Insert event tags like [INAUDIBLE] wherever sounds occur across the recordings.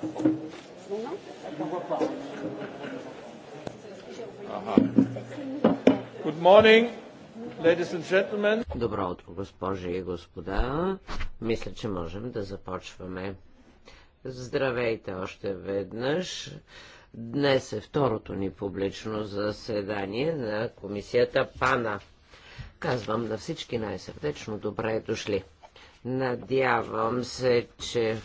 Good morning, ladies and gentlemen. Добро утро, госпожи и господа. Мисля, че можем да започваме. Здравейте още веднъж. Днес е второто ни публично заседание на комисията ПАНА. Казвам на всички най-сърдечно добре дошли. Надявам се, че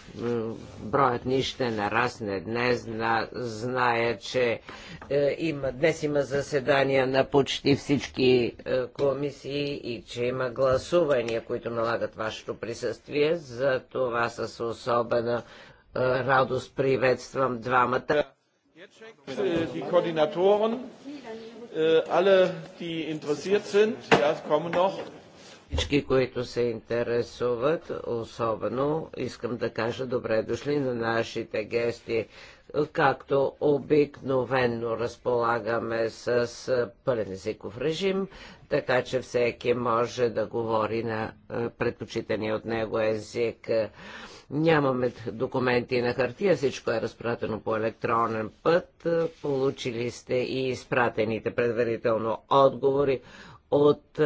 броят ни ще нарасне днес. Зная, че е, има, днес има заседания на почти всички е, комисии и че има гласувания, които налагат вашето присъствие. За това с особена е, радост приветствам двамата. Äh, die Koordinatoren, äh, ja, всички, които се интересуват, особено искам да кажа добре дошли на нашите гести. Както обикновенно разполагаме с пълен езиков режим, така че всеки може да говори на предпочитания от него език. Нямаме документи на хартия, всичко е разпратено по електронен път. Получили сте и изпратените предварително отговори от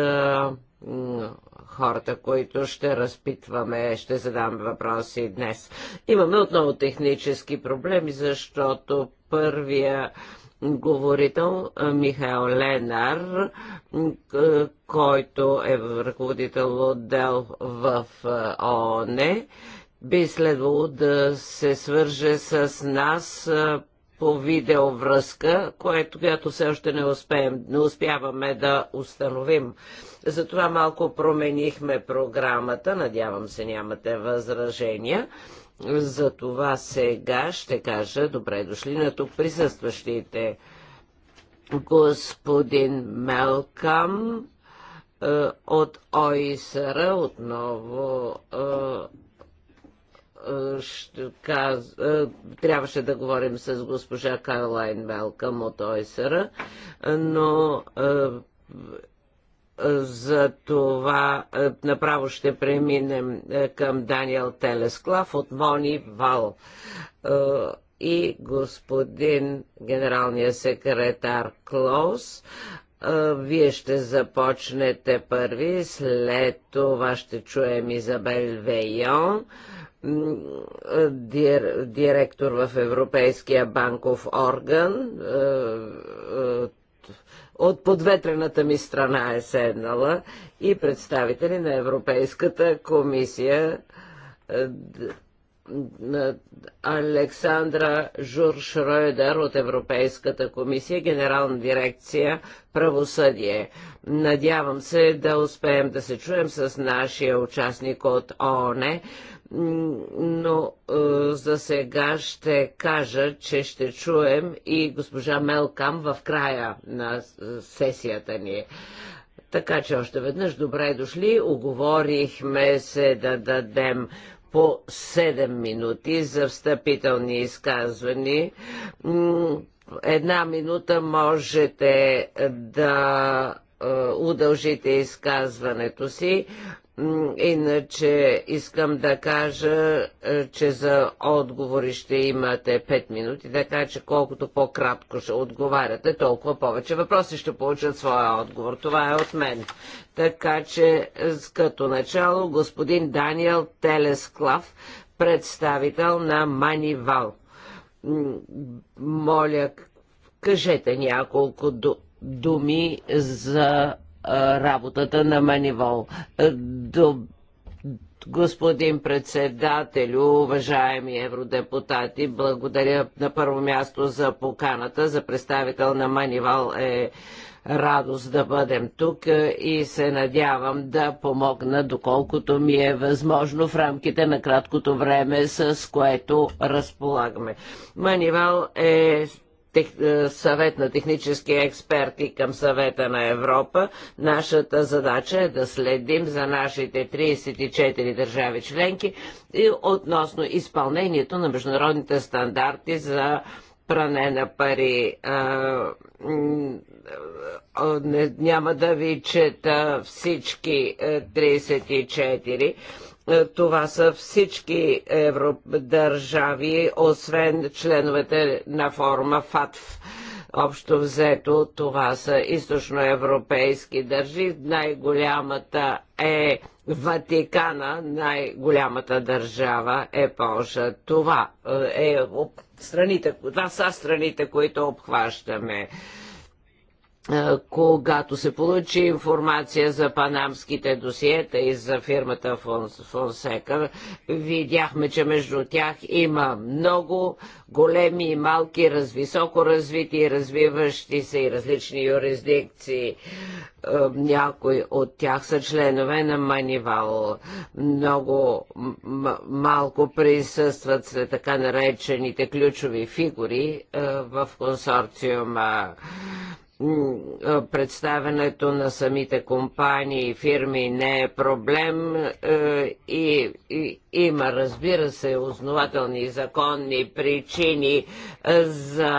хората, които ще разпитваме, ще задам въпроси днес. Имаме отново технически проблеми, защото първия говорител Михаил Ленар, който е ръководител отдел в ООН, би следвало да се свърже с нас по видеовръзка, което, която все още не, успеем, не успяваме да установим. Затова малко променихме програмата, надявам се нямате възражения. За това сега ще кажа добре дошли на тук присъстващите господин Мелкам е, от ОИСР, отново е, каз... трябваше да говорим с госпожа Карлайн Велкам от ОСР, но за това направо ще преминем към Даниел Телесклав от Мони Вал и господин генералния секретар Клоус. Вие ще започнете първи, след това ще чуем Изабел Вейон директор в Европейския банков орган. Е, е, от подветрената ми страна е седнала и представители на Европейската комисия е, Александра Жур Шройдер от Европейската комисия, генерална дирекция правосъдие. Надявам се да успеем да се чуем с нашия участник от ООН но е, за сега ще кажа, че ще чуем и госпожа Мелкам в края на сесията ни. Така че още веднъж добре дошли. Оговорихме се да дадем по 7 минути за встъпителни изказвани. Една минута можете да е, удължите изказването си, Иначе искам да кажа, е, че за отговори ще имате 5 минути, така че колкото по-кратко ще отговаряте, толкова повече въпроси ще получат своя отговор. Това е от мен. Така че е, като начало господин Даниел Телесклав, представител на Манивал. Моля, кажете няколко думи за работата на Манивол. До Господин председателю, уважаеми евродепутати, благодаря на първо място за поканата. За представител на Манивал е радост да бъдем тук и се надявам да помогна доколкото ми е възможно в рамките на краткото време, с което разполагаме. Манивал е тех, е, съвет на технически експерти към съвета на Европа, нашата задача е да следим за нашите 34 държави членки и относно изпълнението на международните стандарти за пране на пари. Е, е, няма да ви чета всички 34 е, това са всички евро... държави, освен членовете на форма ФАТФ. Общо взето това са източноевропейски държи. Най-голямата е Ватикана, най-голямата държава е Польша. Това е, е страните, това са страните, които обхващаме когато се получи информация за панамските досиета и за фирмата Фонсека, видяхме, че между тях има много големи и малки, високо развити и развиващи се и различни юрисдикции. Някои от тях са членове на Манивал. Много малко присъстват след така наречените ключови фигури в консорциума представенето на самите компании и фирми не е проблем е, и, и има, разбира се, основателни и законни причини е, за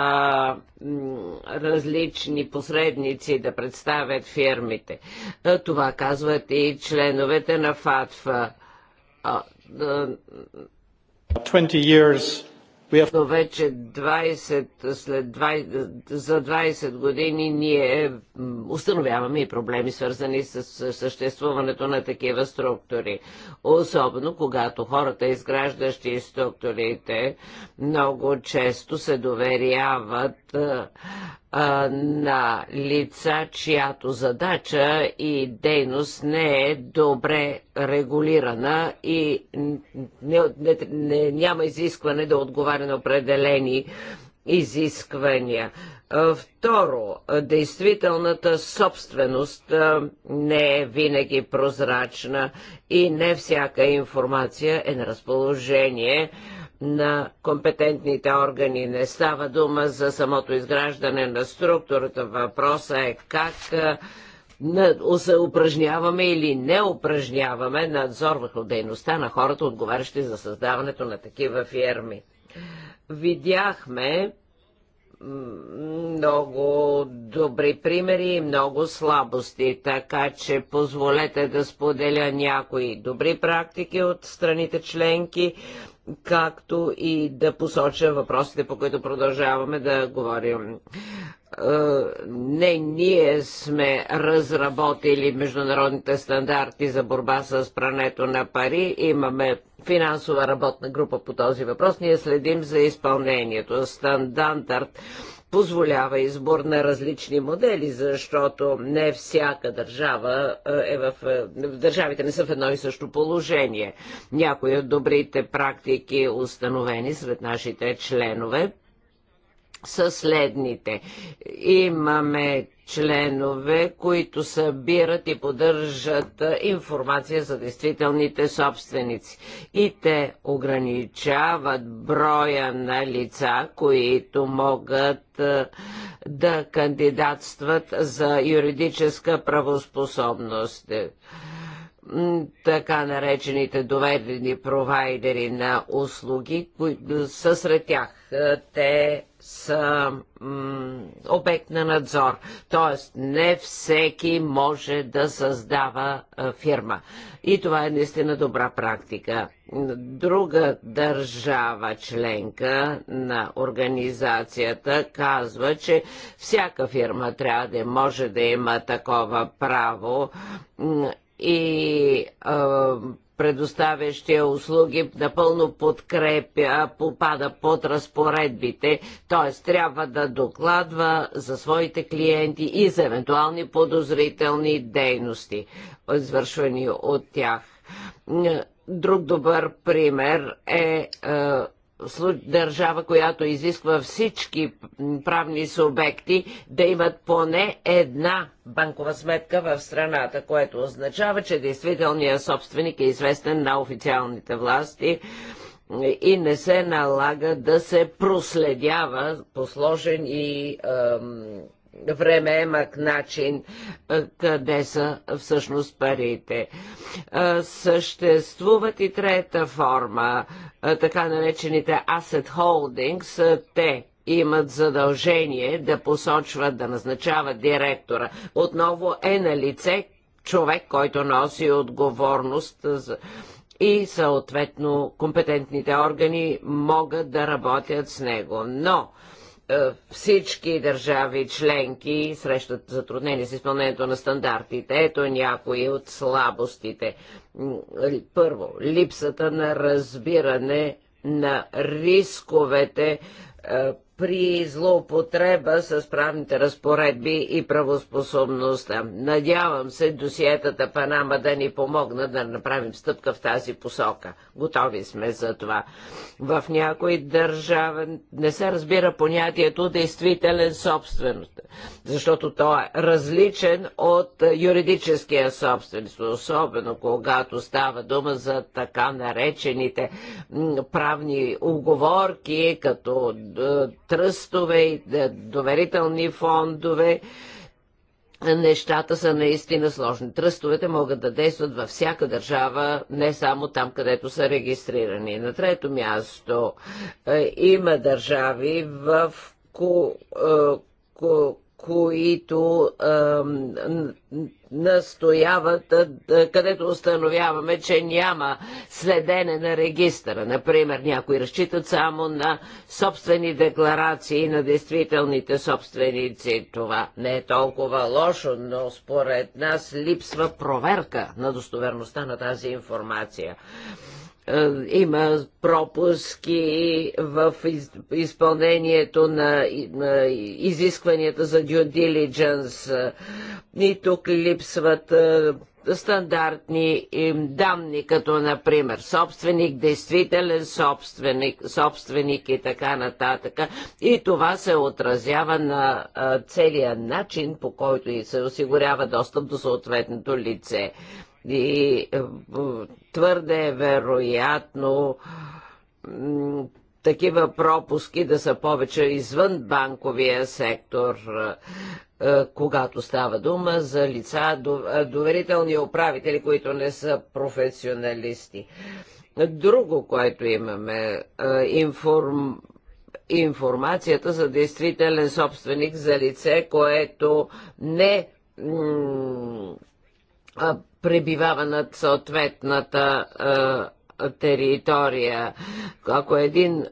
различни посредници да представят фирмите. Е, това казват и членовете на ФАТФА. 20 years но вече 20, след 20, за 20 години ние е, установяваме и проблеми, свързани с съществуването на такива структури. Особено когато хората, изграждащи структурите, много често се доверяват е, а, на лица, чиято задача и дейност не е добре регулирана и не, не, не, няма изискване да отговаря на определени изисквания. Второ, действителната собственост не е винаги прозрачна и не всяка информация е на разположение на компетентните органи. Не става дума за самото изграждане на структурата. Въпроса е как упражняваме или не упражняваме надзор върху дейността на хората, отговарящи за създаването на такива фирми. Видяхме много добри примери и много слабости, така че позволете да споделя някои добри практики от страните членки както и да посоча въпросите, по които продължаваме да говорим. Е, не ние сме разработили международните стандарти за борба с прането на пари. Имаме финансова работна група по този въпрос. Ние следим за изпълнението. Стандарт позволява избор на различни модели, защото не всяка държава е, е в... Е, държавите не са в едно и също положение. Някои от добрите практики, установени сред нашите членове, са следните. Имаме членове, които събират и поддържат информация за действителните собственици. И те ограничават броя на лица, които могат да кандидатстват за юридическа правоспособност така наречените доведени провайдери на услуги, които са сред тях. Е, те са обект на надзор. Тоест, не всеки може да създава а, е, фирма. И това е наистина добра практика. Друга държава членка на организацията казва, че всяка фирма трябва да може да има такова право и а, предоставящия услуги напълно подкрепя, попада под разпоредбите, т.е. трябва да докладва за своите клиенти и за евентуални подозрителни дейности, извършвани от тях. Друг добър пример е, е държава, която изисква всички правни субекти да имат поне една банкова сметка в страната, което означава, че действителният собственик е известен на официалните власти и не се налага да се проследява сложен и мак е начин е, къде са всъщност парите. Е, съществуват и трета форма, така наречените asset holdings, те имат задължение да посочват, да назначават директора. Отново е на лице човек, който носи отговорност за и съответно компетентните органи могат да работят с него. Но е, всички държави членки срещат затруднение с изпълнението на стандартите. Ето някои от слабостите. Първо, липсата на разбиране на рисковете е, при злоупотреба с правните разпоредби и правоспособността. Надявам се досиетата Панама да ни помогна да направим стъпка в тази посока. Готови сме за това. В някои държави не се разбира понятието действителен собственост, защото то е различен от юридическия собственост, особено когато става дума за така наречените правни оговорки, като тръстове и е, доверителни фондове. Нещата са наистина сложни. Тръстовете могат да действат във всяка държава, не само там, където са регистрирани. На трето място е, има държави, в ко, е, ко, които е, настояват, където установяваме, че няма следене на регистъра. Например, някои разчитат само на собствени декларации на действителните собственици. Това не е толкова лошо, но според нас липсва проверка на достоверността на тази информация. Е, има пропуски в изпълнението на, изискванията за due diligence. И тук липсват е, стандартни данни, като например собственик, действителен собственик, собственик и така нататък. И това се отразява на е, целия начин, по който и се осигурява достъп до съответното лице. И е, твърде е вероятно такива пропуски да са повече извън банковия сектор, е, е, когато става дума за лица, доверителни управители, които не са професионалисти. Друго, което имаме, информ... информацията за действителен собственик за лице, което не пребивава над съответната територия. Ако един е,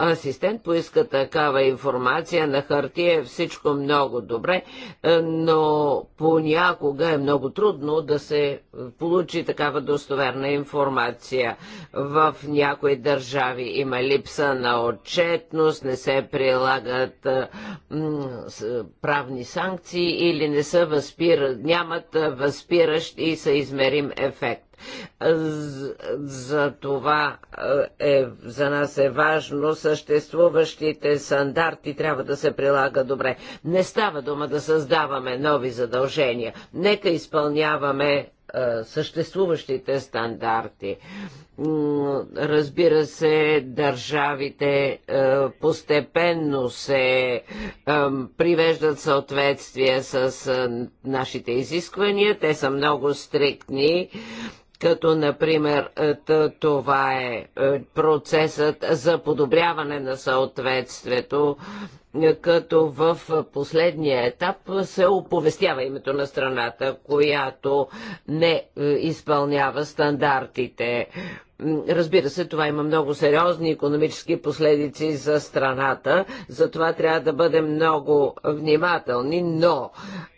асистент поиска такава информация на хартия, е всичко много добре, е, но понякога е много трудно да се получи такава достоверна информация. В някои държави има липса на отчетност, не се прилагат е, правни санкции или не са възпира, нямат възпиращ и съизмерим ефект. За това е, е, за нас е важно съществуващите стандарти трябва да се прилага добре. Не става дума да създаваме нови задължения. Нека изпълняваме съществуващите стандарти. Разбира се, държавите постепенно се привеждат съответствие с нашите изисквания. Те са много стриктни като например това е процесът за подобряване на съответствието като в последния етап се оповестява името на страната, която не е, изпълнява стандартите. Разбира се, това има много сериозни економически последици за страната, затова трябва да бъдем много внимателни, но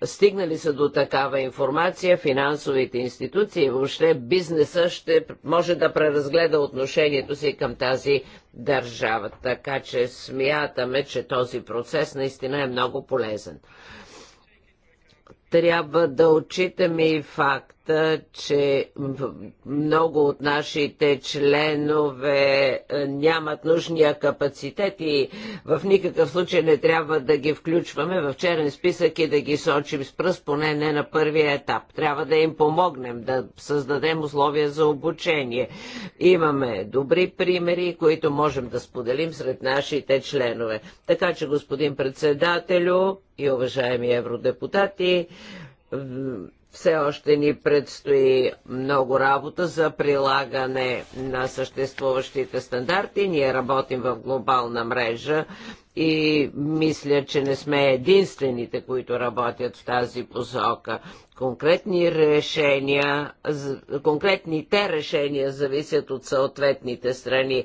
стигнали са до такава информация, финансовите институции и въобще бизнеса ще може да преразгледа отношението си към тази държава. Така че смятаме, че този процес наистина е много полезен трябва да отчитаме и факт, че много от нашите членове е, нямат нужния капацитет и в никакъв случай не трябва да ги включваме в черен списък и да ги сочим с пръст, поне не на първия етап. Трябва да им помогнем да създадем условия за обучение. Имаме добри примери, които можем да споделим сред нашите членове. Така че, господин председателю и уважаеми евродепутати, все още ни предстои много работа за прилагане на съществуващите стандарти. Ние работим в глобална мрежа и мисля, че не сме единствените, които работят в тази посока. Конкретни решения, конкретните решения зависят от съответните страни.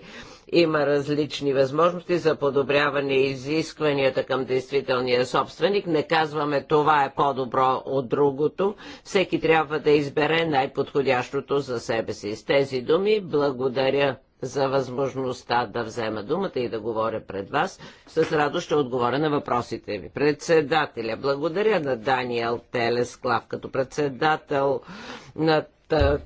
Има различни възможности за подобряване и изискванията към действителния собственик. Не казваме това е по-добро от другото. Всеки трябва да избере най-подходящото за себе си. С тези думи благодаря за възможността да взема думата и да говоря пред вас. С радост ще отговоря на въпросите ви. Председателя, благодаря на Даниел Телесклав като председател на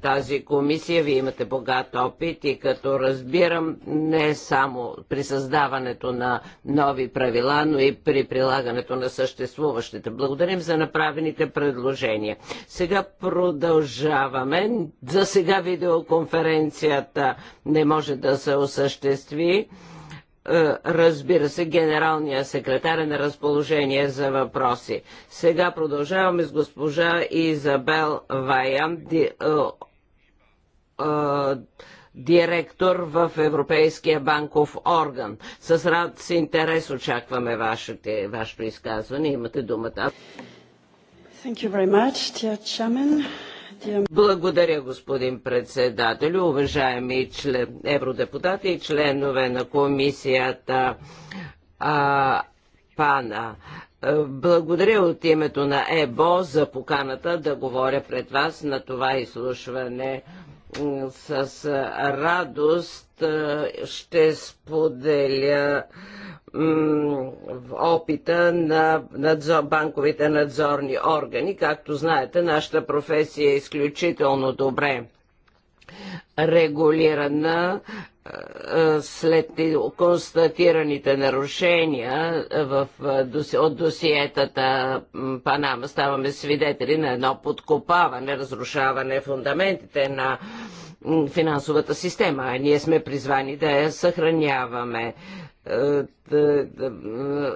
тази комисия. Вие имате богат опит и като разбирам не само при създаването на нови правила, но и при прилагането на съществуващите. Благодарим за направените предложения. Сега продължаваме. За сега видеоконференцията не може да се осъществи. Е, разбира се, генералния секретар е на разположение за въпроси. Сега продължаваме с госпожа Изабел Ваян, ди, е, е, директор в Европейския банков орган. С рад с интерес очакваме вашите, вашето изказване. Имате думата. Thank you very much, dear Chairman. Благодаря, господин председател, уважаеми член, евродепутати и членове на комисията а, ПАНА. Благодаря от името на ЕБО за поканата да говоря пред вас на това изслушване. С радост ще споделя опита на надзор, банковите надзорни органи. Както знаете, нашата професия е изключително добре регулирана след констатираните нарушения в, от досиетата Панама ставаме свидетели на едно подкопаване, разрушаване фундаментите на финансовата система. Ние сме призвани да я съхраняваме. Е, е,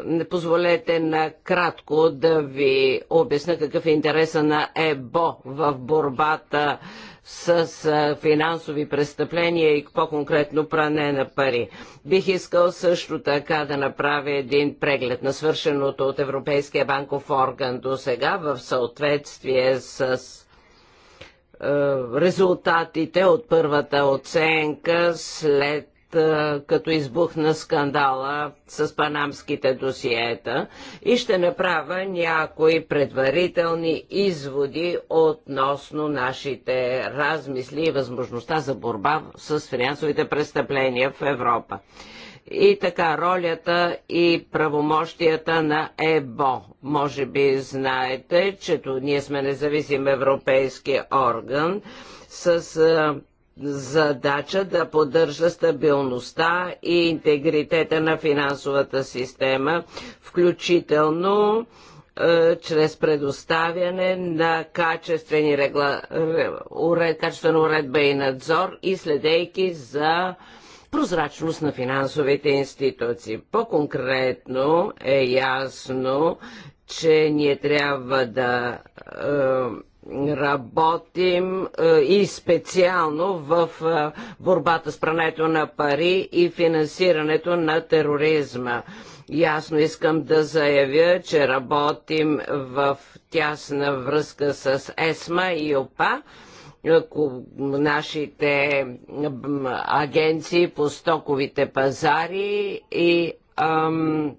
не позволете на кратко да ви обясна какъв е интереса на ЕБО в борбата с е, финансови престъпления и по-конкретно пране на пари. Бих искал също така да направя един преглед на свършеното от Европейския банков орган до сега в съответствие с резултатите от първата оценка след като избухна скандала с панамските досиета и ще направя някои предварителни изводи относно нашите размисли и възможността за борба с финансовите престъпления в Европа и така ролята и правомощията на ЕБО. Може би знаете, че ние сме независим европейски орган с задача да поддържа стабилността и интегритета на финансовата система, включително е, чрез предоставяне на качествени регла... уред... качествена уредба и надзор и следейки за прозрачност на финансовите институции. По-конкретно е ясно, че ние трябва да е, работим е, и специално в е, борбата с прането на пари и финансирането на тероризма. Ясно искам да заявя, че работим в тясна връзка с ЕСМА и ОПА, е, нашите агенции по стоковите пазари и ам,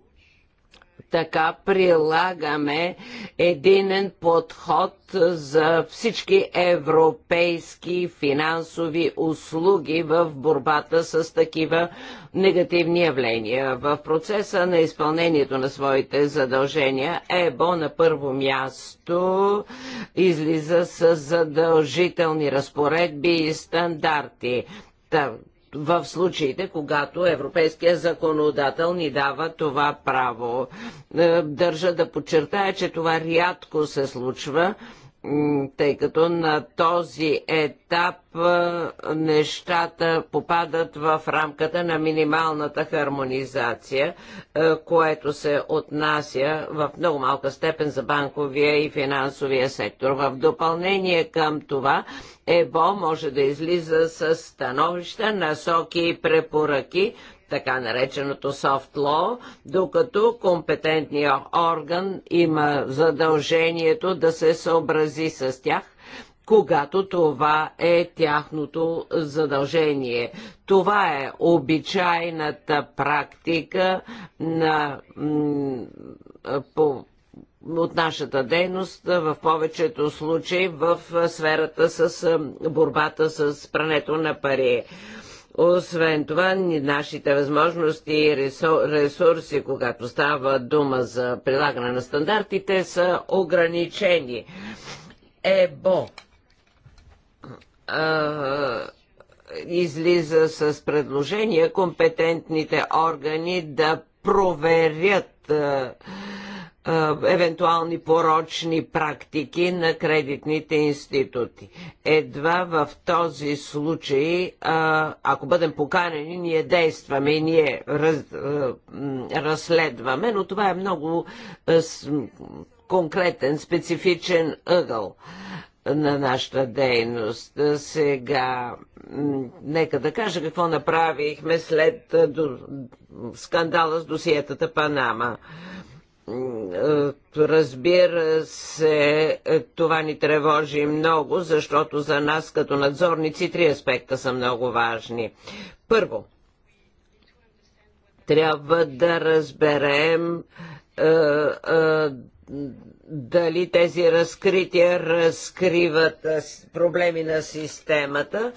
така прилагаме единен подход за всички европейски финансови услуги в борбата с такива негативни явления. В процеса на изпълнението на своите задължения ЕБО на първо място излиза с задължителни разпоредби и стандарти в случаите, когато европейския законодател ни дава това право. Е, държа да подчертая, че това рядко се случва тъй като на този етап нещата попадат в рамката на минималната хармонизация, което се отнася в много малка степен за банковия и финансовия сектор. В допълнение към това, ЕБО може да излиза с становища, насоки и препоръки, така нареченото soft law, докато компетентният орган има задължението да се съобрази с тях когато това е тяхното задължение. Това е обичайната практика на, по, от нашата дейност в повечето случаи в сферата с борбата с прането на пари. Освен това, нашите възможности и ресурси, когато става дума за прилагане на стандартите, са ограничени. ЕБО излиза с предложение компетентните органи да проверят евентуални порочни практики на кредитните институти. Едва в този случай, ако бъдем поканени, ние действаме и ние раз, разследваме, но това е много конкретен, специфичен ъгъл на нашата дейност. Сега, нека да кажа какво направихме след скандала с досиетата Панама. Е, разбира се, е, това ни тревожи много, защото за нас като надзорници три аспекта са много важни. Първо, трябва да разберем е, дали тези разкрития разкриват проблеми на системата,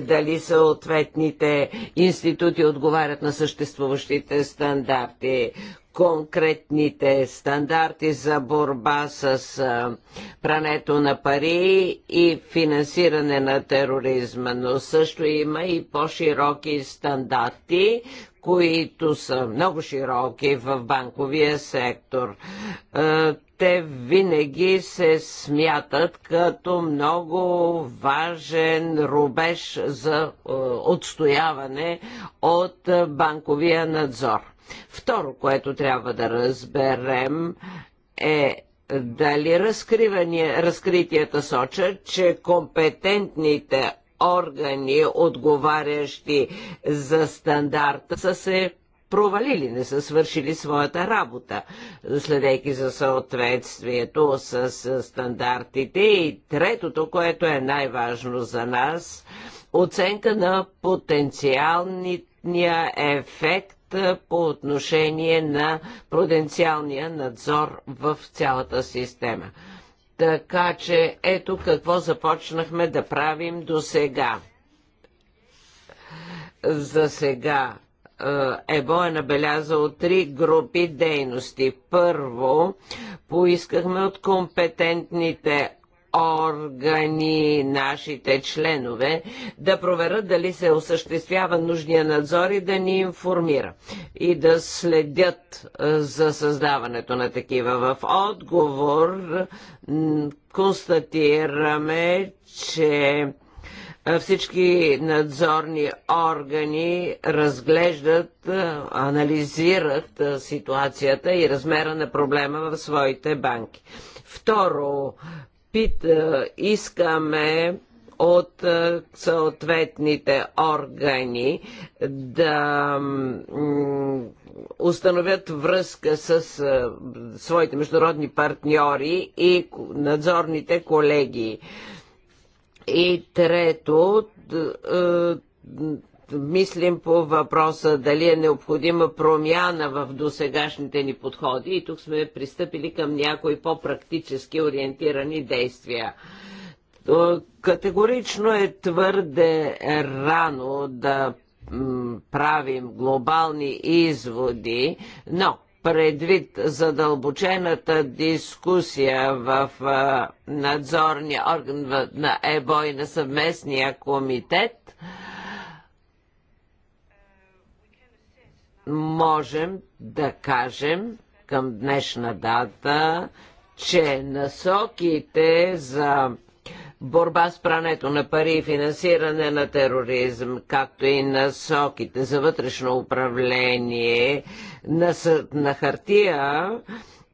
дали съответните институти отговарят на съществуващите стандарти конкретните стандарти за борба с прането на пари и финансиране на тероризма, но също има и по-широки стандарти, които са много широки в банковия сектор. Те винаги се смятат като много важен рубеж за отстояване от банковия надзор Второ, което трябва да разберем е дали разкритията сочат, че компетентните органи, отговарящи за стандарта, са се провалили, не са свършили своята работа, следейки за съответствието с стандартите. И третото, което е най-важно за нас, оценка на потенциалния ефект по отношение на пруденциалния надзор в цялата система. Така че ето какво започнахме да правим до сега. За сега е, ЕБО е набелязал три групи дейности. Първо, поискахме от компетентните органи, нашите членове, да проверят дали се осъществява нужния надзор и да ни информира и да следят е, за създаването на такива. В отговор констатираме, че е, всички надзорни органи разглеждат, е, анализират ситуацията и размера на проблема в своите банки. Второ, е, искаме от е, съответните органи да установят връзка с е, своите международни партньори и надзорните колеги. И трето, мислим по въпроса дали е необходима промяна в досегашните ни подходи и тук сме пристъпили към някои по-практически ориентирани действия. Категорично е твърде рано да правим глобални изводи, но предвид задълбочената дискусия в надзорния орган на ЕБО и на съвместния комитет, можем да кажем към днешна дата, че насоките за борба с прането на пари и финансиране на тероризъм, както и насоките за вътрешно управление на, на хартия,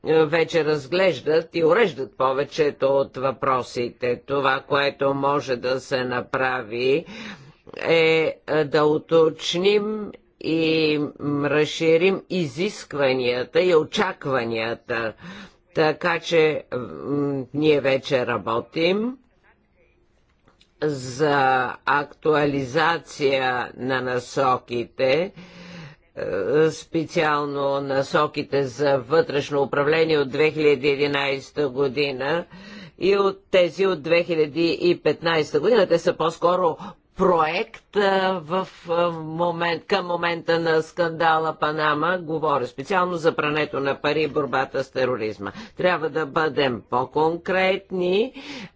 е, вече разглеждат и уреждат повечето от въпросите. Това, което може да се направи, е, е да уточним и разширим изискванията и очакванията. Така че ние вече работим за актуализация на насоките, е, специално насоките за вътрешно управление от 2011 година и от тези от 2015 година. Те са по-скоро проект в момент, към момента на скандала Панама, говоря специално за прането на пари и борбата с тероризма. Трябва да бъдем по-конкретни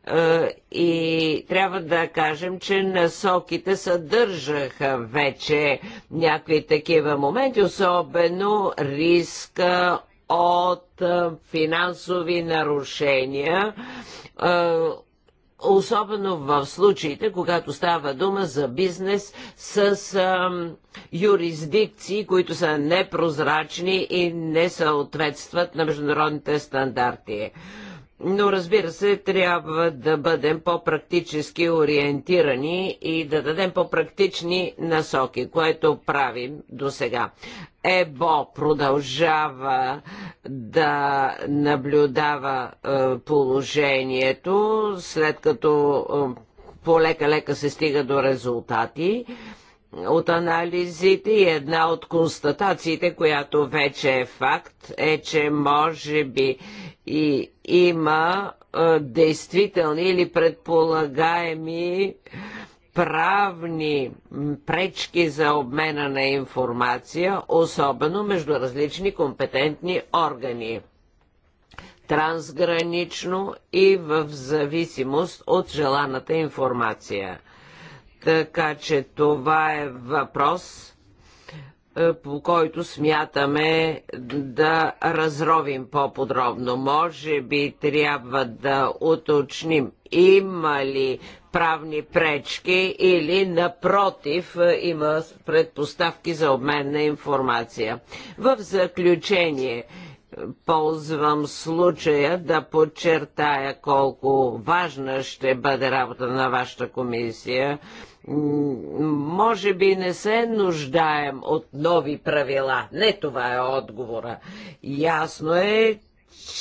е, и трябва да кажем, че насоките съдържаха вече някакви такива моменти, особено риска от финансови нарушения особено в случаите, когато става дума за бизнес с а, юрисдикции, които са непрозрачни и не съответстват на международните стандарти. Но разбира се, трябва да бъдем по-практически ориентирани и да дадем по-практични насоки, което правим до сега. ЕБО продължава да наблюдава е, положението, след като е, полека-лека се стига до резултати от анализите и една от констатациите, която вече е факт, е, че може би и има а, действителни или предполагаеми правни пречки за обмена на информация, особено между различни компетентни органи трансгранично и в зависимост от желаната информация. Така че това е въпрос, е, по който смятаме да разровим по-подробно. Може би трябва да уточним има ли правни пречки или напротив е, има предпоставки за обмен на информация. В заключение ползвам случая да подчертая колко важна ще бъде работа на вашата комисия. Може би не се нуждаем от нови правила. Не това е отговора. Ясно е,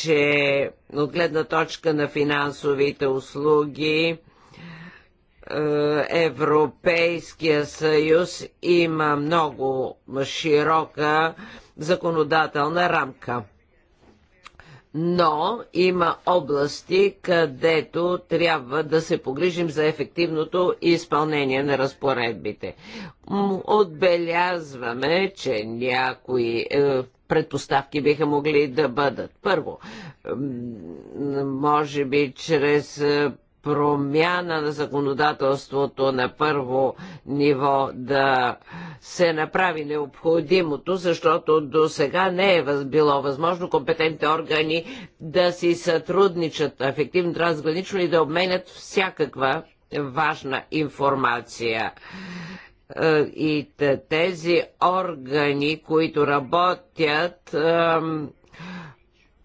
че от гледна точка на финансовите услуги е, Европейския съюз има много широка законодателна рамка но има области, където трябва да се погрижим за ефективното изпълнение на разпоредбите. Отбелязваме, че някои е, предпоставки биха могли да бъдат. Първо, може би чрез е, промяна на законодателството на първо ниво да се направи необходимото, защото до сега не е било възможно компетентните органи да си сътрудничат ефективно трансгранично и да обменят всякаква важна информация е, и тези органи, които работят,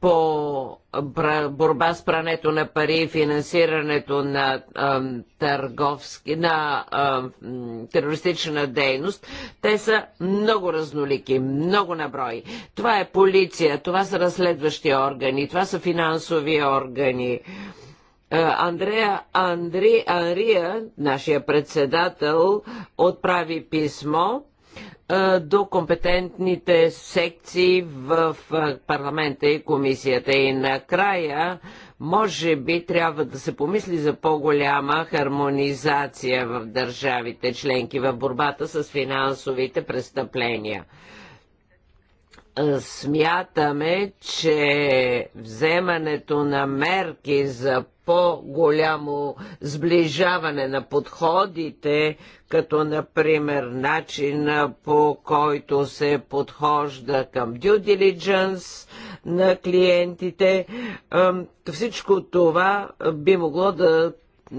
по борба с прането на пари и финансирането на, търговски, на терористична дейност, те са много разнолики, много наброи. Това е полиция, това са разследващи органи, това са финансови органи. Андрея Андри Анрия, нашия председател, отправи писмо до компетентните секции в парламента и комисията. И накрая, може би трябва да се помисли за по-голяма хармонизация в държавите членки в борбата с финансовите престъпления смятаме, че вземането на мерки за по-голямо сближаване на подходите, като например начина по който се подхожда към due diligence на клиентите, всичко това би могло да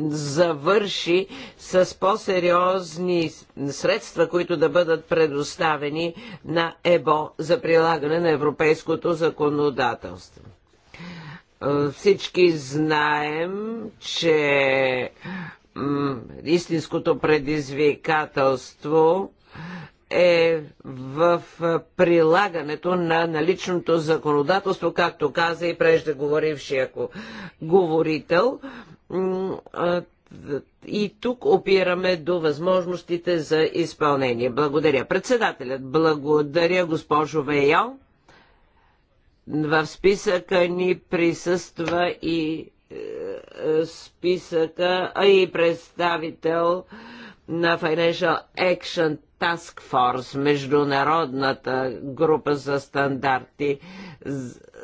завърши с по-сериозни средства, които да бъдат предоставени на ЕБО за прилагане на европейското законодателство. Е, всички знаем, че истинското предизвикателство е в прилагането на наличното законодателство, както каза и преждеговорившия говорител и тук опираме до възможностите за изпълнение. Благодаря. Председателят, благодаря госпожо Вейо. В списъка ни присъства и е, е, списъка, а и представител на Financial Action Task Force, международната група за стандарти.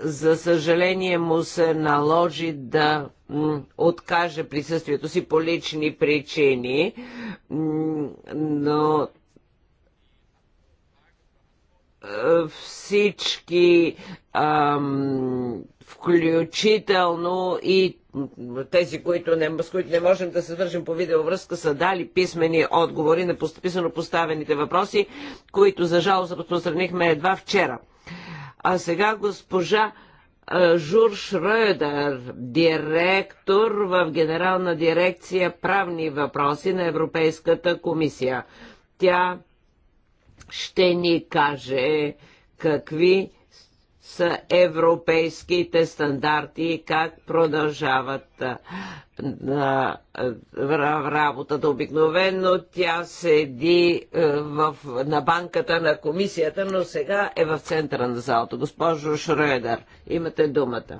За съжаление му се наложи да откаже присъствието си по лични причини, но е, всички ам, включително и тези, които не, с които не можем да се свържем по видеовръзка, са дали писмени отговори на писано поставените въпроси, които за жалост разпространихме едва вчера. А сега госпожа Жур Шрёдер, директор в Генерална дирекция правни въпроси на Европейската комисия. Тя ще ни каже какви с европейските стандарти и как продължават на работата. Обикновено тя седи в, на банката на комисията, но сега е в центъра на залата. Госпожо Шредер, имате думата.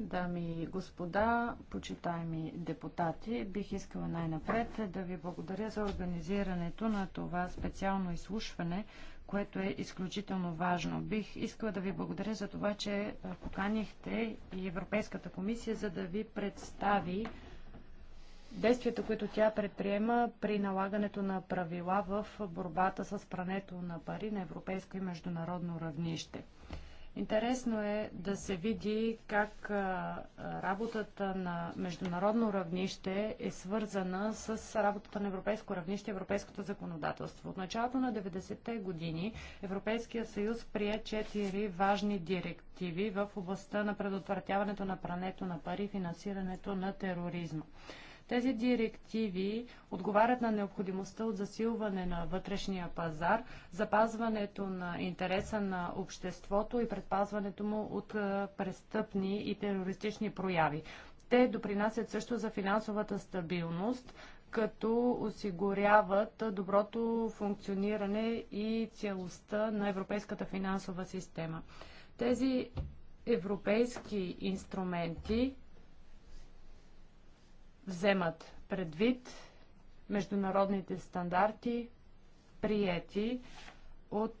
Дами и господа, почитаеми депутати, бих искала най-напред да ви благодаря за организирането на това специално изслушване, което е изключително важно. Бих искала да ви благодаря за това, че поканихте и Европейската комисия, за да ви представи действията, които тя предприема при налагането на правила в борбата с прането на пари на европейско и международно равнище. Интересно е да се види как работата на международно равнище е свързана с работата на европейско равнище, европейското законодателство. От началото на 90-те години Европейския съюз прие четири важни директиви в областта на предотвратяването на прането на пари и финансирането на тероризма. Тези директиви отговарят на необходимостта от засилване на вътрешния пазар, запазването на интереса на обществото и предпазването му от престъпни и терористични прояви. Те допринасят също за финансовата стабилност, като осигуряват доброто функциониране и целостта на европейската финансова система. Тези европейски инструменти вземат предвид международните стандарти, приети от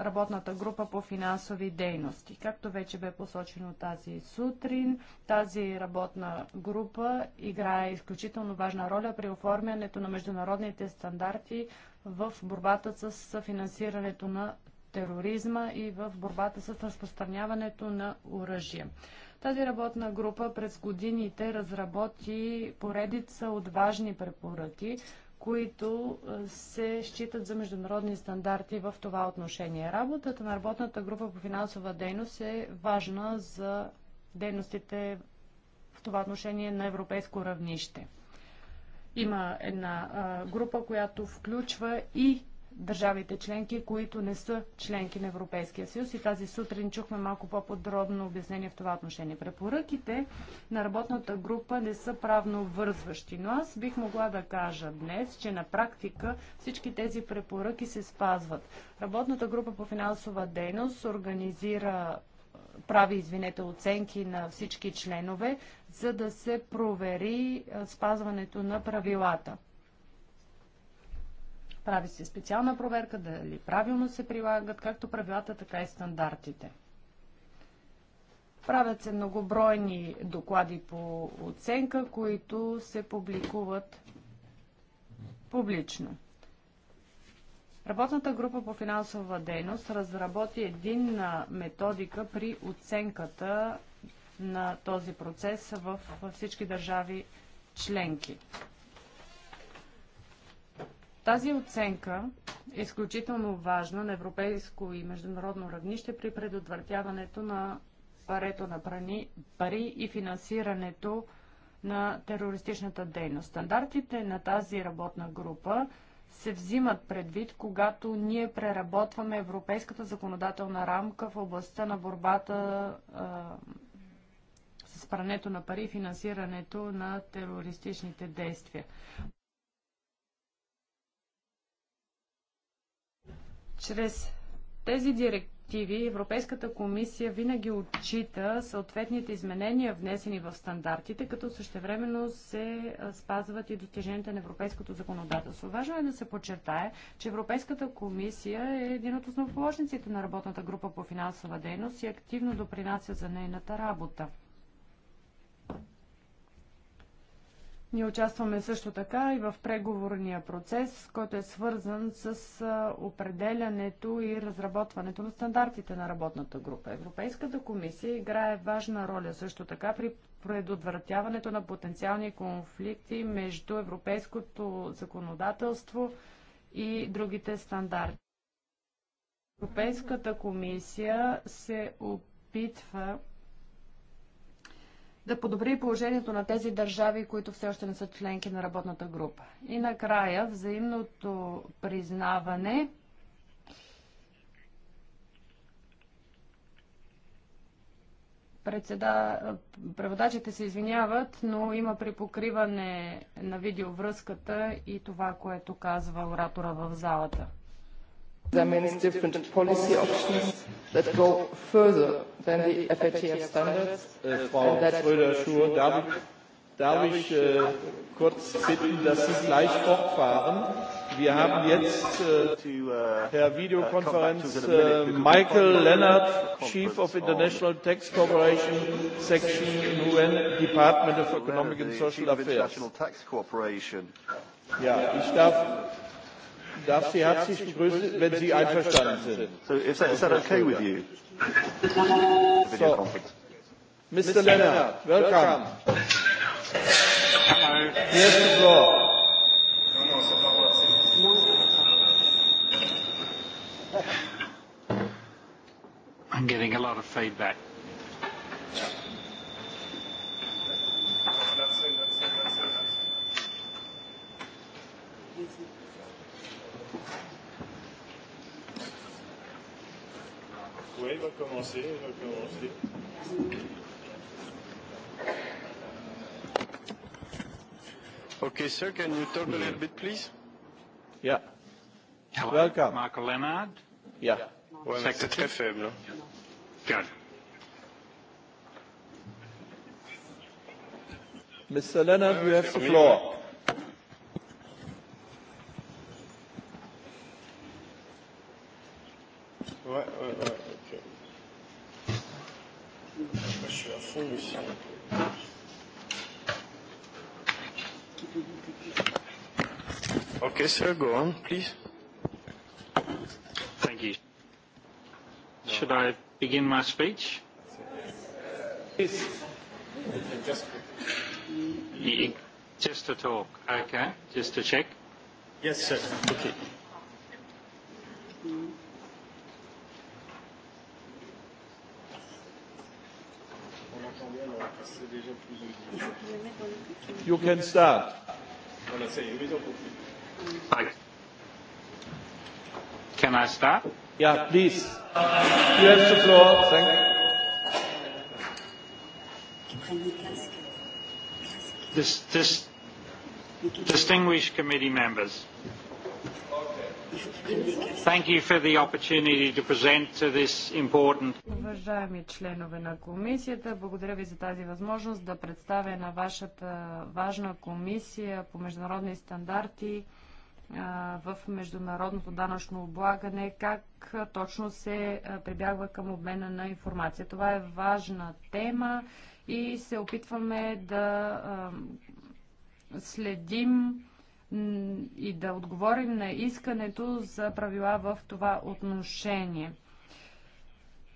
работната група по финансови дейности. Както вече бе посочено тази сутрин, тази работна група играе изключително важна роля при оформянето на международните стандарти в борбата с финансирането на тероризма и в борбата с разпространяването на оръжие. Тази работна група през годините разработи поредица от важни препоръки, които се считат за международни стандарти в това отношение. Работата на работната група по финансова дейност е важна за дейностите в това отношение на европейско равнище. Има една а, група, която включва и държавите членки, които не са членки на Европейския съюз. И тази сутрин чухме малко по-подробно обяснение в това отношение. Препоръките на работната група не са правно вързващи, но аз бих могла да кажа днес, че на практика всички тези препоръки се спазват. Работната група по финансова дейност организира прави, извинете, оценки на всички членове, за да се провери спазването на правилата. Прави се специална проверка дали правилно се прилагат както правилата, така и стандартите. Правят се многобройни доклади по оценка, които се публикуват публично. Работната група по финансова дейност разработи единна методика при оценката на този процес във всички държави членки. Тази оценка е изключително важна на европейско и международно равнище при предотвратяването на парето на прани, пари и финансирането на терористичната дейност. Стандартите на тази работна група се взимат предвид, когато ние преработваме европейската законодателна рамка в областта на борбата а, с прането на пари и финансирането на терористичните действия. Чрез тези директиви Европейската комисия винаги отчита съответните изменения, внесени в стандартите, като същевременно се спазват и достиженията на европейското законодателство. Важно е да се подчертае, че Европейската комисия е един от основоположниците на работната група по финансова дейност и активно допринася за нейната работа. Ние участваме също така и в преговорния процес, който е свързан с определянето и разработването на стандартите на работната група. Европейската комисия играе важна роля също така при предотвратяването на потенциални конфликти между европейското законодателство и другите стандарти. Европейската комисия се опитва да подобри положението на тези държави, които все още не са членки на работната група. И накрая, взаимното признаване Председа... Преводачите се извиняват, но има припокриване на видеовръзката и това, което казва оратора в залата. There are many different policy options that go further than the FATF standards. Uh, Frau schur darf, darf ich äh, kurz bitten, dass Sie gleich fortfahren? Wir haben jetzt äh, per Videokonferenz äh, Michael Leonard, Chief of International Tax Corporation Section UN Department of Economic and Social Affairs. Ja, ich darf darf Sie herzlich begrüßen, wenn Sie einverstanden sind. So, is that, is that okay with you? so, Mr. Leonard, welcome. Hello. Here's the floor. I'm getting a lot of feedback. commencer, Okay, sir, can you talk a little bit, please? Yeah. Hello, Welcome. Marco Leonard. Yeah. Ouais, mais c'est très no? Good. Mr. Leonard, you have the floor. Okay, sir, go on, please. Thank you. Should I begin my speech? Yes. Just to talk, okay? Just to check? Yes, sir. Okay. You can start. Hi. Can I start? Yeah, please. You have the floor. Thank you. This, this, distinguished committee members, thank you for the opportunity to present to this important. Уважаеми членове на комисията, благодаря ви за тази възможност да представя на вашата важна комисия по международни стандарти в международното данъчно облагане, как точно се прибягва към обмена на информация. Това е важна тема и се опитваме да следим и да отговорим на искането за правила в това отношение.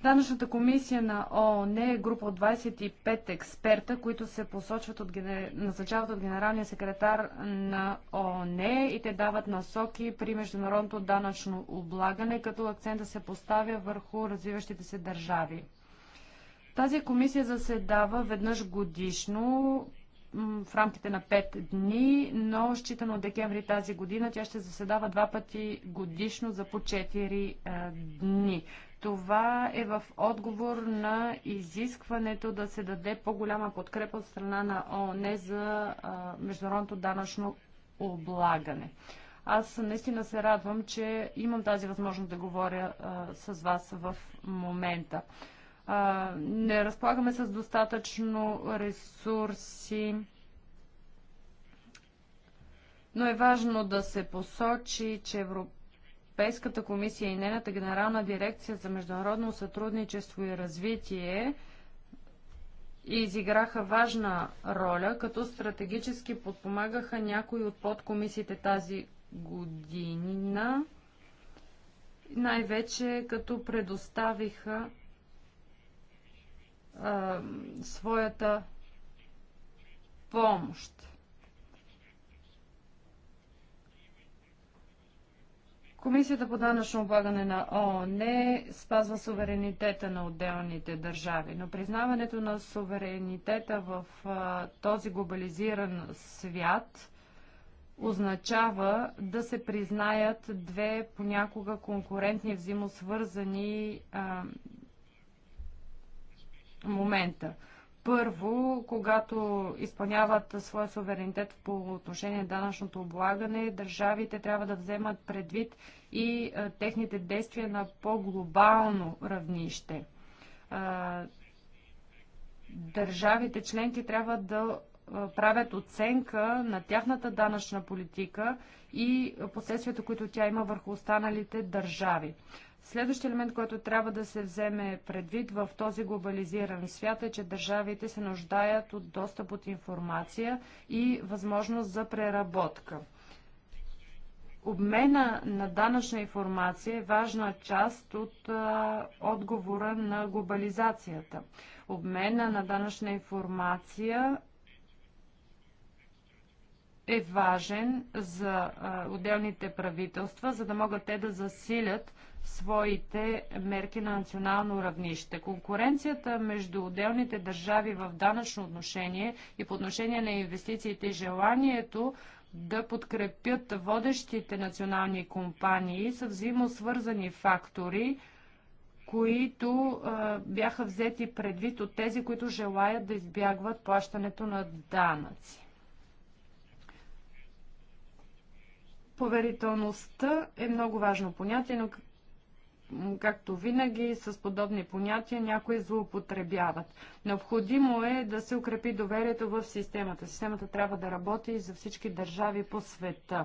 Данъчната комисия на ООН е група от 25 експерта, които се посочват от, назначават от генералния секретар на ООН и те дават насоки при международното данъчно облагане, като акцента се поставя върху развиващите се държави. Тази комисия заседава веднъж годишно в рамките на 5 дни, но считано от декември тази година тя ще заседава два пъти годишно за по 4 е, дни. Това е в отговор на изискването да се даде по-голяма подкрепа от страна на ООН за международното данъчно облагане. Аз наистина се радвам, че имам тази възможност да говоря а, с вас в момента. А, не разполагаме с достатъчно ресурси, но е важно да се посочи, че Европа Европейската комисия и нейната генерална дирекция за международно сътрудничество и развитие изиграха важна роля, като стратегически подпомагаха някои от подкомисиите тази година, най-вече като предоставиха а, своята помощ. Комисията по данъчно облагане на ООН е спазва суверенитета на отделните държави, но признаването на суверенитета в а, този глобализиран свят означава да се признаят две понякога конкурентни, взаимосвързани а, момента. Първо, когато изпълняват своя суверенитет по отношение на данъчното облагане, държавите трябва да вземат предвид и техните действия на по-глобално равнище. Държавите членки трябва да правят оценка на тяхната данъчна политика и последствията, които тя има върху останалите държави. Следващия елемент, който трябва да се вземе предвид в този глобализиран свят е, че държавите се нуждаят от достъп от информация и възможност за преработка. Обмена на данъчна информация е важна част от а, отговора на глобализацията. Обмена на данъчна информация е важен за отделните правителства, за да могат те да засилят своите мерки на национално равнище. Конкуренцията между отделните държави в данъчно отношение и по отношение на инвестициите и желанието да подкрепят водещите национални компании са взаимосвързани фактори, които а, бяха взети предвид от тези, които желаят да избягват плащането на данъци. Поверителността е много важно понятие, но както винаги, с подобни понятия някои злоупотребяват. Необходимо е да се укрепи доверието в системата. Системата трябва да работи и за всички държави по света.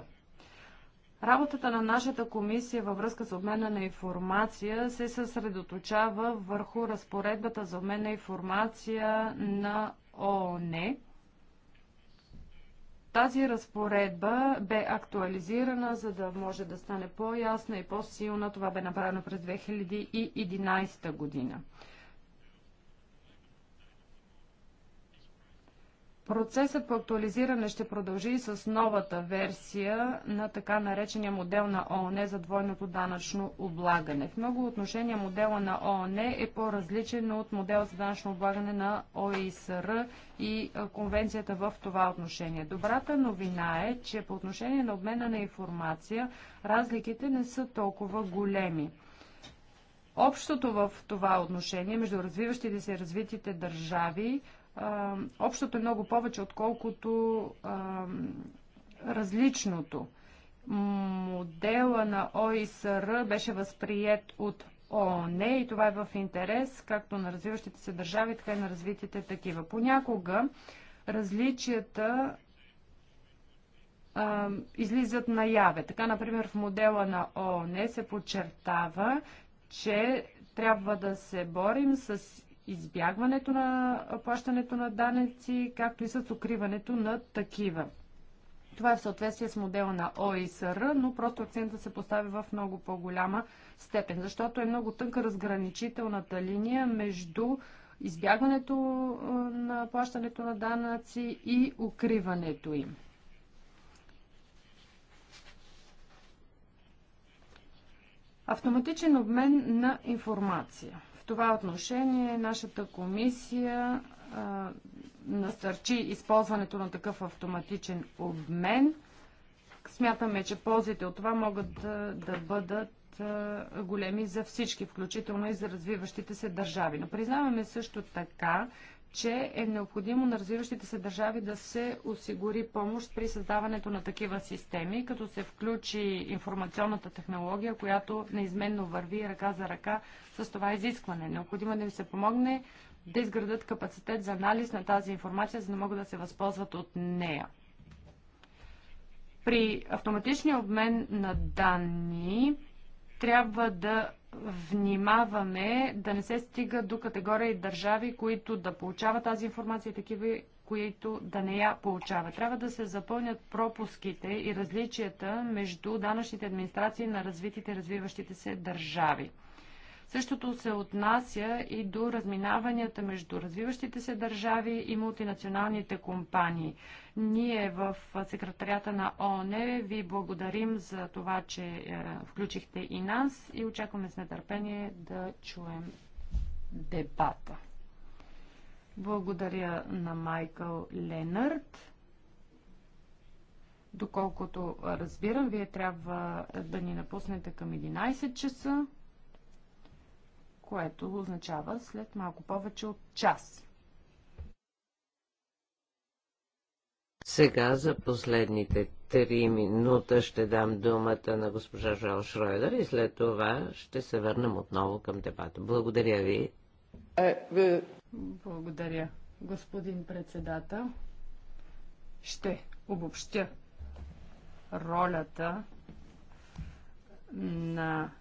Работата на нашата комисия във връзка с обмена на информация се съсредоточава върху разпоредбата за обмен на информация на ООН тази разпоредба бе актуализирана, за да може да стане по-ясна и по-силна. Това бе направено през 2011 година. Процесът по актуализиране ще продължи и с новата версия на така наречения модел на ООН за двойното данъчно облагане. В много отношения модела на ООН е по-различен от модела за данъчно облагане на ОИСР и конвенцията в това отношение. Добрата новина е, че по отношение на обмена на информация разликите не са толкова големи. Общото в това отношение между развиващите се и развитите държави общото е много повече, отколкото а, различното. Модела на ОИСР беше възприят от ООН и това е в интерес както на развиващите се държави, така и на развитите такива. Понякога различията а, излизат наяве. Така, например, в модела на ООН се подчертава, че трябва да се борим с избягването на плащането на данъци, както и с укриването на такива. Това е в съответствие с модела на ОИСР, но просто акцента се поставя в много по-голяма степен, защото е много тънка разграничителната линия между избягването на плащането на данъци и укриването им. Автоматичен обмен на информация това отношение нашата комисия а, насърчи използването на такъв автоматичен обмен. Смятаме, че ползите от това могат да бъдат а, големи за всички, включително и за развиващите се държави. Но признаваме също така, че е необходимо на развиващите се държави да се осигури помощ при създаването на такива системи, като се включи информационната технология, която неизменно върви ръка за ръка с това изискване. Необходимо е да им се помогне да изградат капацитет за анализ на тази информация, за да могат да се възползват от нея. При автоматичния обмен на данни трябва да внимаваме да не се стига до категории държави, които да получават тази информация и такива, които да не я получават. Трябва да се запълнят пропуските и различията между данъчните администрации на развитите и развиващите се държави. Същото се отнася и до разминаванията между развиващите се държави и мултинационалните компании. Ние в секретарията на ООН ви благодарим за това, че е, включихте и нас и очакваме с нетърпение да чуем дебата. Благодаря на Майкъл Ленард. Доколкото разбирам, вие трябва да ни напуснете към 11 часа което означава след малко повече от час. Сега за последните три минута ще дам думата на госпожа Жал Шройдер и след това ще се върнем отново към дебата. Благодаря ви. Е, Благодаря, господин председател. Ще обобщя ролята на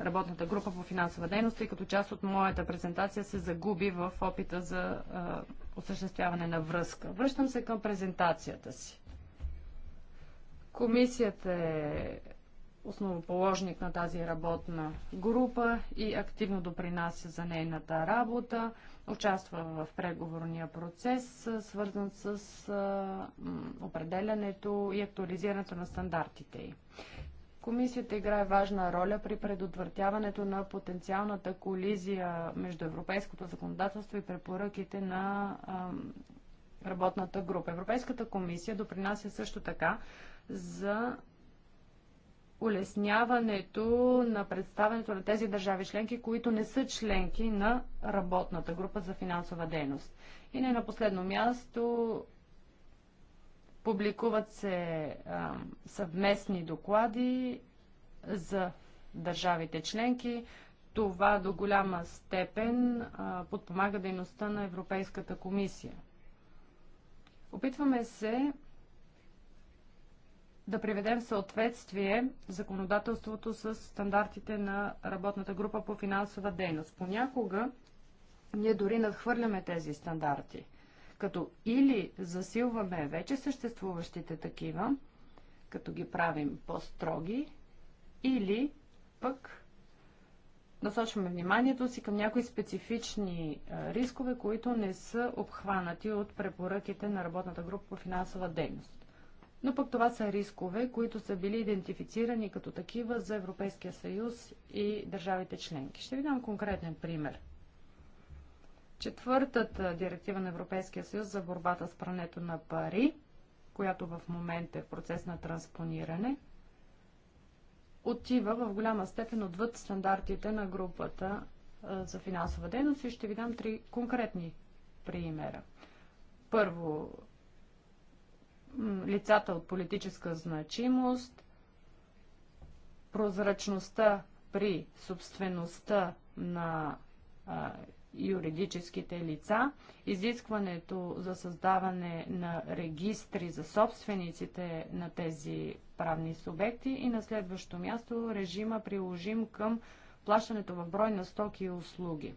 работната група по финансова дейност, тъй като част от моята презентация се загуби в опита за а, осъществяване на връзка. Връщам се към презентацията си. Комисията е основоположник на тази работна група и активно допринася за нейната работа. Участва в преговорния процес, свързан с определянето и актуализирането на стандартите й. Комисията играе важна роля при предотвратяването на потенциалната колизия между европейското законодателство и препоръките на работната група. Европейската комисия допринася също така за улесняването на представенето на тези държави членки, които не са членки на работната група за финансова дейност. И не на последно място Публикуват се а, съвместни доклади за държавите членки. Това до голяма степен а, подпомага дейността на Европейската комисия. Опитваме се да приведем в съответствие законодателството с стандартите на работната група по финансова дейност. Понякога ние дори надхвърляме тези стандарти като или засилваме вече съществуващите такива, като ги правим по-строги, или пък насочваме вниманието си към някои специфични рискове, които не са обхванати от препоръките на работната група по финансова дейност. Но пък това са рискове, които са били идентифицирани като такива за Европейския съюз и държавите членки. Ще ви дам конкретен пример – четвъртата директива на Европейския съюз за борбата с прането на пари, която в момента е в процес на транспониране, отива в голяма степен отвъд стандартите на групата за финансова дейност и ще ви дам три конкретни примера. Първо, лицата от политическа значимост, прозрачността при собствеността на юридическите лица. Изискването за създаване на регистри за собствениците на тези правни субекти и на следващо място режима приложим към плащането в брой на стоки и услуги.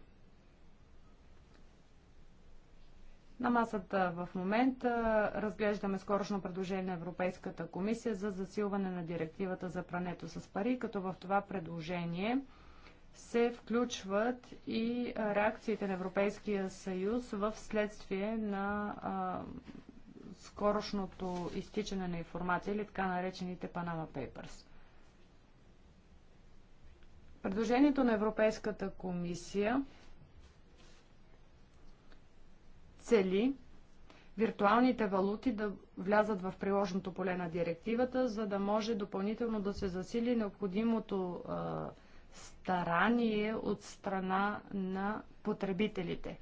На масата в момента разглеждаме скорошно предложение на Европейската комисия за засилване на директивата за прането с пари, като в това предложение – се включват и реакциите на Европейския съюз в следствие на а, скорошното изтичане на информация или така наречените Panama Papers. Предложението на Европейската комисия цели виртуалните валути да влязат в приложното поле на директивата, за да може допълнително да се засили необходимото а, старание от страна на потребителите.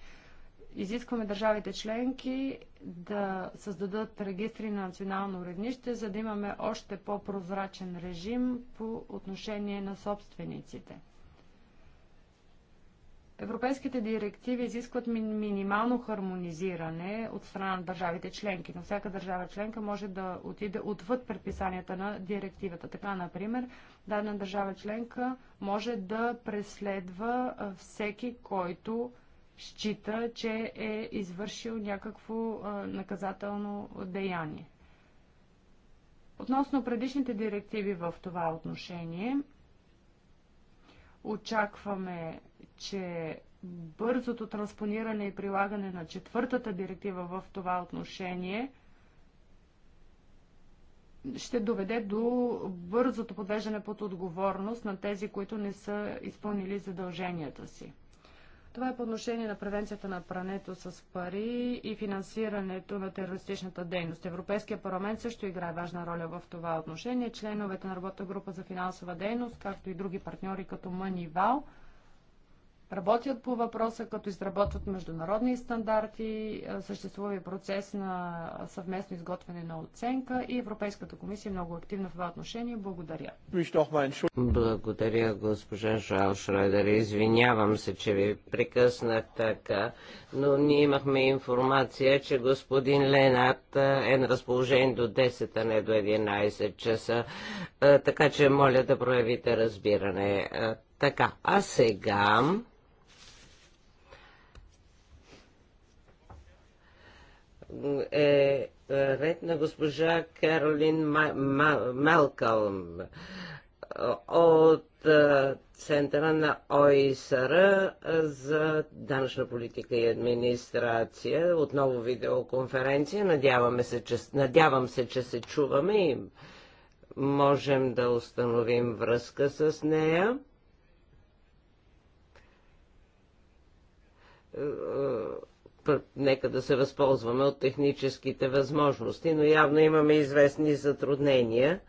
Изискваме държавите членки да създадат регистри на национално равнище, за да имаме още по-прозрачен режим по отношение на собствениците. Европейските директиви изискват минимално хармонизиране от страна на държавите членки, но всяка държава членка може да отиде отвъд предписанията на директивата. Така, например, дадена държава членка може да преследва всеки, който счита, че е извършил някакво наказателно деяние. Относно предишните директиви в това отношение, Очакваме, че бързото транспониране и прилагане на четвъртата директива в това отношение ще доведе до бързото подвеждане под отговорност на тези, които не са изпълнили задълженията си. Това е по отношение на превенцията на прането с пари и финансирането на терористичната дейност. Европейския парламент също играе важна роля в това отношение. Членовете на работна група за финансова дейност, както и други партньори като Вал, работят по въпроса, като изработват международни стандарти, съществува и процес на съвместно изготвяне на оценка и Европейската комисия е много активна в това отношение. Благодаря. Благодаря, госпожа Жал Шрайдер. Извинявам се, че ви прекъснах така, но ние имахме информация, че господин Ленат е на разположение до 10, а не до 11 часа, така че моля да проявите разбиране. Така, а сега Е, е ред на госпожа Каролин Малкалм от е, Центъра на ОИСР е, за данъчна политика и администрация. Отново видеоконференция. Надяваме се, че, надявам се, че се чуваме и можем да установим връзка с нея. Uh нека да се възползваме от техническите възможности, но явно имаме известни затруднения.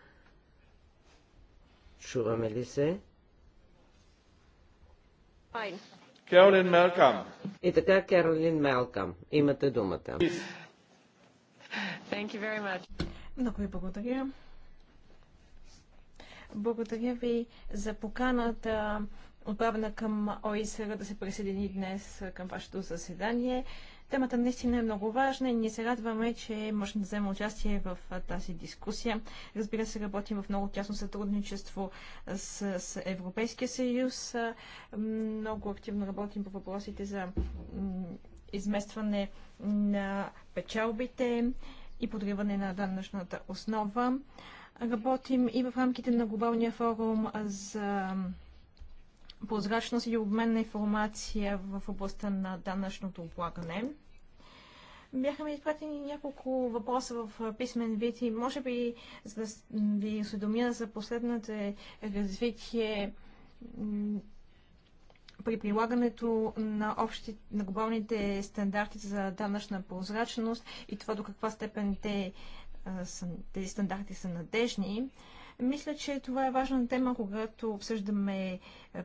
Чуваме ли се? Керолин Мелкам. И така, Керолин Мелкам, имате думата. Много ви благодаря. Благодаря ви за поканата отправена към ОИСР да се присъедини днес към вашето заседание. Темата наистина е много важна и ние се радваме, че можем да вземем участие в тази дискусия. Разбира се, работим в много тясно сътрудничество с, с Европейския съюз. Много активно работим по въпросите за изместване на печалбите и подриване на данъчната основа. Работим и в рамките на глобалния форум за прозрачност и обмен на информация в областта на данъчното облагане. Бяха ми изпратени няколко въпроса в писмен вид и може би за да ви осведомя за последното развитие при прилагането на, общи, на глобалните стандарти за данъчна прозрачност и това до каква степен те, тези стандарти са надежни. Мисля, че това е важна тема, когато обсъждаме е,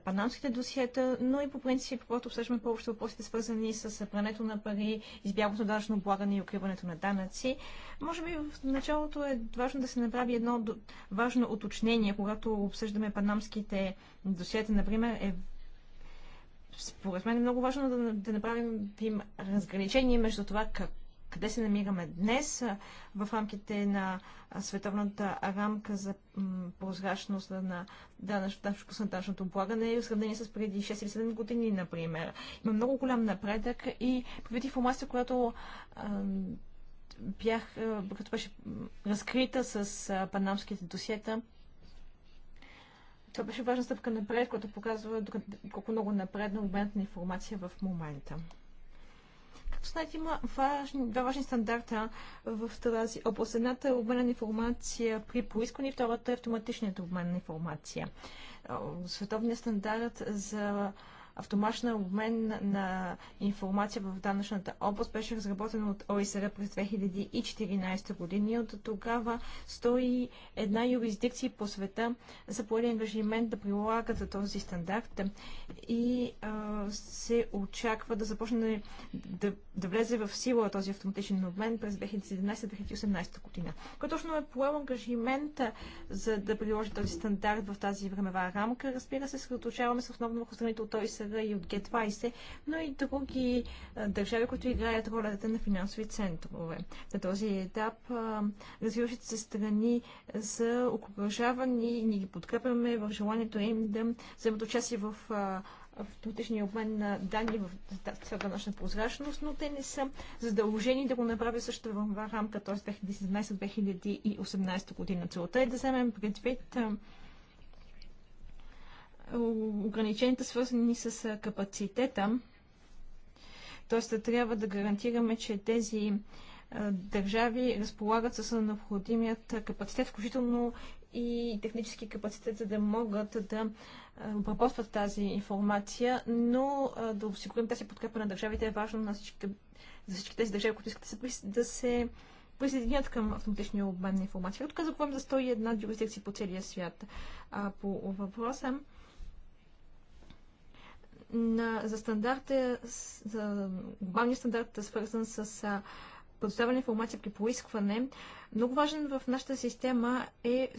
панамските досиета, но и по принцип, когато обсъждаме повече въпросите, свързани с е, прането на пари, избягването на данъчно облагане и укриването на данъци. Може би в началото е важно да се направи едно важно уточнение, когато обсъждаме панамските досиета, например, е според мен е много важно да, да направим разграничение между това как къде се намираме днес в рамките на световната рамка за прозрачност на данъчно-данъчното облагане в сравнение с преди 6 или 7 години, например. Има много голям напредък и преди информация, която бях, като беше разкрита с панамските досиета, това беше важна стъпка напред, която показва колко много напредна обменът на информация в момента знаете, има важни, два важни стандарта в тази област. Едната е обмен на информация при поискване, втората е автоматичният обмен на информация. Световният стандарт за Автомашен обмен на информация в данъчната област беше разработен от ОИСР през 2014 година и от тогава 101 юрисдикции по света са поели ангажимент да прилагат за този стандарт и а, се очаква да започне да, да влезе в сила този автоматичен обмен през 2017-2018 година. Кой точно е поел ангажимент за да приложи този стандарт в тази времева рамка? Разбира се, съсредоточаваме с основно върху страните от ОИСР ОИСР и от Г20, но и други държави, които играят ролята на финансови центрове. На този етап развиващите се страни са окоръжавани и ни ги подкрепяме в желанието им да вземат участие в автоматичния обмен на данни в цялата нашата прозрачност, но те не са задължени да го направят също в рамка, т.е. 2017-2018 година. Целта е да вземем предвид ограниченията, свързани с капацитета. т.е. трябва да гарантираме, че тези държави разполагат с необходимият капацитет, включително и технически капацитет, за да могат да обработват тази информация, но да осигурим тази подкрепа на държавите е важно на всички, за всички тези държави, които искат да се, да се присъединят към автоматичния обмен на информация. Като казах, говорим за 101 юрисдикции по целия свят. А по въпроса на, за стандарта, за глобалния стандарт, свързан с а, предоставяне информация при поискване, много важен в нашата система е,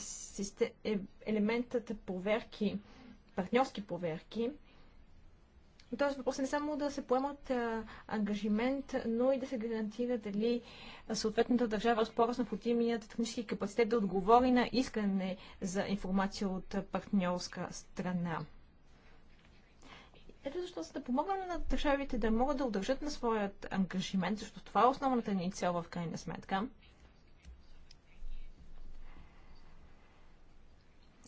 е елементът проверки, партньорски проверки. Тоест въпрос е не само да се поемат а, ангажимент, но и да се гарантира дали съответната държава разполага с необходимият технически капацитет да отговори на искане за информация от партньорска страна. Ето защо са да помогнем на държавите да могат да удържат на своят ангажимент, защото това е основната ни цел в крайна сметка.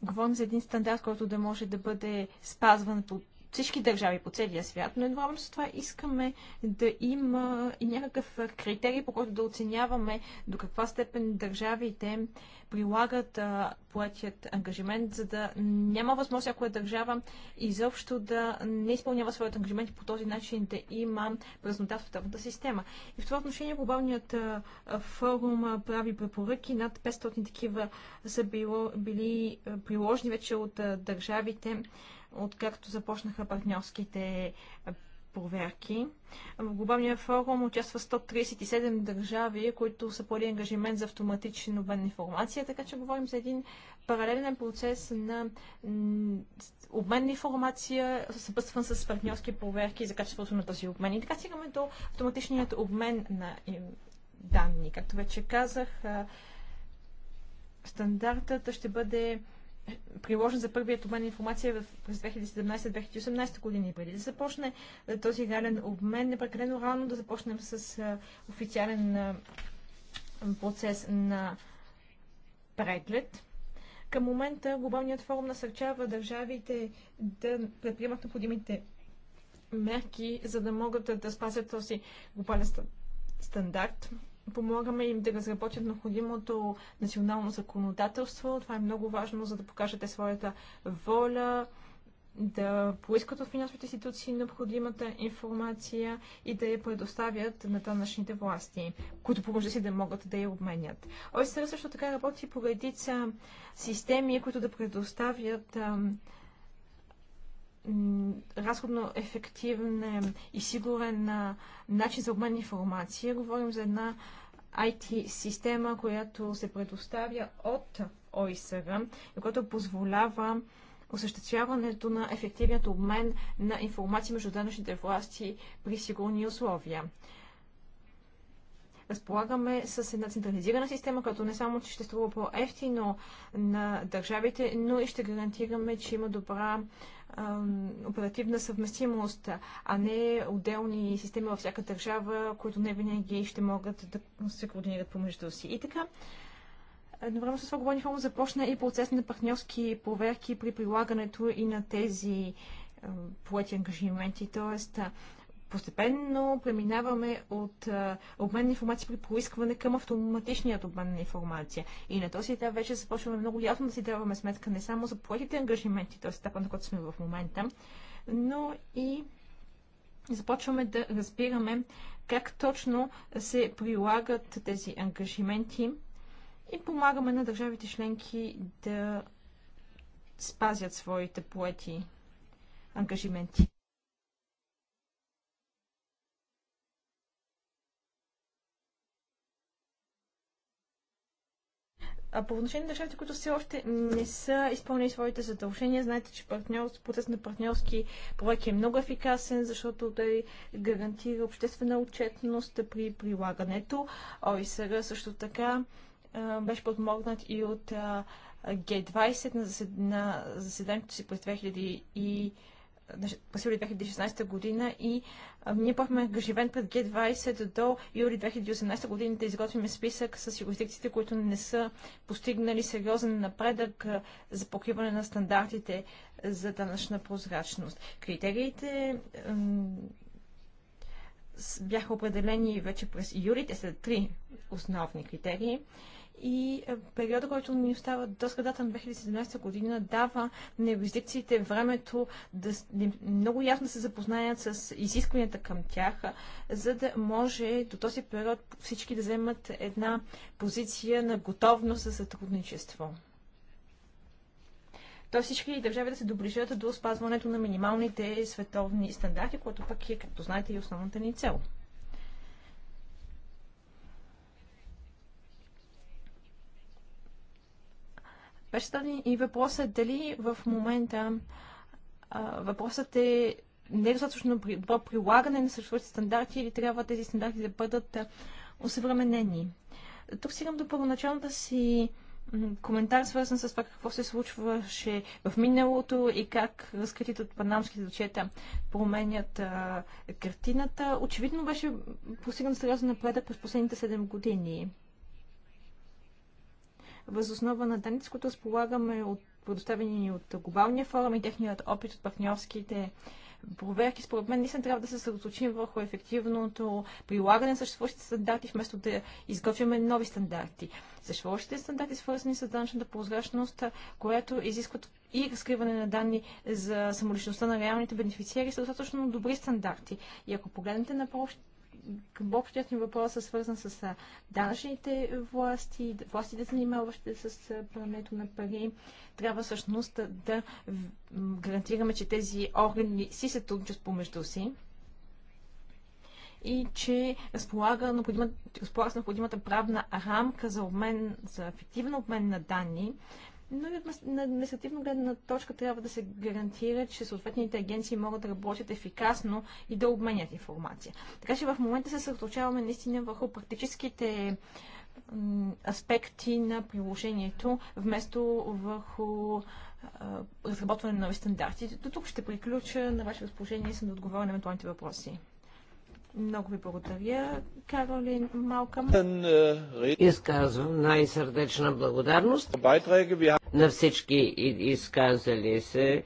Говорим за един стандарт, който да може да бъде спазван под всички държави по целия свят, но едновременно с това искаме да има и някакъв критерий, по който да оценяваме до каква степен държавите прилагат платят ангажимент, за да няма възможност всяка държава изобщо да не изпълнява своят ангажимент и по този начин да има празнота в правната система. И в това отношение глобалният форум прави препоръки. Над 500 такива са било, били приложени вече от държавите откакто започнаха партньорските проверки. В глобалния форум участва 137 държави, които са поели ангажимент за автоматичен обмен на информация, така че говорим за един паралелен процес на обмен на информация, съпътстван с партньорски проверки за качеството на този обмен. И така стигаме до автоматичният обмен на е, данни. Както вече казах, стандартът ще бъде приложен за първият обмен на информация през 2017-2018 години. Преди да започне е, този реален обмен, е прекалено рано да започнем с е, официален е, процес на преглед. Към момента глобалният форум насърчава държавите да предприемат необходимите мерки, за да могат да спазят този глобален стандарт помагаме им да разработят необходимото национално законодателство. Това е много важно, за да покажете своята воля, да поискат от финансовите институции необходимата информация и да я предоставят на данъчните власти, които помежду си да могат да я обменят. ОСР също така работи по редица системи, които да предоставят ам, разходно ефективен и сигурен начин за обмен информация. Говорим за една IT-система, която се предоставя от ОИСР, която позволява осъществяването на ефективният обмен на информация между данъчните власти при сигурни условия. Разполагаме с една централизирана система, която не само че ще струва по-ефтино на държавите, но и ще гарантираме, че има добра оперативна съвместимост, а не отделни системи във всяка държава, които не винаги ще могат да се координират помежду си. И така, едновременно с това глобалния форум започна и процес на партньорски проверки при прилагането и на тези поети ангажименти. Тоест, постепенно преминаваме от а, обмен на информация при поискване към автоматичният обмен на информация. И на този етап вече започваме много ясно да си даваме сметка не само за поетите ангажименти, т.е. етапа, на който сме в момента, но и започваме да разбираме как точно се прилагат тези ангажименти и помагаме на държавите членки да спазят своите поети ангажименти. А по отношение на държавите, които все още не са изпълнили своите задължения, знаете, че партньорство, процес на партньорски проект е много ефикасен, защото той гарантира обществена отчетност при прилагането. ОИСР също така беше подмогнат и от Г20 на, на заседанието си през 2000 и през юли 2016 година и ние поехме ангажимент пред g 20 до юли 2018 година да изготвим списък с юрисдикциите, които не са постигнали сериозен напредък за покриване на стандартите за данъчна прозрачност. Критериите бяха определени вече през юли. Те са три основни критерии и е, периода, който ни остава до средата на 2017 година, дава на юрисдикциите времето да много ясно се запознаят с изискванията към тях, за да може до този период всички да вземат една позиция на готовност за сътрудничество. То всички държави да се доближат до спазването на минималните световни стандарти, което пък е, както знаете, и основната ни цел. Беше стаден и въпросът дали в момента а, въпросът е недостатъчно добро прилагане на съществуващите стандарти или трябва тези стандарти да бъдат осъвременени. Тук стигам до първоначалната си коментар, свързан с това какво се случваше в миналото и как разкритите от панамските дочета променят а, картината. Очевидно беше постигнат сериозен напредък през последните 7 години възоснова на данните, с които разполагаме от предоставени ни от глобалния форум и техният опит от партньорските проверки, според мен, наистина трябва да се съсредоточим върху ефективното прилагане на съществуващите стандарти, вместо да изготвяме нови стандарти. Съществуващите стандарти, свързани с данъчната прозрачност, която изискват и разкриване на данни за самоличността на реалните бенефициери, са достатъчно добри стандарти. И ако погледнете на общият ни въпрос е свързан с данъчните власти, властите занимаващи с прането на пари. Трябва всъщност да гарантираме, че тези органи си се сътрудничат помежду си и че разполага, разполага с необходимата правна рамка за обмен, за ефективен обмен на данни, но и от на административна гледна точка трябва да се гарантира, че съответните агенции могат да работят ефикасно и да обменят информация. Така че в момента се съсредоточаваме наистина върху практическите аспекти на приложението, вместо върху разработване на нови стандарти. До тук ще приключа. На ваше разположение и съм да отговоря на евентуалните въпроси. Много ви благодаря, Каролин Малкам. Е, Изказвам най-сърдечна благодарност на всички изказали се. Е,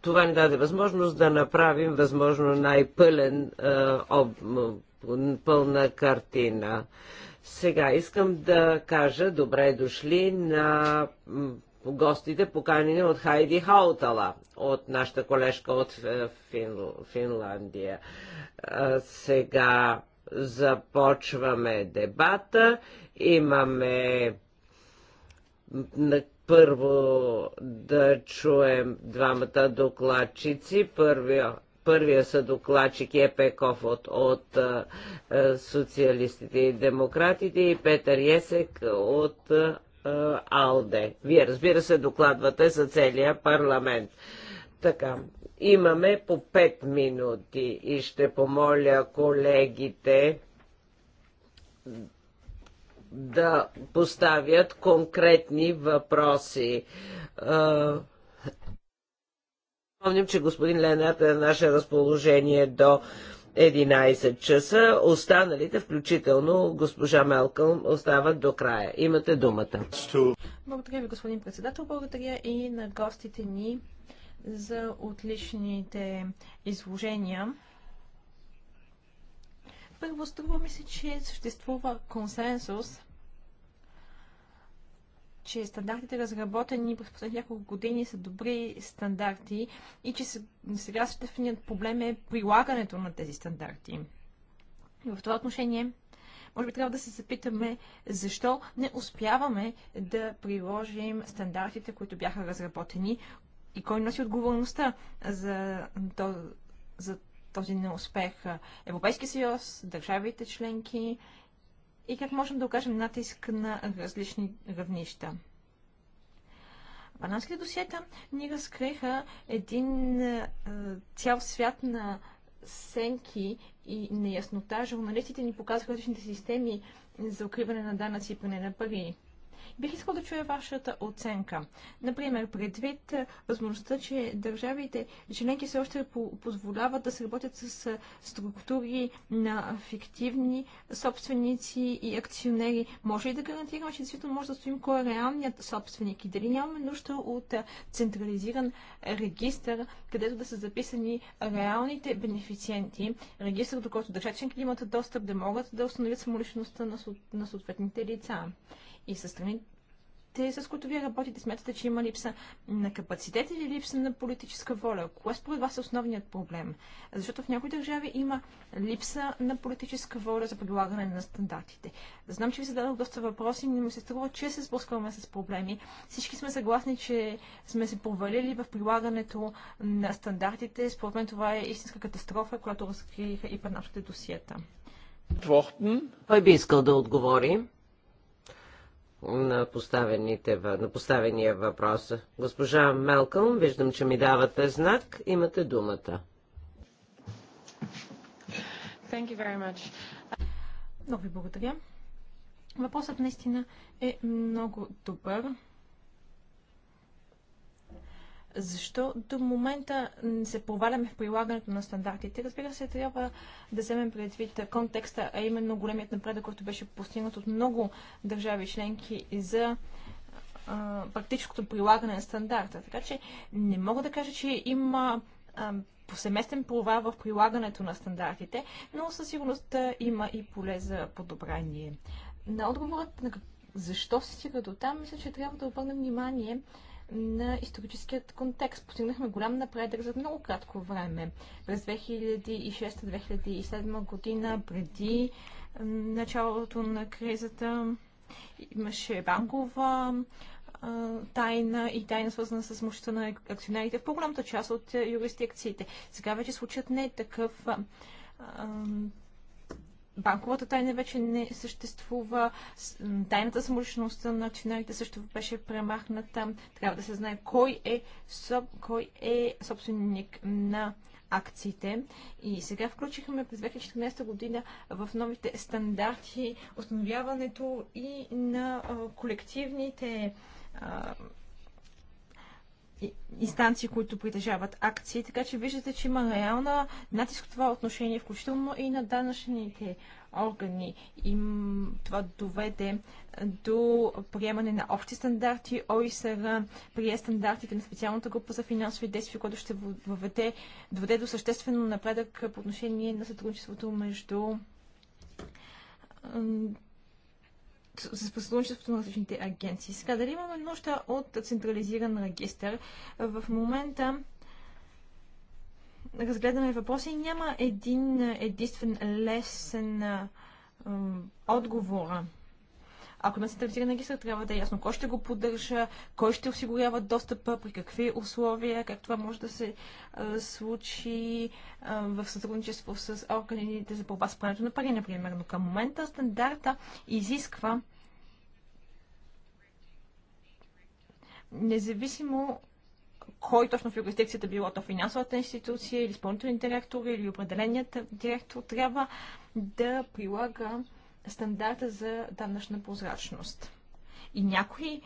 това ни даде възможност да направим възможно най-пълен е, пълна картина. Сега искам да кажа добре дошли на гостите, поканени от Хайди Хаутала, от нашата колежка от е, Фин, Финландия. Сега започваме дебата. Имаме първо да чуем двамата докладчици. Първия първия съдокладчик е Пеков от, от е, е, социалистите и демократите и Петър Есек от е, АЛДЕ. Вие, разбира се, докладвате за целия парламент. Така, имаме по 5 минути и ще помоля колегите да поставят конкретни въпроси. Е, помним, че господин Ленат е на наше разположение до 11 часа. Останалите, включително госпожа Мелкъл, остават до края. Имате думата. Благодаря ви, господин председател. Благодаря и на гостите ни за отличните изложения. Първо, струва ми се, че съществува консенсус че стандартите, разработени през последните няколко години, са добри стандарти и че сега същественият проблем е прилагането на тези стандарти. И в това отношение, може би трябва да се запитаме защо не успяваме да приложим стандартите, които бяха разработени и кой носи отговорността за, за този неуспех. Европейския съюз, държавите членки, и как можем да окажем натиск на различни равнища. Бананските досиета ни разкриха един е, цял свят на сенки и неяснота. Журналистите ни показаха различните системи за укриване на данъци и пране на пари. Бих искал да чуя вашата оценка. Например, предвид е, възможността, че държавите членки все още позволяват да се работят с е, структури на фиктивни собственици и акционери. Може ли да гарантираме, че действително може да стоим кой е реалният собственик и дали нямаме нужда от е, централизиран регистр, където да са записани реалните бенефициенти, регистр, до който държавите членки имат достъп да могат да установят самоличността на, на съответните лица и с страните, с които вие работите, смятате, че има липса на капацитет или липса на политическа воля? Кое според вас е основният проблем? Защото в някои държави има липса на политическа воля за предлагане на стандартите. Знам, че ви зададох доста въпроси, но ми се струва, че се сблъскваме с проблеми. Всички сме съгласни, че сме се провалили в прилагането на стандартите. Според мен това е истинска катастрофа, която разкриха и нашите досиета. Той би искал да отговори? на, поставените, на поставения въпрос. Госпожа Мелкъм, виждам, че ми давате знак. Имате думата. Thank you very much. Много ви благодаря. Въпросът наистина е много добър. Защо до момента се проваляме в прилагането на стандартите? Разбира се, трябва да вземем предвид контекста, а именно големият напредък, който беше постигнат от много държави членки за а, практическото прилагане на стандарта. Така че не мога да кажа, че има а, повсеместен провал в прилагането на стандартите, но със сигурност има и поле за подобрение. На отговорът на защо се стига до там, мисля, че трябва да обърнем внимание на историческият контекст. Постигнахме голям напредък за много кратко време. През 2006-2007 година, преди началото на кризата, имаше банкова тайна и тайна свързана с мощта на акционерите в по-голямата част от юрисдикциите. Сега вече случат не е такъв банковата тайна вече не съществува, тайната самоличността на акционерите също беше премахната, трябва да се знае кой е, соб, кой е собственик на акциите. И сега включихме през 2014 година в новите стандарти установяването и на колективните инстанции, които притежават акции, така че виждате, че има реална натиск в това отношение, включително и на данъчните органи. И това доведе до приемане на общи стандарти. ОИСР прие стандартите на специалната група за финансови действия, което ще въведе, доведе до съществено напредък по отношение на сътрудничеството между с сътрудничеството на различните агенции. Сега, дали имаме нужда от централизиран регистр? В момента разгледаме въпроси, и няма един единствен лесен отговор. Ако има централизиран регистр, трябва да е ясно кой ще го поддържа, кой ще осигурява достъпа, при какви условия, как това може да се а, случи а, в сътрудничество с органите за борба с прането на пари, например. Но към момента стандарта изисква независимо кой точно в юрисдикцията било то финансовата институция или изпълнителен директор или определеният директор трябва да прилага стандарта за данъчна прозрачност. И някой, е,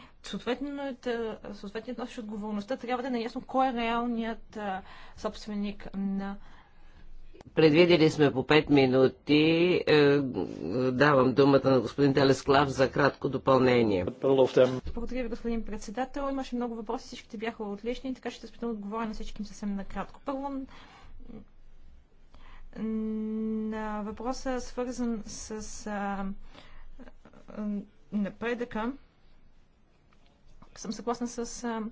съответният носещ отговорността, трябва да е наясно кой е реалният а, е, собственик на Предвидели сме по 5 минути. Е, давам думата на господин Телесклав за кратко допълнение. Благодаря ви, господин председател. Имаше много въпроси, всичките бяха отлични, така ще се да отговоря на всички съвсем накратко. Първо, на въпроса, свързан с а, напредъка, съм съгласна с а,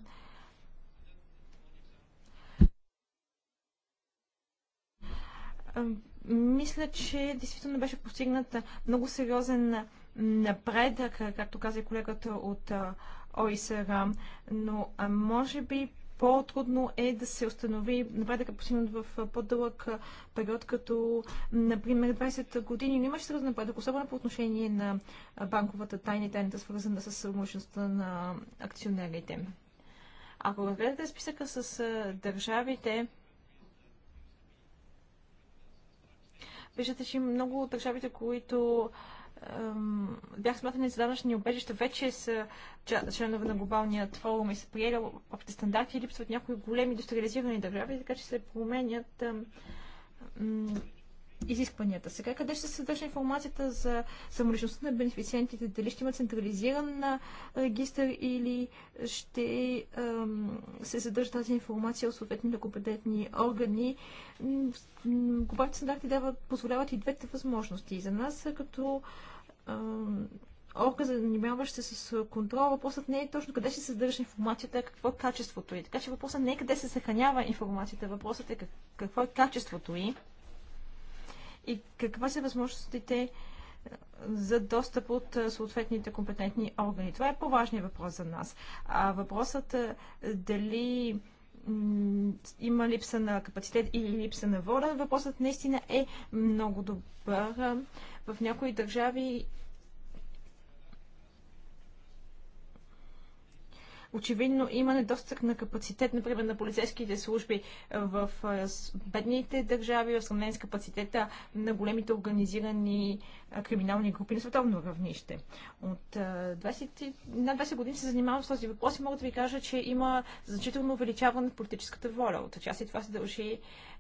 мисля, че действително беше постигнат много сериозен напредък, както каза колегата от ОИСР, но може би по-трудно е да се установи напредъка постигнат в по-дълъг период, като например 20 години. Но имаше сериозен напредък, особено по отношение на банковата тайна и тайната, свързана с мощността на акционерите. Ако разгледате списъка с държавите, виждате, че много от държавите, които бях смятани за данъчни обежища, вече са членове на глобалния форум и са приели общите стандарти и липсват някои големи индустриализирани държави, така че се променят изискванията. Сега къде ще се съдържа информацията за самоличността на бенефициентите? Дали ще има централизиран регистр или ще се съдържа тази информация от съответните компетентни органи? Глобалните стандарти дават, позволяват и двете възможности. За нас като ам, орган, занимаващ се с контрол, въпросът не е точно къде ще се съдържа информацията, а какво е качеството й. Така че въпросът не е къде се съхранява информацията, въпросът е какво е качеството й и каква са възможностите е, за достъп от е, съответните компетентни органи. Това е по-важният въпрос за нас. А въпросът е, дали има липса на капацитет или липса на воля, въпросът наистина е много добър. В някои държави очевидно има недостъг на капацитет, например, на полицейските служби в бедните държави, в сравнение с капацитета на големите организирани криминални групи на световно равнище. От 20, над 20 години се занимавам с този въпрос и мога да ви кажа, че има значително увеличаване на политическата воля. От част и това се дължи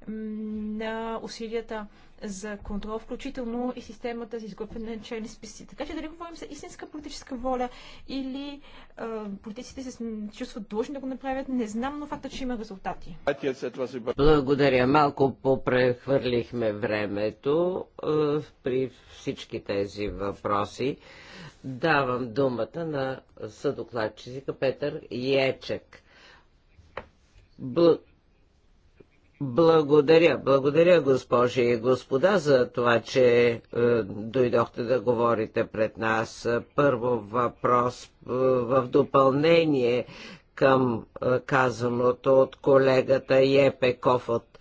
на усилията за контрол, включително и системата за изготвяне на черни списи. Така че дали говорим за истинска политическа воля или а, политиците се чувстват длъжни да го направят, не знам, но факта, че има резултати. Е Благодаря. Малко попрехвърлихме времето. При всички всички тези въпроси. Давам думата на съдокладчика Петър Ячек. Бл... Благодаря, благодаря, госпожи и господа, за това, че е, дойдохте да говорите пред нас. Първо въпрос е, в допълнение към е, казаното от колегата Епеков от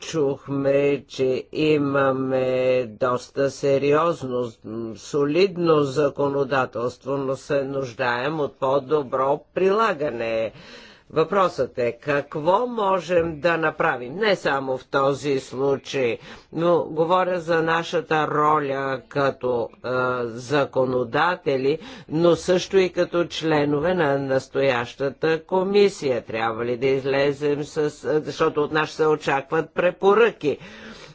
чухме, че имаме доста сериозно, солидно законодателство, но се нуждаем от по-добро прилагане. Въпросът е какво можем да направим, не само в този случай, но говоря за нашата роля като е, законодатели, но също и като членове на настоящата комисия. Трябва ли да излезем с... защото от нас се очакват препоръки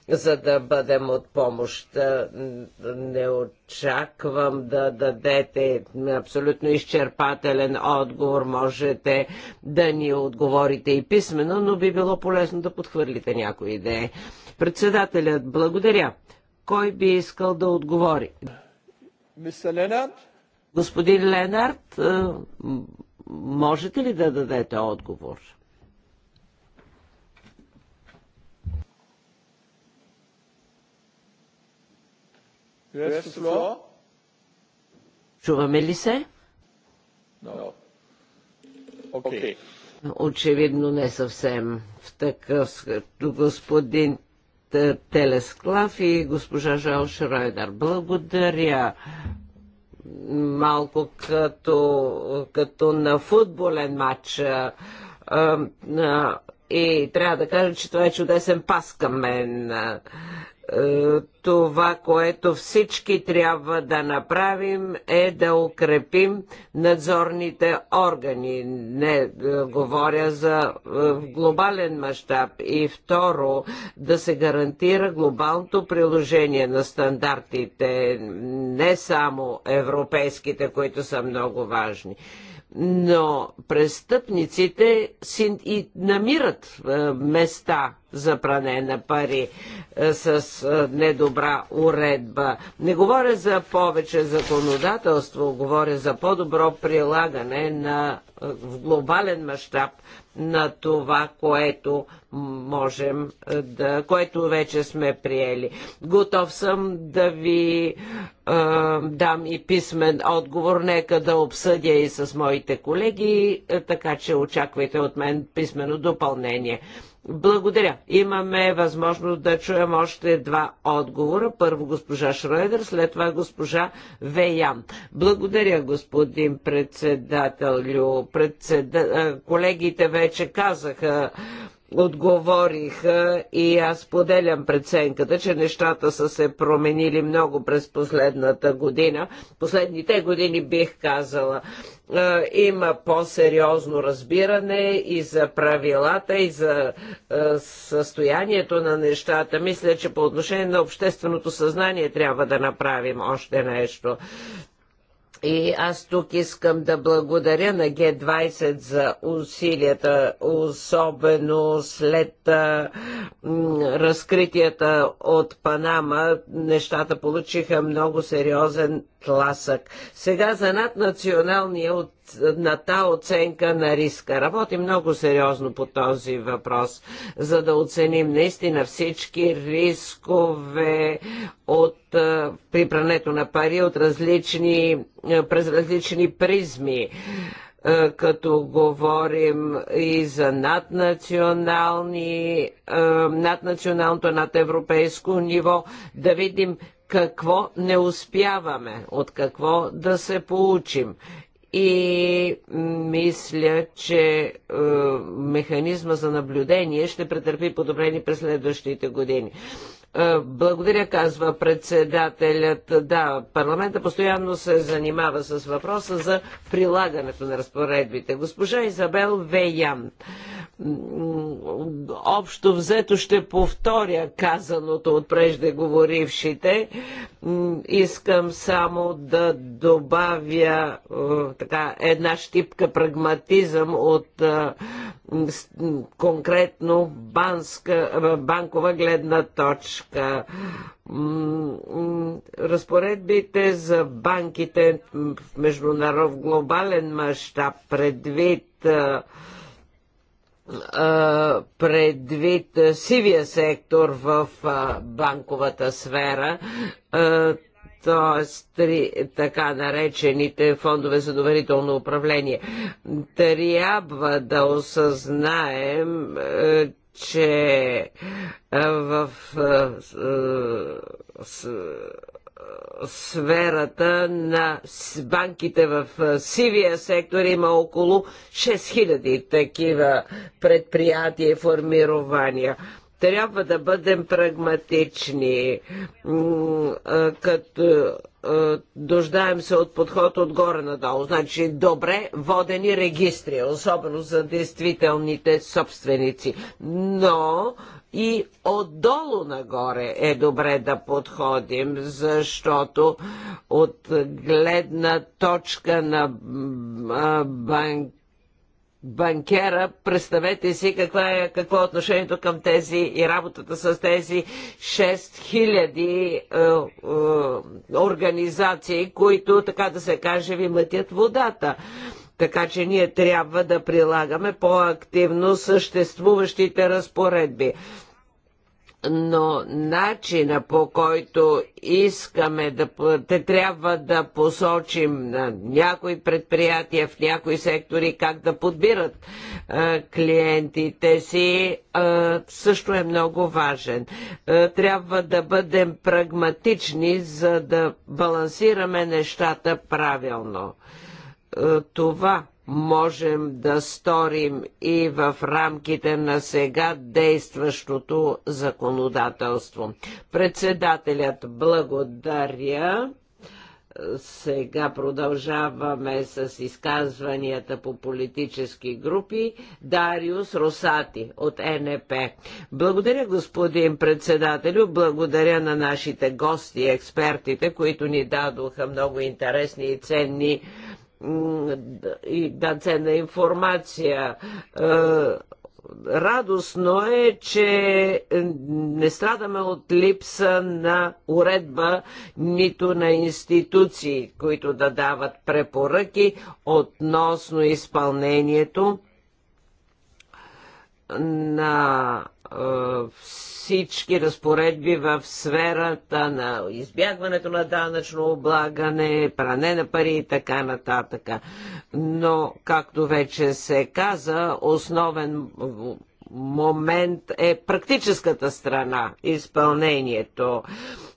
за да бъдем от помощ. Е, не очаквам да дадете абсолютно изчерпателен отговор. Можете да ни отговорите и писменно, но би било полезно да подхвърлите някои идеи. Председателят, благодаря. Кой би искал да отговори? Мисля Ленард? Господин Ленард, е, можете ли да дадете отговор? Чуваме ли се? No. Okay. Очевидно не съвсем. В такъв господин Телесклав и госпожа Жал Шройдер. Благодаря малко като, като на футболен матч. И трябва да кажа, че това е чудесен пас към мен. Е, това, което всички трябва да направим е да укрепим надзорните органи. Не е, говоря за е, глобален мащаб. И второ, да се гарантира глобалното приложение на стандартите, не само европейските, които са много важни но престъпниците си и намират места за пране на пари е, с е, недобра уредба. Не говоря за повече законодателство, говоря за по-добро прилагане на, е, в глобален мащаб на това, което можем да, което вече сме приели. Готов съм да ви е, дам и писмен отговор, нека да обсъдя и с моите колеги, така че очаквайте от мен писмено допълнение. Благодаря. Имаме възможност да чуем още два отговора. Първо госпожа Шройдер, след това госпожа Веян. Благодаря, господин председателю. Председа... Колегите вече казаха отговориха и аз поделям преценката, че нещата са се променили много през последната година. Последните години бих казала. Има по-сериозно разбиране и за правилата, и за състоянието на нещата. Мисля, че по отношение на общественото съзнание трябва да направим още нещо. И аз тук искам да благодаря на Г20 за усилията, особено след а, разкритията от Панама. Нещата получиха много сериозен тласък. Сега за наднационалния от на оценка на риска. Работи много сериозно по този въпрос, за да оценим наистина всички рискове от припрането на пари от различни, през различни призми като говорим и за наднационални, наднационалното, надевропейско ниво, да видим какво не успяваме, от какво да се получим и мисля, че е, механизма за наблюдение ще претърпи подобрени през следващите години. Е, благодаря, казва председателят. Да, парламента постоянно се занимава с въпроса за прилагането на разпоредбите. Госпожа Изабел Веян. Е, Общо взето ще повторя казаното от преждеговорившите. Искам само да добавя е, така, една щипка прагматизъм от е, конкретно банска, е, банкова гледна точка. Разпоредбите за банките в международ глобален мащаб предвид предвид сивия сектор в банковата сфера, т.е. така наречените фондове за доверително управление. Трябва да осъзнаем, че в сферата на банките в сивия сектор има около 6000 такива предприятия и формирования трябва да бъдем прагматични, като дождаем е, се от подход отгоре надолу. Значи добре водени регистри, особено за действителните собственици. Но и отдолу нагоре е добре да подходим, защото от гледна точка на банк банкера, представете си каква е, какво е отношението към тези и работата с тези 6000 е, е, организации, които, така да се каже, ви мътят водата. Така че ние трябва да прилагаме по-активно съществуващите разпоредби но начина по който искаме да те трябва да посочим на някои предприятия в някои сектори как да подбират клиентите си също е много важен. трябва да бъдем прагматични, за да балансираме нещата правилно. това можем да сторим и в рамките на сега действащото законодателство. Председателят благодаря. Сега продължаваме с изказванията по политически групи. Дариус Росати от НП. Благодаря, господин председателю. Благодаря на нашите гости и експертите, които ни дадоха много интересни и ценни и да ценна информация. Радостно е, че не страдаме от липса на уредба, нито на институции, които да дават препоръки относно изпълнението на всички всички разпоредби в сферата на избягването на данъчно облагане, пране на пари и така нататък. Но, както вече се каза, основен момент е практическата страна, изпълнението.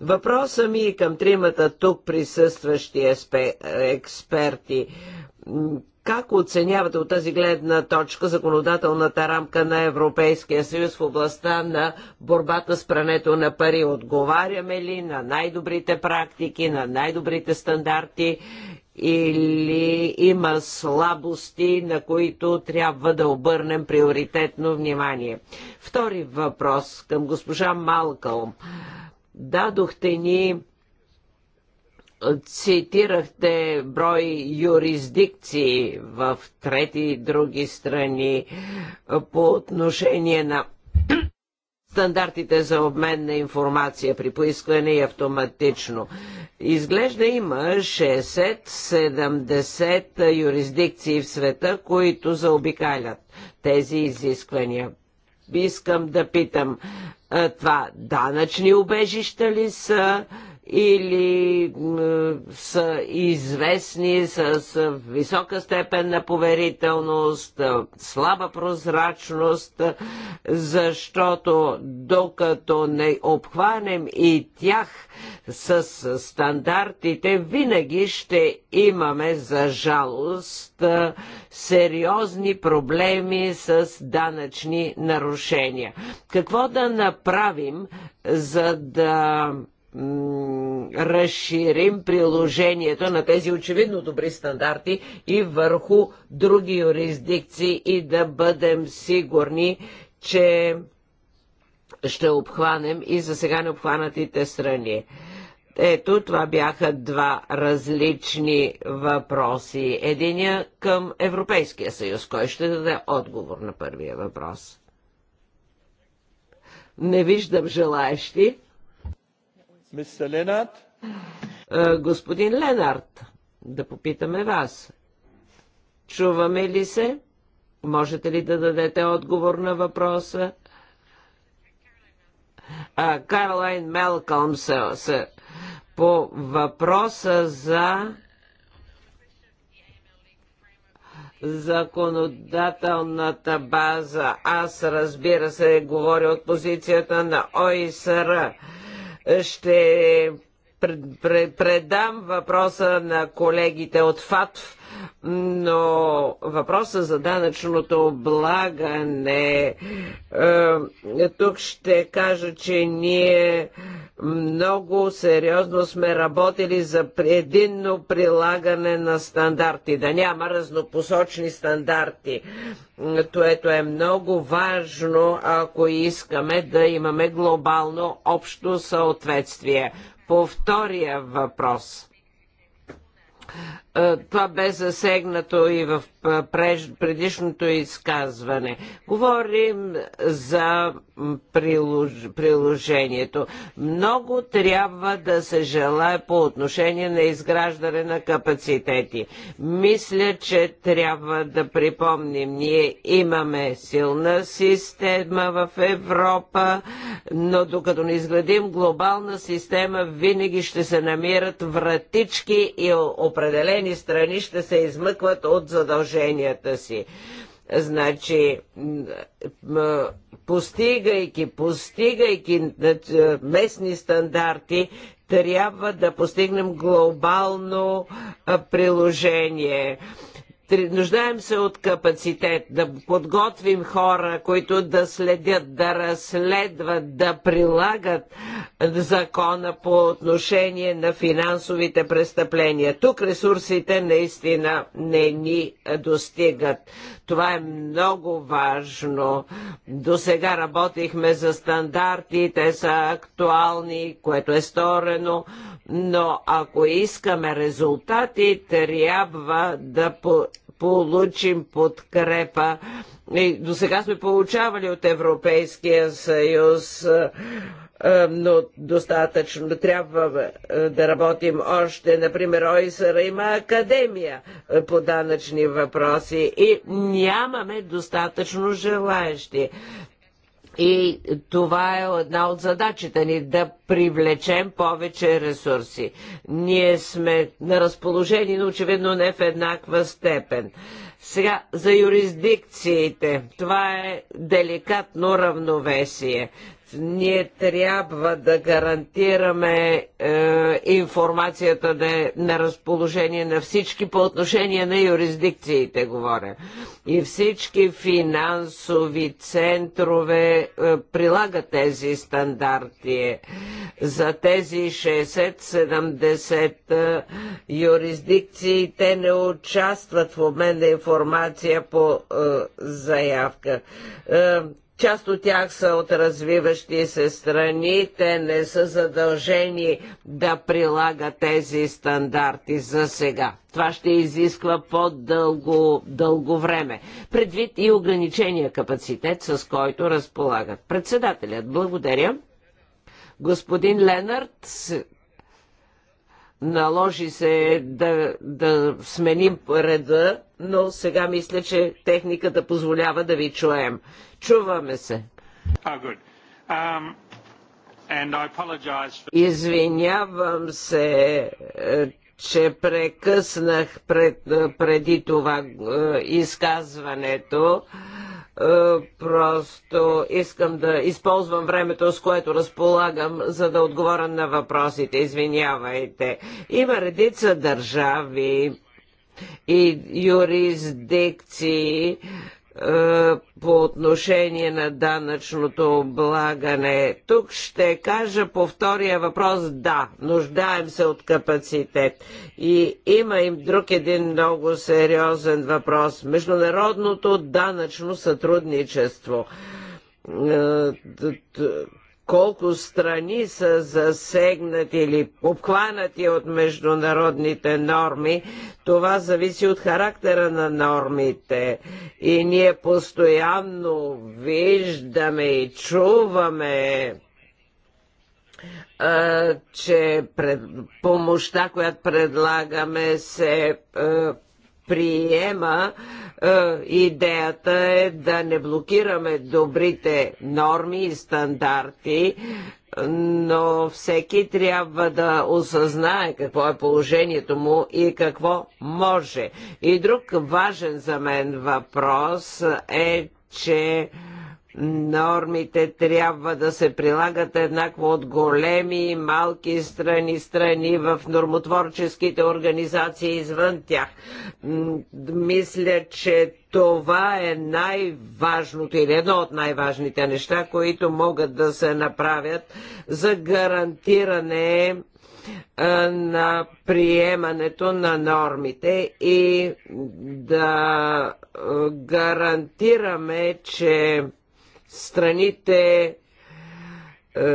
Въпроса ми и към тримата тук присъстващи експерти как оценявате от тази гледна точка законодателната рамка на Европейския съюз в областта на борбата с прането на пари? Отговаряме ли на най-добрите практики, на най-добрите стандарти или има слабости, на които трябва да обърнем приоритетно внимание? Втори въпрос към госпожа Малкълм. Дадохте ни цитирахте брой юрисдикции в трети и други страни по отношение на стандартите за обмен на информация при поискване и автоматично. Изглежда има 60-70 юрисдикции в света, които заобикалят тези изисквания. Искам да питам, това данъчни убежища ли са? или е, са известни с висока степен на поверителност, слаба прозрачност, защото докато не обхванем и тях с стандартите, винаги ще имаме за жалост сериозни проблеми с данъчни нарушения. Какво да направим, за да разширим приложението на тези очевидно добри стандарти и върху други юрисдикции и да бъдем сигурни, че ще обхванем и за сега необхванатите страни. Ето, това бяха два различни въпроси. Единия към Европейския съюз. Кой ще даде отговор на първия въпрос? Не виждам желаещи. Е, господин Ленард, да попитаме вас. Чуваме ли се? Можете ли да дадете отговор на въпроса? А, Каролайн Мелкълм се, се по въпроса за законодателната база. Аз, разбира се, говоря от позицията на ОИСР ще предам въпроса на колегите от ФАТФ, но въпроса за данъчното облагане. Е, тук ще кажа, че ние много сериозно сме работили за единно прилагане на стандарти, да няма разнопосочни стандарти. Което е много важно, ако искаме да имаме глобално общо съответствие. По втория въпрос – е, това бе засегнато и в е, предишното изказване. Говорим за приложението. Много трябва да се желая по отношение на изграждане на капацитети. Мисля, че трябва да припомним, ние имаме силна система в Европа, но докато не изградим глобална система, винаги ще се намират вратички и определени съседни страни ще се измъкват от задълженията си. Значи, постигайки, постигайки местни стандарти, трябва да постигнем глобално приложение. Нуждаем се от капацитет да подготвим хора, които да следят, да разследват, да прилагат закона по отношение на финансовите престъпления. Тук ресурсите наистина не ни достигат. Това е много важно. До сега работихме за стандарти, те са актуални, което е сторено, но ако искаме резултати, трябва да по получим подкрепа. И до сега сме получавали от Европейския съюз е, но достатъчно трябва е, да работим още. Например, ОИСР има академия е, по данъчни въпроси и нямаме достатъчно желаящи. И това е една от задачите ни да привлечем повече ресурси. Ние сме на разположение, но очевидно не в еднаква степен. Сега за юрисдикциите. Това е деликатно равновесие. Ние трябва да гарантираме е, информацията да е на разположение на всички по отношение на юрисдикциите, говоря. И всички финансови центрове е, прилагат тези стандарти. За тези 60-70 е, юрисдикции те не участват в обмен на информация по е, заявка. Е, Част от тях са от развиващи се страни, те не са задължени да прилагат тези стандарти за сега. Това ще изисква по-дълго дълго време, предвид и ограничения капацитет, с който разполагат. Председателят, благодаря. Господин Ленард, наложи се да, да сменим реда, но сега мисля, че техниката позволява да ви чуем. Чуваме се. Oh, um, Извинявам се, е, че прекъснах пред, е, преди това е, изказването просто искам да използвам времето, с което разполагам, за да отговоря на въпросите. Извинявайте. Има редица държави и юрисдикции, е, по отношение на данъчното облагане. Тук ще кажа по втория въпрос да, нуждаем се от капацитет. И има им друг един много сериозен въпрос. Международното данъчно сътрудничество е, колко страни са засегнати или обхванати от международните норми, това зависи от характера на нормите. И ние постоянно виждаме и чуваме че пред, помощта, която предлагаме, се приема е, идеята е да не блокираме добрите норми и стандарти, но всеки трябва да осъзнае какво е положението му и какво може. И друг важен за мен въпрос е, че Нормите трябва да се прилагат еднакво от големи и малки страни, страни в нормотворческите организации извън тях. Мисля, че това е най-важното или едно от най-важните неща, които могат да се направят за гарантиране на приемането на нормите и да гарантираме, че страните е,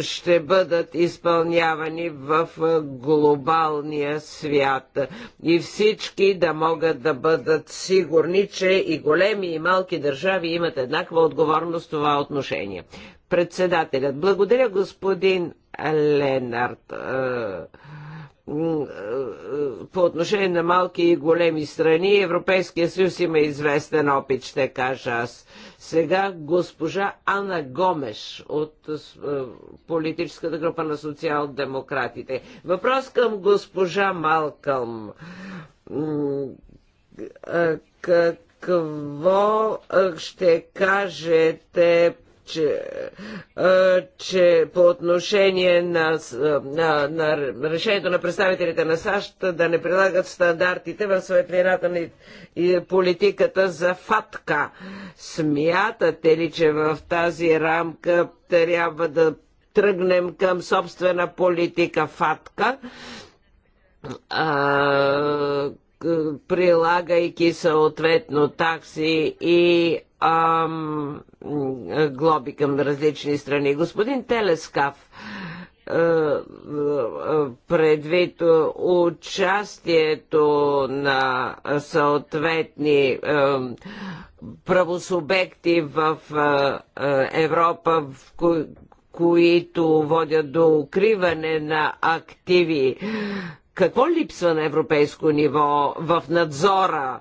ще бъдат изпълнявани в е, глобалния свят. И всички да могат да бъдат сигурни, че и големи и малки държави имат еднаква отговорност в това отношение. Председателят. Благодаря господин Ленард. Е, по отношение на малки и големи страни, Европейския съюз има известен опит, ще кажа аз сега госпожа Ана Гомеш от е, политическата група на социал-демократите. Въпрос към госпожа Малкълм. Е, какво е, ще кажете че, че по отношение на, на, на решението на представителите на САЩ да не прилагат стандартите в светлината на политиката за ФАТКА. Смятате ли, че в тази рамка трябва да тръгнем към собствена политика ФАТКА? А, прилагайки съответно такси и глоби към различни страни. Господин Телескав, е, е, предвид участието на съответни е, правосубекти в Европа, в които водят до укриване на активи. Какво липсва на европейско ниво в надзора?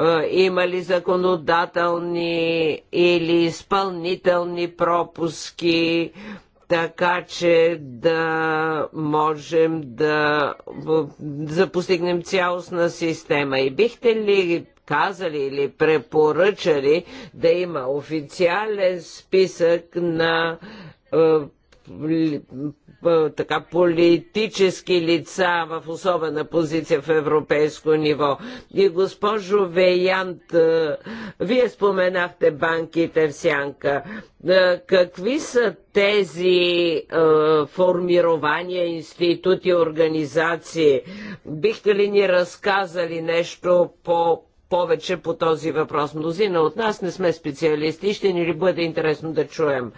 Е, има ли законодателни или изпълнителни пропуски, така че да можем да, запостигнем цялостна система. И бихте ли казали или препоръчали да има официален списък на е, е, така политически лица в особена позиция в европейско ниво. И госпожо Веянт, е, вие споменахте банките в Сянка. Е, какви са тези формирования, институти, организации? Бихте ли ни разказали нещо по повече по този въпрос. Мнозина от нас не сме специалисти и ще ни ли бъде интересно да чуем.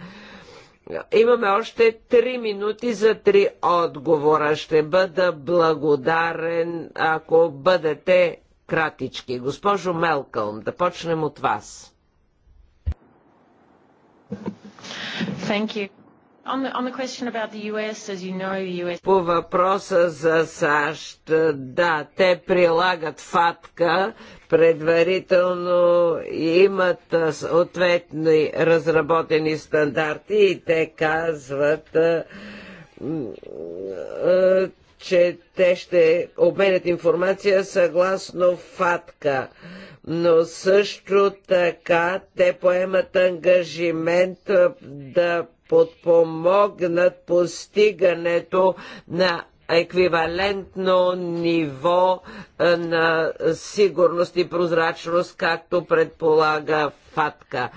Имаме още три минути за три отговора. Ще бъда благодарен, ако бъдете кратички. Госпожо Мелкълм, да почнем от вас. Thank you. По въпроса за САЩ, да, те прилагат ФАТКА, предварително имат съответни разработени стандарти и те казват, че те ще обменят информация съгласно ФАТКА но също така те поемат ангажимент да подпомогнат постигането на еквивалентно ниво на сигурност и прозрачност, както предполага ФАТКА.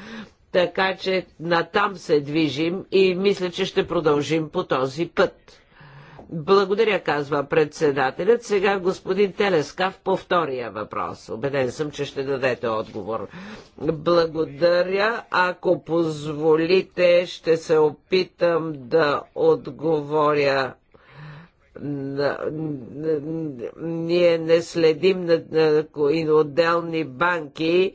Така че натам се движим и мисля, че ще продължим по този път. Благодаря, казва председателят. Сега господин Телескав по втория въпрос. Обеден съм, че ще дадете отговор. Благодаря. Ако позволите, ще се опитам да отговоря ние не следим на отделни банки,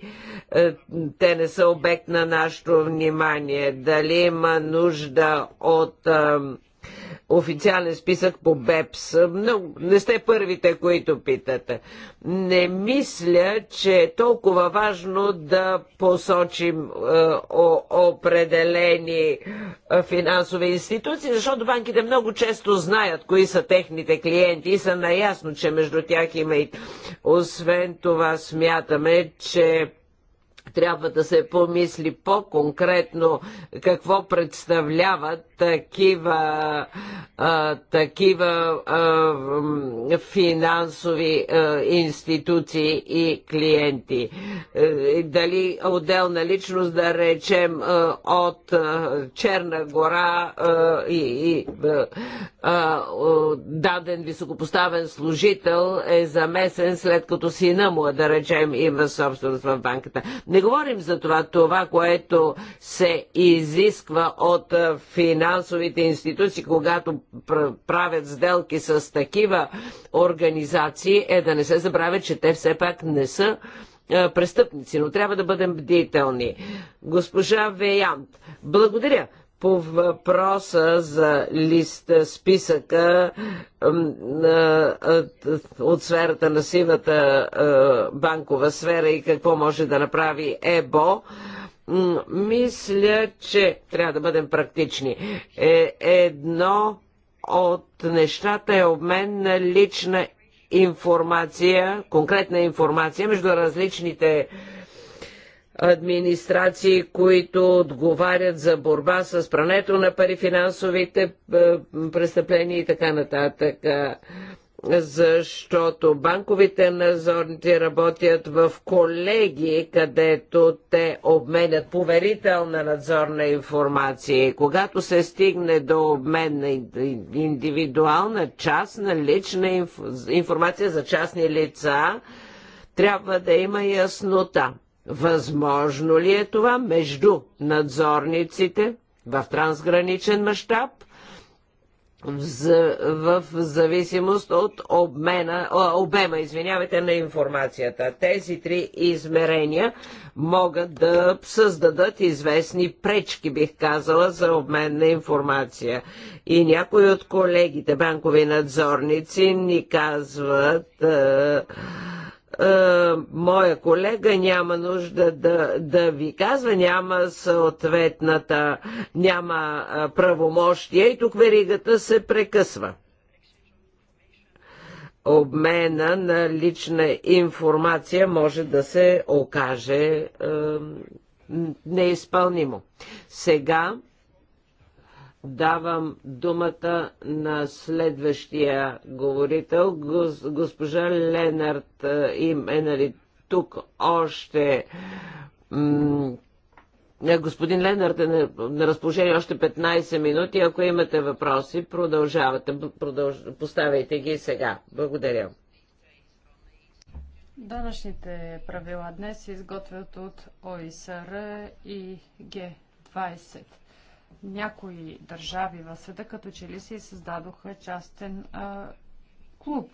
е, те не са обект на нашето внимание. Дали има нужда от официален списък по БЕПС. Много, не сте първите, които питате. Не мисля, че е толкова важно да посочим е, о, определени е, финансови институции, защото банките много често знаят кои са техните клиенти и са наясно, че между тях има и... Освен това смятаме, че трябва да се помисли по-конкретно какво представляват такива, а, такива а, финансови а, институции и клиенти. Е, дали отделна личност, да речем, а, от а, Черна гора а, и, и а, а, даден високопоставен служител е замесен след като сина му, да речем, има собственост в банката. Не говорим за това, това, което се изисква от финансови финансовите институции, когато правят сделки с такива организации, е да не се забравя, че те все пак не са престъпници, но трябва да бъдем бдителни. Госпожа Веянт, благодаря по въпроса за лист списъка от сферата на сивата банкова сфера и какво може да направи ЕБО. Мисля, че трябва да бъдем практични. Е, едно от нещата е обмен на лична информация, конкретна информация между различните администрации, които отговарят за борба с прането на пари, финансовите е, престъпления и така нататък защото банковите надзорници работят в колеги, където те обменят поверителна надзорна информация. И когато се стигне до обмен на индивидуална частна лична информация за частни лица, трябва да има яснота. Възможно ли е това между надзорниците в трансграничен мащаб – в зависимост от обмена, обема извинявайте, на информацията. Тези три измерения могат да създадат известни пречки, бих казала, за обмен на информация. И някои от колегите, банкови надзорници, ни казват. Е, е, моя колега няма нужда да, да ви казва, няма съответната, няма правомощия и тук веригата се прекъсва обмена на лична информация може да се окаже е, неизпълнимо. Сега Давам думата на следващия говорител, госпожа Ленард е, им е нали тук още е, Господин Ленард е на, разположение още 15 минути. Ако имате въпроси, продължавате. Продълж... Поставяйте ги сега. Благодаря. Данъчните правила днес се изготвят от ОИСР и Г20 някои държави в света като че ли си създадоха частен а, клуб.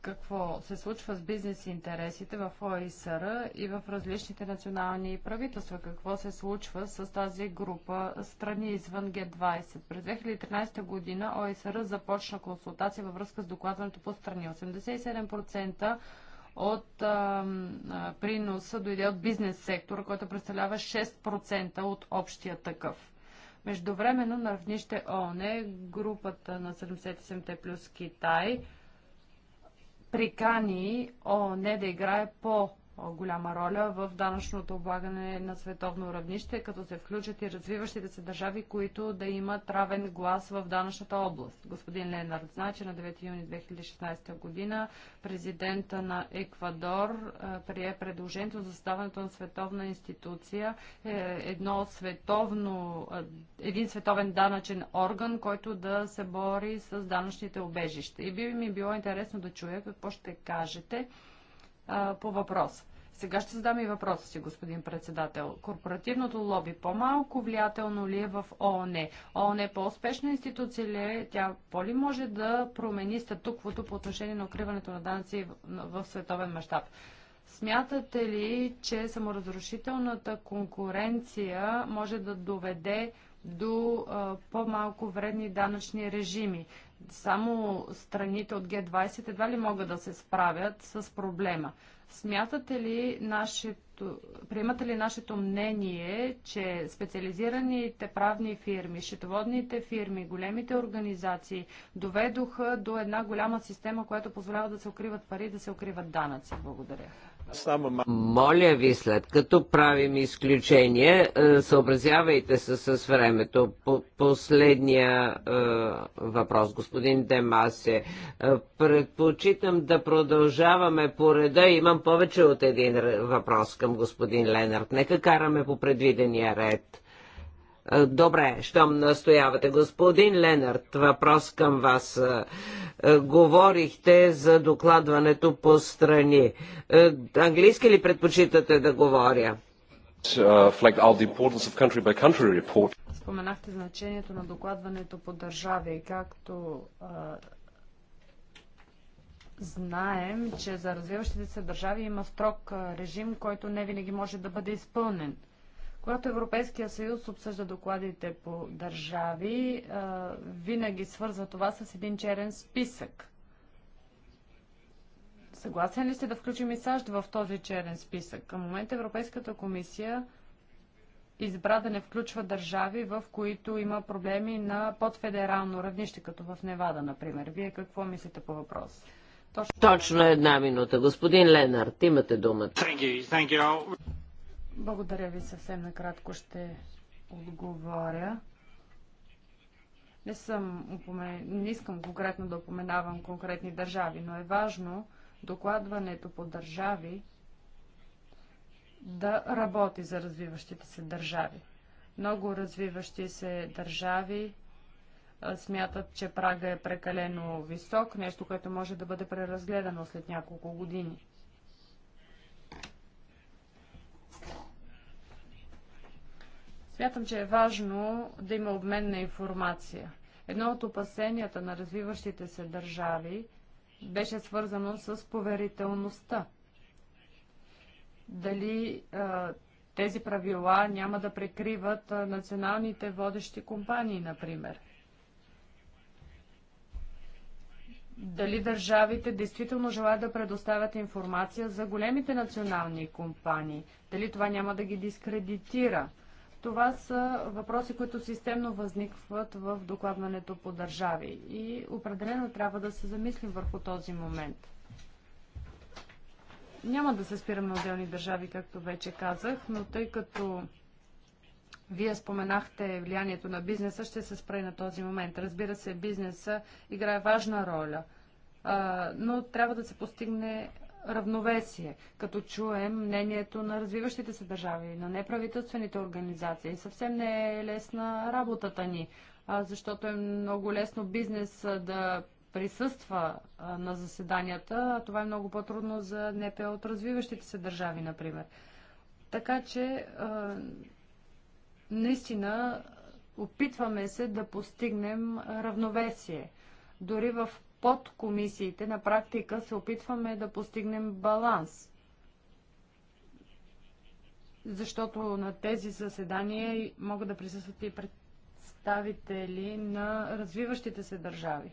Какво се случва с бизнес интересите в ОИСР и в различните национални правителства? Какво се случва с тази група страни извън Г-20? През 2013 година ОИСР започна консултация във връзка с докладването по страни. 87% от а, а, приноса дойде от бизнес сектора, който представлява 6% от общия такъв. Междувременно на равнище ООН групата на 77-те плюс Китай прикани ООН да играе по голяма роля в данъчното облагане на световно равнище, като се включат и развиващите се държави, които да имат равен глас в данъчната област. Господин Ленард знае, че на 9 юни 2016 година президента на Еквадор е, прие предложението за създаването на световна институция, е, едно световно, е, един световен данъчен орган, който да се бори с данъчните убежища. И би ми било интересно да чуя какво ще кажете а, по въпрос. Сега ще задам и въпроса си, господин председател. Корпоративното лоби по-малко влиятелно ли е в ООН? ООН е по-успешна институция ли е? Тя по-ли може да промени статуквото по отношение на укриването на данъци в, в световен мащаб? Смятате ли, че саморазрушителната конкуренция може да доведе до по-малко вредни данъчни режими? Само страните от Г20 едва ли могат да се справят с проблема. Смятате ли нашето, приемате ли нашето мнение, че специализираните правни фирми, счетоводните фирми, големите организации доведоха до една голяма система, която позволява да се укриват пари, да се укриват данъци? Благодаря. Моля ви, след като правим изключение, е, съобразявайте се с времето. Последния е, въпрос, господин Демасе. Е, предпочитам да продължаваме по реда. Имам повече от един въпрос към господин Ленард. Нека караме по предвидения ред. Добре, щом настоявате. Господин Ленард, въпрос към вас. Е, говорихте за докладването по страни. Е, английски ли предпочитате да говоря? Е, Споменахте значението на докладването по държави, както знаем, че за развиващите се държави има строг режим, който не винаги може да бъде изпълнен – когато Европейския съюз обсъжда докладите по държави, винаги свързва това с един черен списък. Съгласен ли сте да включим и САЩ в този черен списък? Към момента Европейската комисия избра да не включва държави, в които има проблеми на подфедерално равнище, като в Невада, например. Вие какво мислите по въпрос? Точно, Точно една минута. Господин Ленард, имате думата. Thank you. Thank you. Благодаря ви. Съвсем накратко ще отговоря. Не, съм, не искам конкретно да упоменавам конкретни държави, но е важно докладването по държави да работи за развиващите се държави. Много развиващи се държави смятат, че прага е прекалено висок, нещо, което може да бъде преразгледано след няколко години. Смятам, че е важно да има обмен на информация. Едно от опасенията на развиващите се държави беше свързано с поверителността. Дали а, тези правила няма да прикриват а, националните водещи компании, например? Дали държавите действително желаят да предоставят информация за големите национални компании? Дали това няма да ги дискредитира? Това са въпроси, които системно възникват в докладването по държави и определено трябва да се замислим върху този момент. Няма да се спирам на отделни държави, както вече казах, но тъй като вие споменахте влиянието на бизнеса, ще се спре на този момент. Разбира се, бизнеса играе важна роля, но трябва да се постигне равновесие, като чуем мнението на развиващите се държави, на неправителствените организации. Съвсем не е лесна работата ни, защото е много лесно бизнес да присъства на заседанията, а това е много по-трудно за НПО от развиващите се държави, например. Така че, наистина, опитваме се да постигнем равновесие. Дори в под комисиите на практика се опитваме да постигнем баланс. Защото на тези заседания могат да присъстват и представители на развиващите се държави.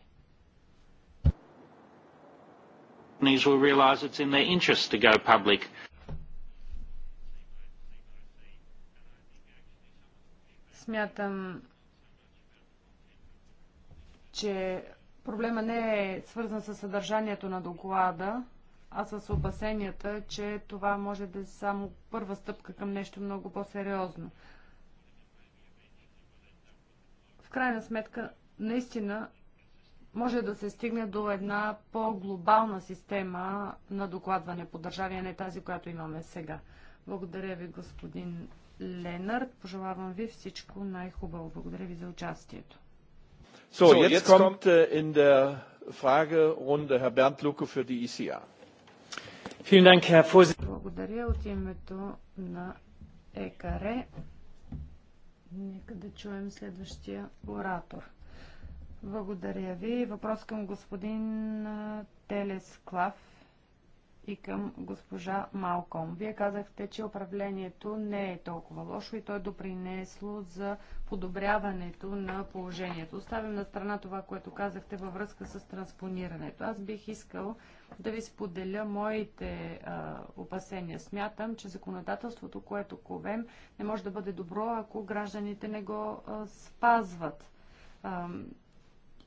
Смятам, че Проблема не е свързан с съдържанието на доклада, а с опасенията, че това може да е само първа стъпка към нещо много по-сериозно. В крайна сметка, наистина може да се стигне до една по-глобална система на докладване по държави, а не тази, която имаме сега. Благодаря ви, господин Ленард. Пожелавам ви всичко най-хубаво. Благодаря ви за участието. So, jetzt jetzt kommt in der Fragerunde Herr Bernd Lucke für die ICA. Vielen Dank, Herr Vorsitzender. Благодаря Нека да чуем следващия оратор. Благодаря ви. Въпрос към господин Телесклав и към госпожа Малком. Вие казахте, че управлението не е толкова лошо и то е допринесло за подобряването на положението. Оставим на страна това, което казахте във връзка с транспонирането. Аз бих искал да ви споделя моите а, опасения. Смятам, че законодателството, което ковем, не може да бъде добро, ако гражданите не го а, спазват. А,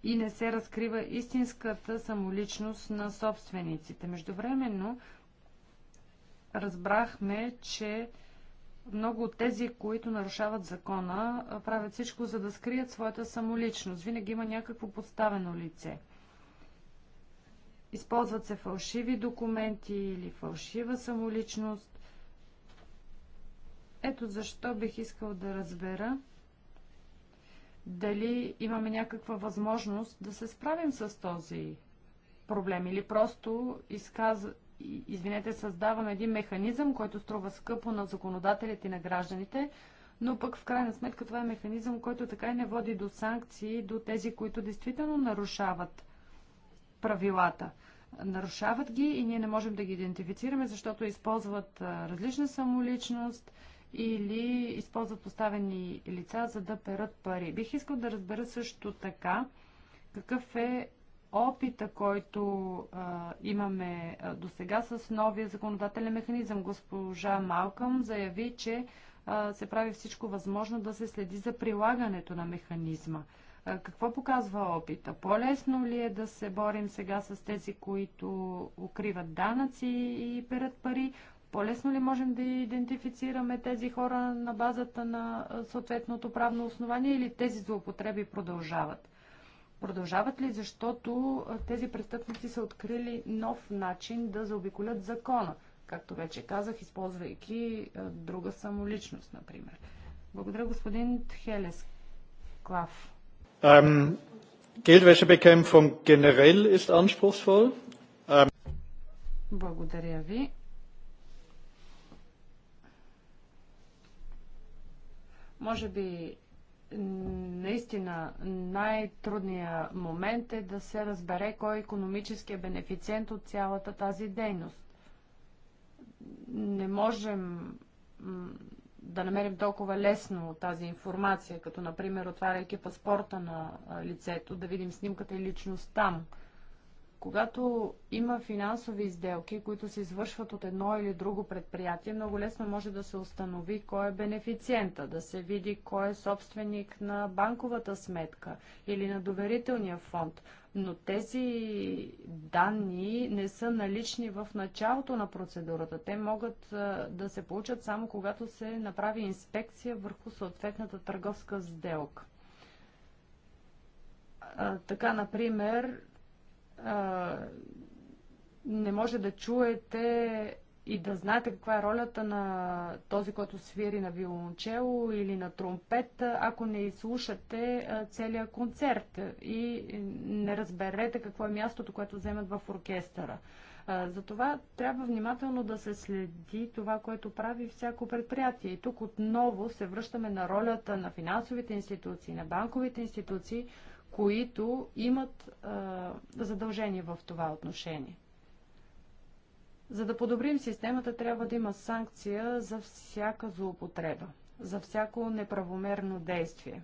и не се разкрива истинската самоличност на собствениците. Междувременно разбрахме, че много от тези, които нарушават закона, правят всичко, за да скрият своята самоличност. Винаги има някакво подставено лице. Използват се фалшиви документи или фалшива самоличност. Ето защо бих искал да разбера дали имаме някаква възможност да се справим с този проблем или просто изказ... извинете, създаваме един механизъм, който струва скъпо на законодателите и на гражданите, но пък в крайна сметка това е механизъм, който така и не води до санкции, до тези, които действително нарушават правилата. Нарушават ги и ние не можем да ги идентифицираме, защото използват различна самоличност, или използват поставени лица, за да перат пари. Бих искал да разбера също така какъв е опита, който а, имаме до сега с новия законодателен механизъм. Госпожа Малкъм заяви, че а, се прави всичко възможно да се следи за прилагането на механизма. А, какво показва опита? По-лесно ли е да се борим сега с тези, които укриват данъци и перат пари? По-лесно ли можем да идентифицираме тези хора на базата на съответното правно основание или тези злоупотреби продължават? Продължават ли, защото тези престъпници са открили нов начин да заобиколят закона, както вече казах, използвайки друга самоличност, например? Благодаря, господин Тхелес Клав. Um, generell ist anspruchsvoll. Um... Благодаря ви. Може би наистина най-трудният момент е да се разбере кой е економически бенефициент от цялата тази дейност. Не можем да намерим толкова лесно тази информация, като например отваряйки паспорта на лицето, да видим снимката и личността му. Когато има финансови изделки, които се извършват от едно или друго предприятие, много лесно може да се установи кой е бенефициента, да се види кой е собственик на банковата сметка или на доверителния фонд. Но тези данни не са налични в началото на процедурата. Те могат да се получат само когато се направи инспекция върху съответната търговска сделка. Така, например, а, не може да чуете и да знаете каква е ролята на този, който свири на виолончело или на тромпет, ако не изслушате целият концерт и не разберете какво е мястото, което вземат в оркестъра. Затова трябва внимателно да се следи това, което прави всяко предприятие. И тук отново се връщаме на ролята на финансовите институции, на банковите институции, които имат а, задължение в това отношение. За да подобрим системата, трябва да има санкция за всяка злоупотреба, за всяко неправомерно действие.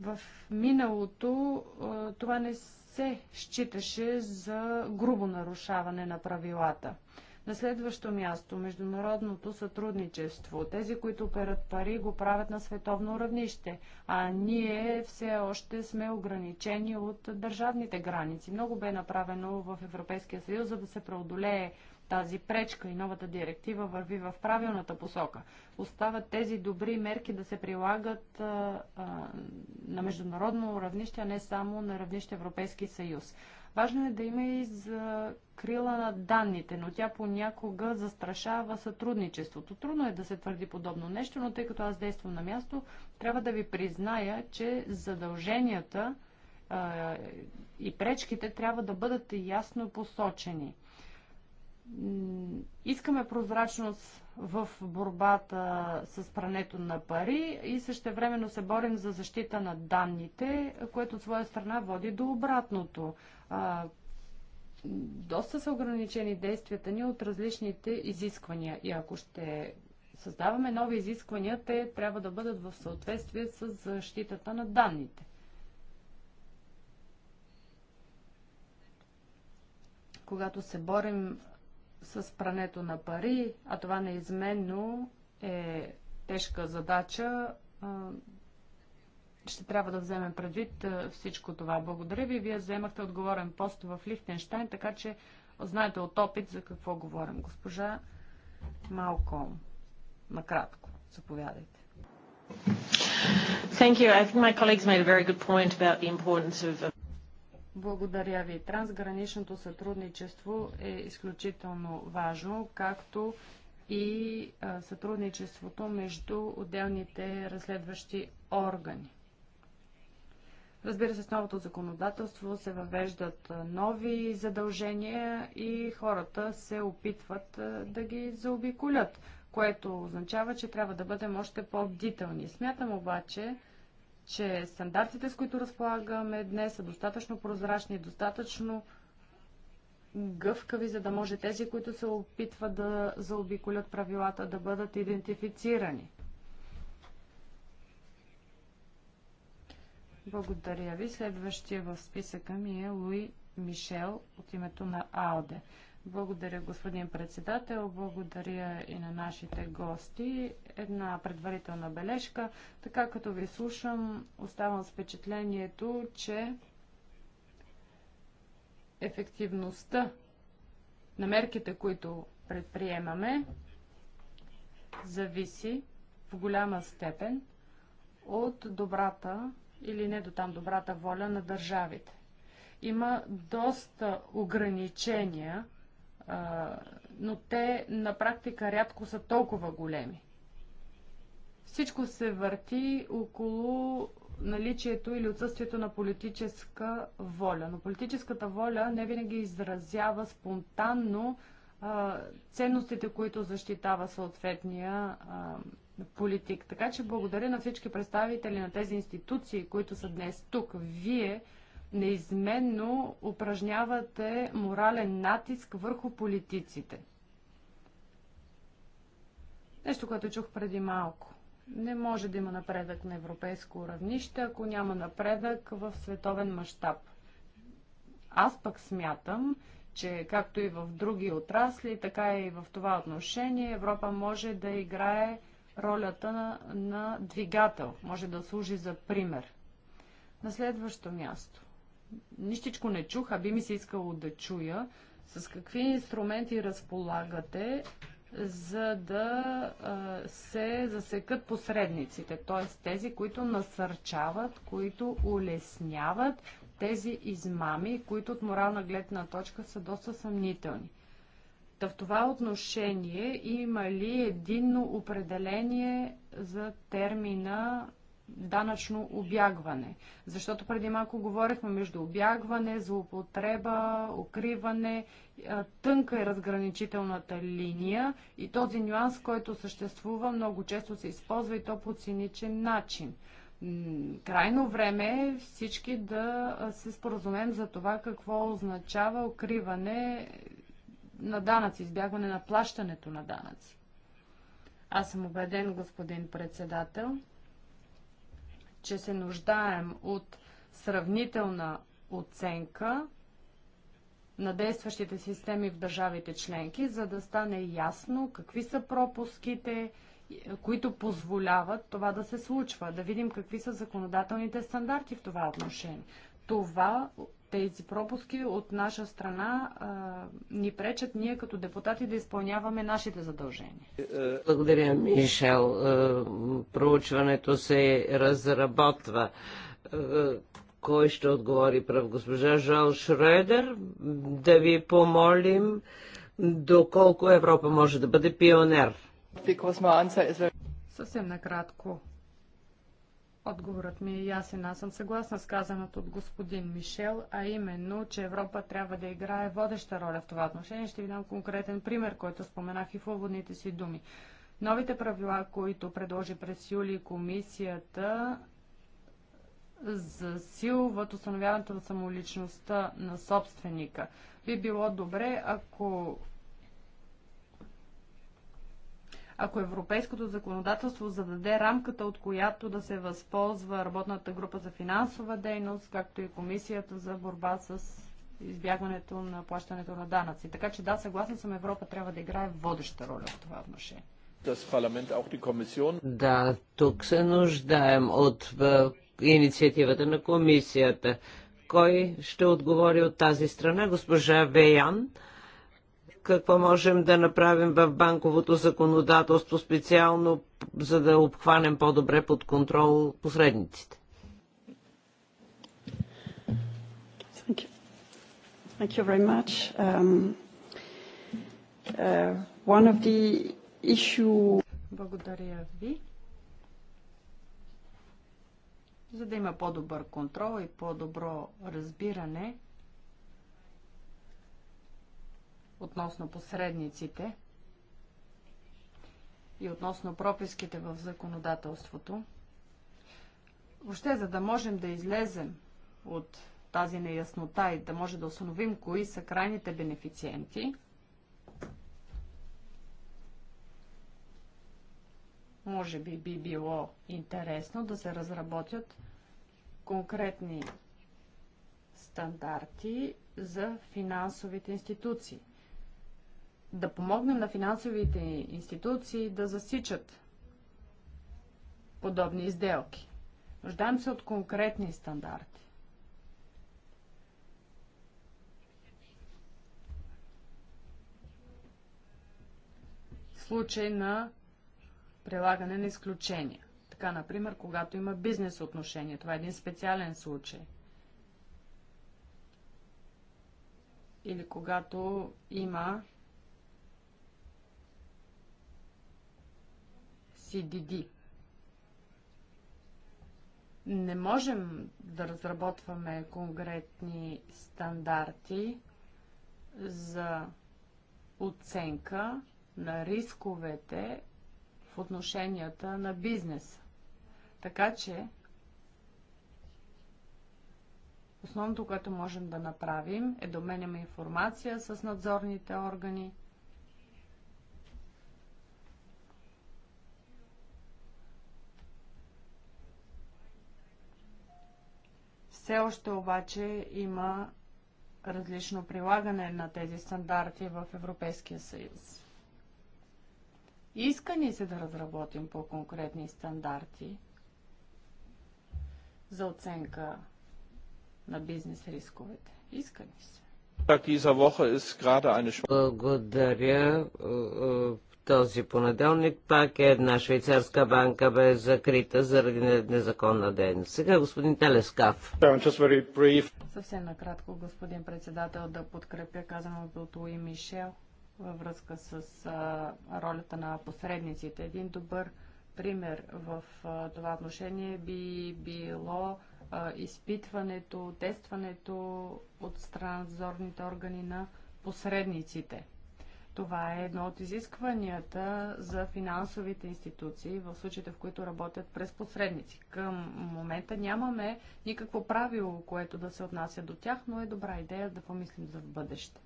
В миналото а, това не се считаше за грубо нарушаване на правилата – на следващо място, международното сътрудничество. Тези, които перат пари, го правят на световно равнище, а ние все още сме ограничени от държавните граници. Много бе направено в Европейския съюз, за да се преодолее тази пречка и новата директива върви в правилната посока. Остават тези добри мерки да се прилагат а, а, на международно равнище, а не само на равнище Европейски съюз. Важно е да има и за крила на данните, но тя понякога застрашава сътрудничеството. Трудно е да се твърди подобно нещо, но тъй като аз действам на място, трябва да ви призная, че задълженията а, и пречките трябва да бъдат ясно посочени. Искаме прозрачност в борбата с прането на пари и същевременно се борим за защита на данните, което от своя страна води до обратното а, доста са ограничени действията ни от различните изисквания. И ако ще създаваме нови изисквания, те трябва да бъдат в съответствие с защитата на данните. Когато се борим с прането на пари, а това неизменно е тежка задача, ще трябва да вземем предвид е, всичко това. Благодаря ви. Вие вземахте отговорен пост в Лихтенштайн, така че знаете от опит за какво говорим. Госпожа Малком, накратко, заповядайте. Thank you. I think my colleagues made a very good point about the importance of благодаря ви. Трансграничното сътрудничество е изключително важно, както и е, сътрудничеството между отделните разследващи органи. Разбира се, с новото законодателство се въвеждат нови задължения и хората се опитват да ги заобиколят, което означава, че трябва да бъдем още по-бдителни. Смятам обаче, че стандартите, с които разполагаме днес, са достатъчно прозрачни, достатъчно гъвкави, за да може тези, които се опитват да заобиколят правилата, да бъдат идентифицирани. Благодаря ви. Следващия в списъка ми е Луи Мишел от името на АОДЕ. Благодаря, господин председател. Благодаря и на нашите гости. Една предварителна бележка. Така като ви слушам, оставам с впечатлението, че ефективността на мерките, които предприемаме, зависи в голяма степен от добрата или не до там добрата воля на държавите. Има доста ограничения, но те на практика рядко са толкова големи. Всичко се върти около наличието или отсъствието на политическа воля. Но политическата воля не винаги изразява спонтанно ценностите, които защитава съответния политик. Така че благодаря на всички представители на тези институции, които са днес тук. Вие неизменно упражнявате морален натиск върху политиците. Нещо, което чух преди малко. Не може да има напредък на европейско равнище, ако няма напредък в световен мащаб. Аз пък смятам, че както и в други отрасли, така и в това отношение Европа може да играе ролята на, на двигател. Може да служи за пример. На следващо място. Нищичко не чух, а би ми се искало да чуя с какви инструменти разполагате, за да се засекат посредниците, т.е. тези, които насърчават, които улесняват тези измами, които от морална гледна точка са доста съмнителни. Та в това отношение има ли единно определение за термина данъчно обягване? Защото преди малко говорихме между обягване, злоупотреба, укриване, тънка е разграничителната линия и този нюанс, който съществува, много често се използва и то по циничен начин крайно време е всички да се споразумеем за това какво означава укриване на данъци, избягване на плащането на данъци. Аз съм убеден, господин председател, че се нуждаем от сравнителна оценка на действащите системи в държавите членки, за да стане ясно какви са пропуските, които позволяват това да се случва, да видим какви са законодателните стандарти в това отношение. Това тези пропуски от наша страна а, ни пречат ние като депутати да изпълняваме нашите задължения. Благодаря, Мишел. Е, проучването се разработва. Е, кой ще отговори прав госпожа Жал Шредер? Да ви помолим доколко Европа може да бъде пионер. Съвсем накратко Отговорът ми е ясен. Аз съм съгласна с казаното от господин Мишел, а именно, че Европа трябва да играе водеща роля в това отношение. Ще ви дам конкретен пример, който споменах и в уводните си думи. Новите правила, които предложи през юли комисията, засилват установяването на самоличността на собственика. Би било добре, ако ако европейското законодателство зададе рамката, от която да се възползва работната група за финансова дейност, както и комисията за борба с избягването на плащането на данъци. Така че да, съгласна съм, Европа трябва да играе водеща роля в това отношение. Да, тук се нуждаем от е, инициативата на комисията. Кой ще отговори от тази страна? Госпожа Веян какво можем да направим в банковото законодателство специално, за да обхванем по-добре под контрол посредниците. Thank you. Thank you very much. Um, uh, one of the issue... Благодаря ви. За да има по-добър контрол и по-добро разбиране, относно посредниците и относно прописките в законодателството. Въобще, за да можем да излезем от тази неяснота и да може да установим кои са крайните бенефициенти, може би би било интересно да се разработят конкретни стандарти за финансовите институции да помогнем на финансовите институции да засичат подобни изделки. Нуждаем се от конкретни стандарти. случай на прилагане на изключения. Така, например, когато има бизнес отношение. Това е един специален случай. Или когато има CDD. Не можем да разработваме конкретни стандарти за оценка на рисковете в отношенията на бизнеса. Така че Основното, което можем да направим е да обменяме информация с надзорните органи, Все още обаче има различно прилагане на тези стандарти в Европейския съюз. Иска ни се да разработим по-конкретни стандарти за оценка на бизнес рисковете. Иска ни се. Благодаря. Този понеделник пак е една швейцарска банка бе закрита заради незаконна дейност. Сега господин Телескав. Съвсем накратко, господин председател, да подкрепя казаното от Луи Мишел във връзка с а, ролята на посредниците. Един добър пример в а, това отношение би било а, изпитването, тестването от страна надзорните органи на посредниците – това е едно от изискванията за финансовите институции в случаите, в които работят през посредници. Към момента нямаме никакво правило, което да се отнася до тях, но е добра идея да помислим за бъдеще.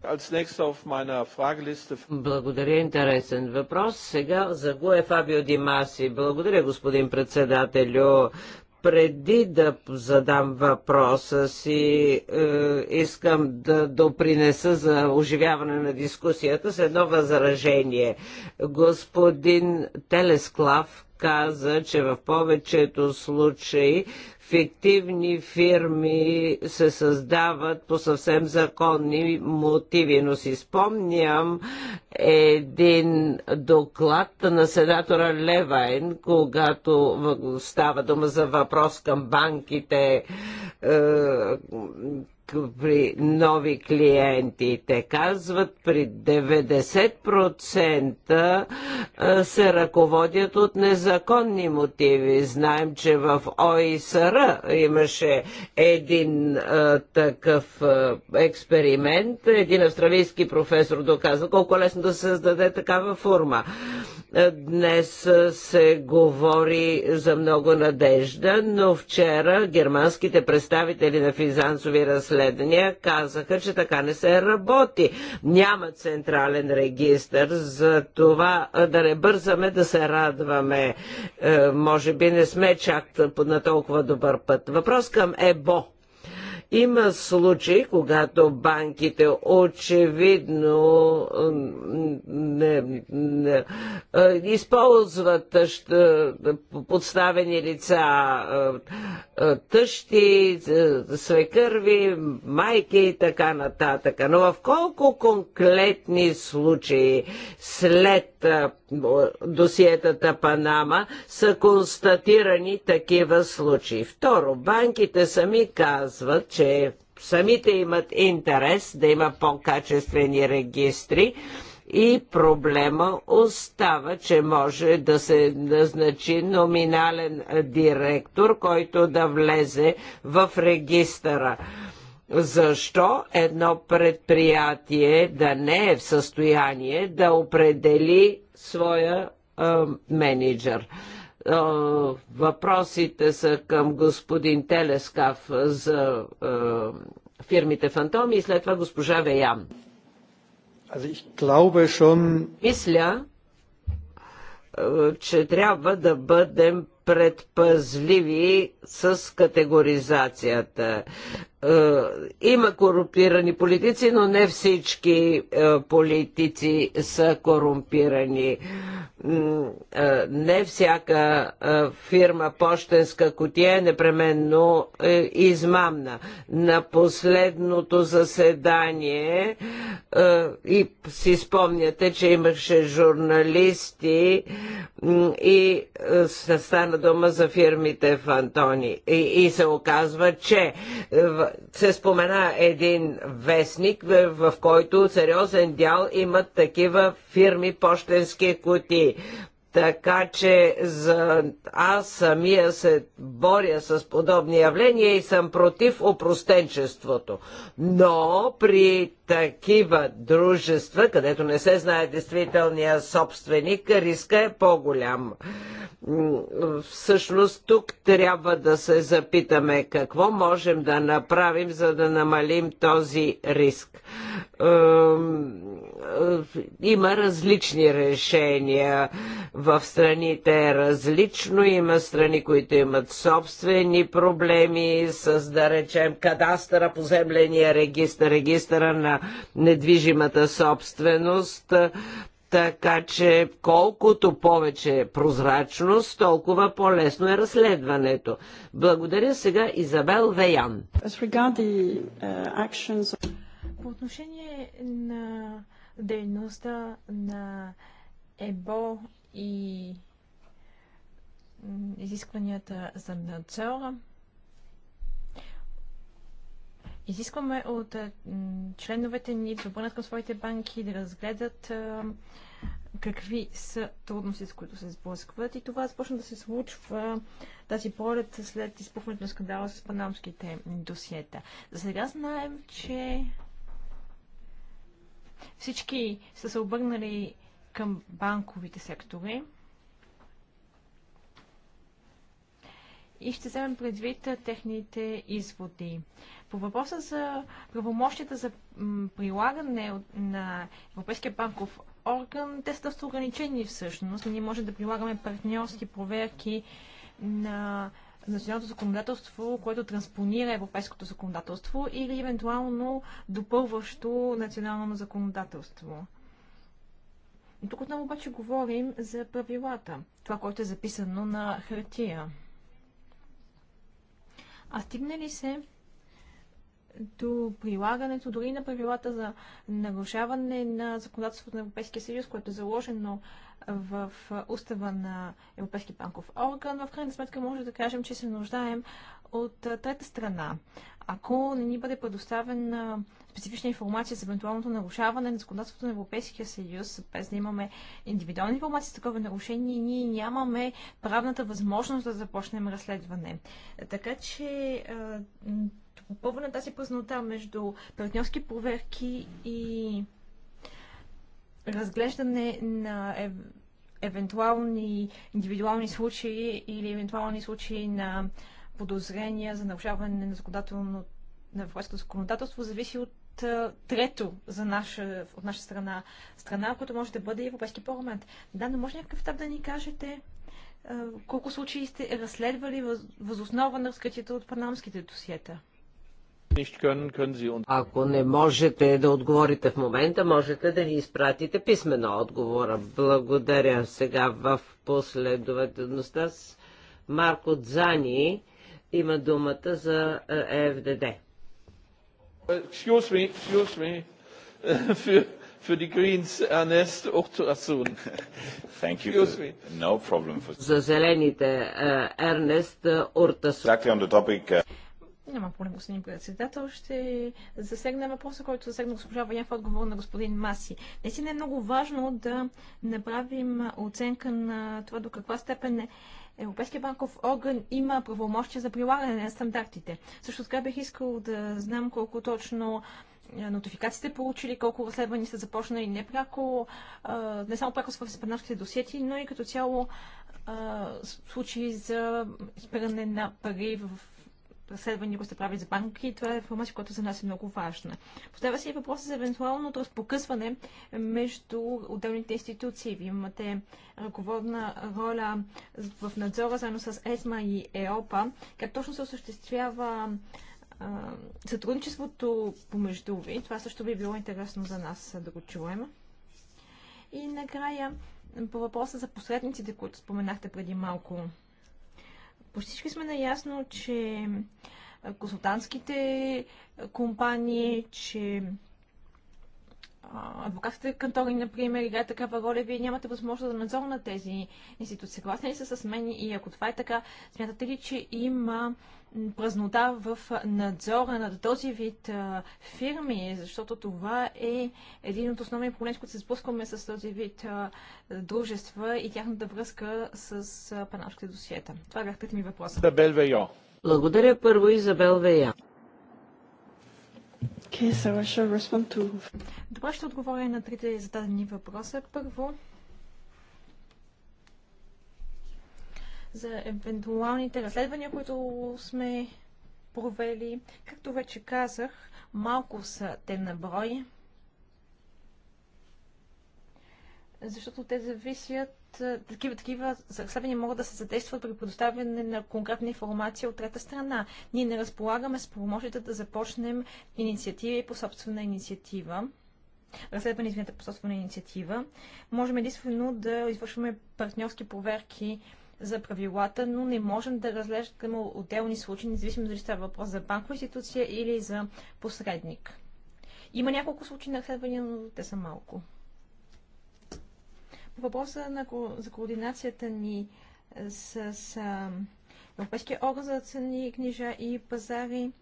Благодаря, интересен въпрос. Сега за го е Фабио Димаси. Благодаря, господин председателю преди да задам въпроса си, е, искам да допринеса за оживяване на дискусията с едно възражение. Господин Телесклав каза, че в повечето случаи фиктивни фирми се създават по съвсем законни мотиви. Но си спомням един доклад на сенатора Левайн, когато става дума за въпрос към банките, е, при нови клиенти. Те казват, при 90% се ръководят от незаконни мотиви. Знаем, че в ОИСР имаше един а, такъв а, експеримент. Един австралийски професор доказва колко лесно да се създаде такава форма. Днес се говори за много надежда, но вчера германските представители на финансови разследвания изследвания казаха, че така не се работи. Няма централен регистр, за това да не бързаме да се радваме. Е, може би не сме чак на толкова добър път. Въпрос към ЕБО има случаи, когато банките очевидно не, не, използват подставени лица, тъщи, свекърви, майки и така нататък. Но в колко конкретни случаи след досиетата Панама са констатирани такива случаи? Второ, банките сами казват, че че самите имат интерес да има по-качествени регистри и проблема остава, че може да се назначи номинален директор, който да влезе в регистъра. Защо едно предприятие да не е в състояние да определи своя е, менеджер? Въпросите са към господин Телескав за фирмите Фантоми и след това госпожа Веян. Schon... Мисля, че трябва да бъдем предпазливи с категоризацията. Е, има корумпирани политици, но не всички е, политици са корумпирани. Е, не всяка фирма почтенска котия е непременно измамна. На последното заседание и си спомняте, че имаше журналисти и стана стана дума за фирмите Фантони. И, и се оказва, че е, се спомена един вестник, в който сериозен дял имат такива фирми пощенски кутии. Така че за... аз самия се боря с подобни явления и съм против опростенчеството. Но при такива дружества, където не се знае действителния собственик, риска е по-голям. Всъщност тук трябва да се запитаме какво можем да направим, за да намалим този риск има различни решения. В страните е различно. Има страни, които имат собствени проблеми с, да речем, кадастъра, поземления регистър, регистъра на недвижимата собственост. Така че колкото повече прозрачност, толкова по-лесно е разследването. Благодаря сега Изабел Веян. Uh, По отношение на дейността на ЕБО и изискванията за надзора. Изискваме от членовете ни да обърнат към своите банки, да разгледат какви са трудности, с които се сблъскват. И това започна да се случва тази пролет след изпухването на скандала с панамските досиета. За сега знаем, че всички са се обърнали към банковите сектори. и ще вземем предвид техните изводи. По въпроса за правомощията за прилагане на Европейския банков орган, те са доста ограничени всъщност. Ние можем да прилагаме партньорски проверки на националното законодателство, което транспонира европейското законодателство или евентуално допълващо национално законодателство. тук отново обаче говорим за правилата, това, което е записано на хартия. А стигне ли се до прилагането дори на правилата за нарушаване на законодателството на Европейския съюз, което е заложено в устава на Европейски банков орган, в крайна сметка може да кажем, че се нуждаем от трета страна. Ако не ни бъде предоставена специфична информация за евентуалното нарушаване на законодателството на Европейския съюз, без да имаме индивидуална информация за такова нарушение, ние нямаме правната възможност да започнем разследване. Така че попълване тази празнота между партньорски проверки и разглеждане на ев... евентуални индивидуални случаи или евентуални случаи на подозрения за нарушаване на законодателно на европейското законодателство зависи от трето за наша, от наша страна, страна, която може да бъде Европейски парламент. Да, но може някакъв етап да ни кажете колко случаи сте разследвали въз, възоснова на разкритието от панамските досиета? Ако не можете да отговорите в момента, можете да ни изпратите писмено отговора. Благодаря. Сега в последователността с Марко Дзани има думата за е, ЕФДД. Excuse me, excuse me. [LAUGHS] Greens Ernest Thank you. Excuse me. No problem. For... За зелените е, Ернест Уртасун. Exactly on the topic. Uh... Няма проблем, господин председател. Ще засегна въпроса, който засегна госпожа Ваня в отговор на господин Маси. Наистина е много важно да направим оценка на това до каква степен Европейския банков орган има правомощия за прилагане на стандартите. Също така бих искал да знам колко точно е, нотификациите получили, колко разследвания са започнали непряко, не само пряко с преднашките досети, но и като цяло случаи за изпиране на пари в разследвания, които се прави за банки това е информация, която за нас е много важна. Поставя се и въпроса за евентуалното разпокъсване между отделните институции. Вие имате ръководна роля в надзора заедно с ЕСМА и ЕОПА. Как точно се осъществява а, сътрудничеството помежду ви? Това също би било интересно за нас да го чуем. И накрая, по въпроса за посредниците, които споменахте преди малко. Почти всички сме наясно, че консултантските компании, че адвокатските кантори, например, играят такава роля, вие нямате възможност да надзор на тези институции. Съгласни ли са с мен и ако това е така, смятате ли, че има празнота в надзора на този вид а, фирми, защото това е един от основните проблеми, които се спускаме с този вид а, дружества и тяхната връзка с панамските досиета. Това бяха ми въпроса. Благодаря първо Изабел Вея. Okay, shall respond to... Добре, ще отговоря на трите зададени въпроса. Първо, за евентуалните разследвания, които сме провели. Както вече казах, малко са те на брой. защото те зависят, такива, такива разследвания могат да се задействат при предоставяне на конкретна информация от трета страна. Ние не разполагаме с помощите да започнем инициативи по собствена инициатива разследване, извинете, по собствена инициатива. Можем единствено да извършваме партньорски проверки за правилата, но не можем да разглеждаме отделни случаи, независимо дали става въпрос за банкова институция или за посредник. Има няколко случаи на разследвания, но те са малко въпроса на, за координацията ни е, с, с Европейския орган за ценни книжа и пазари.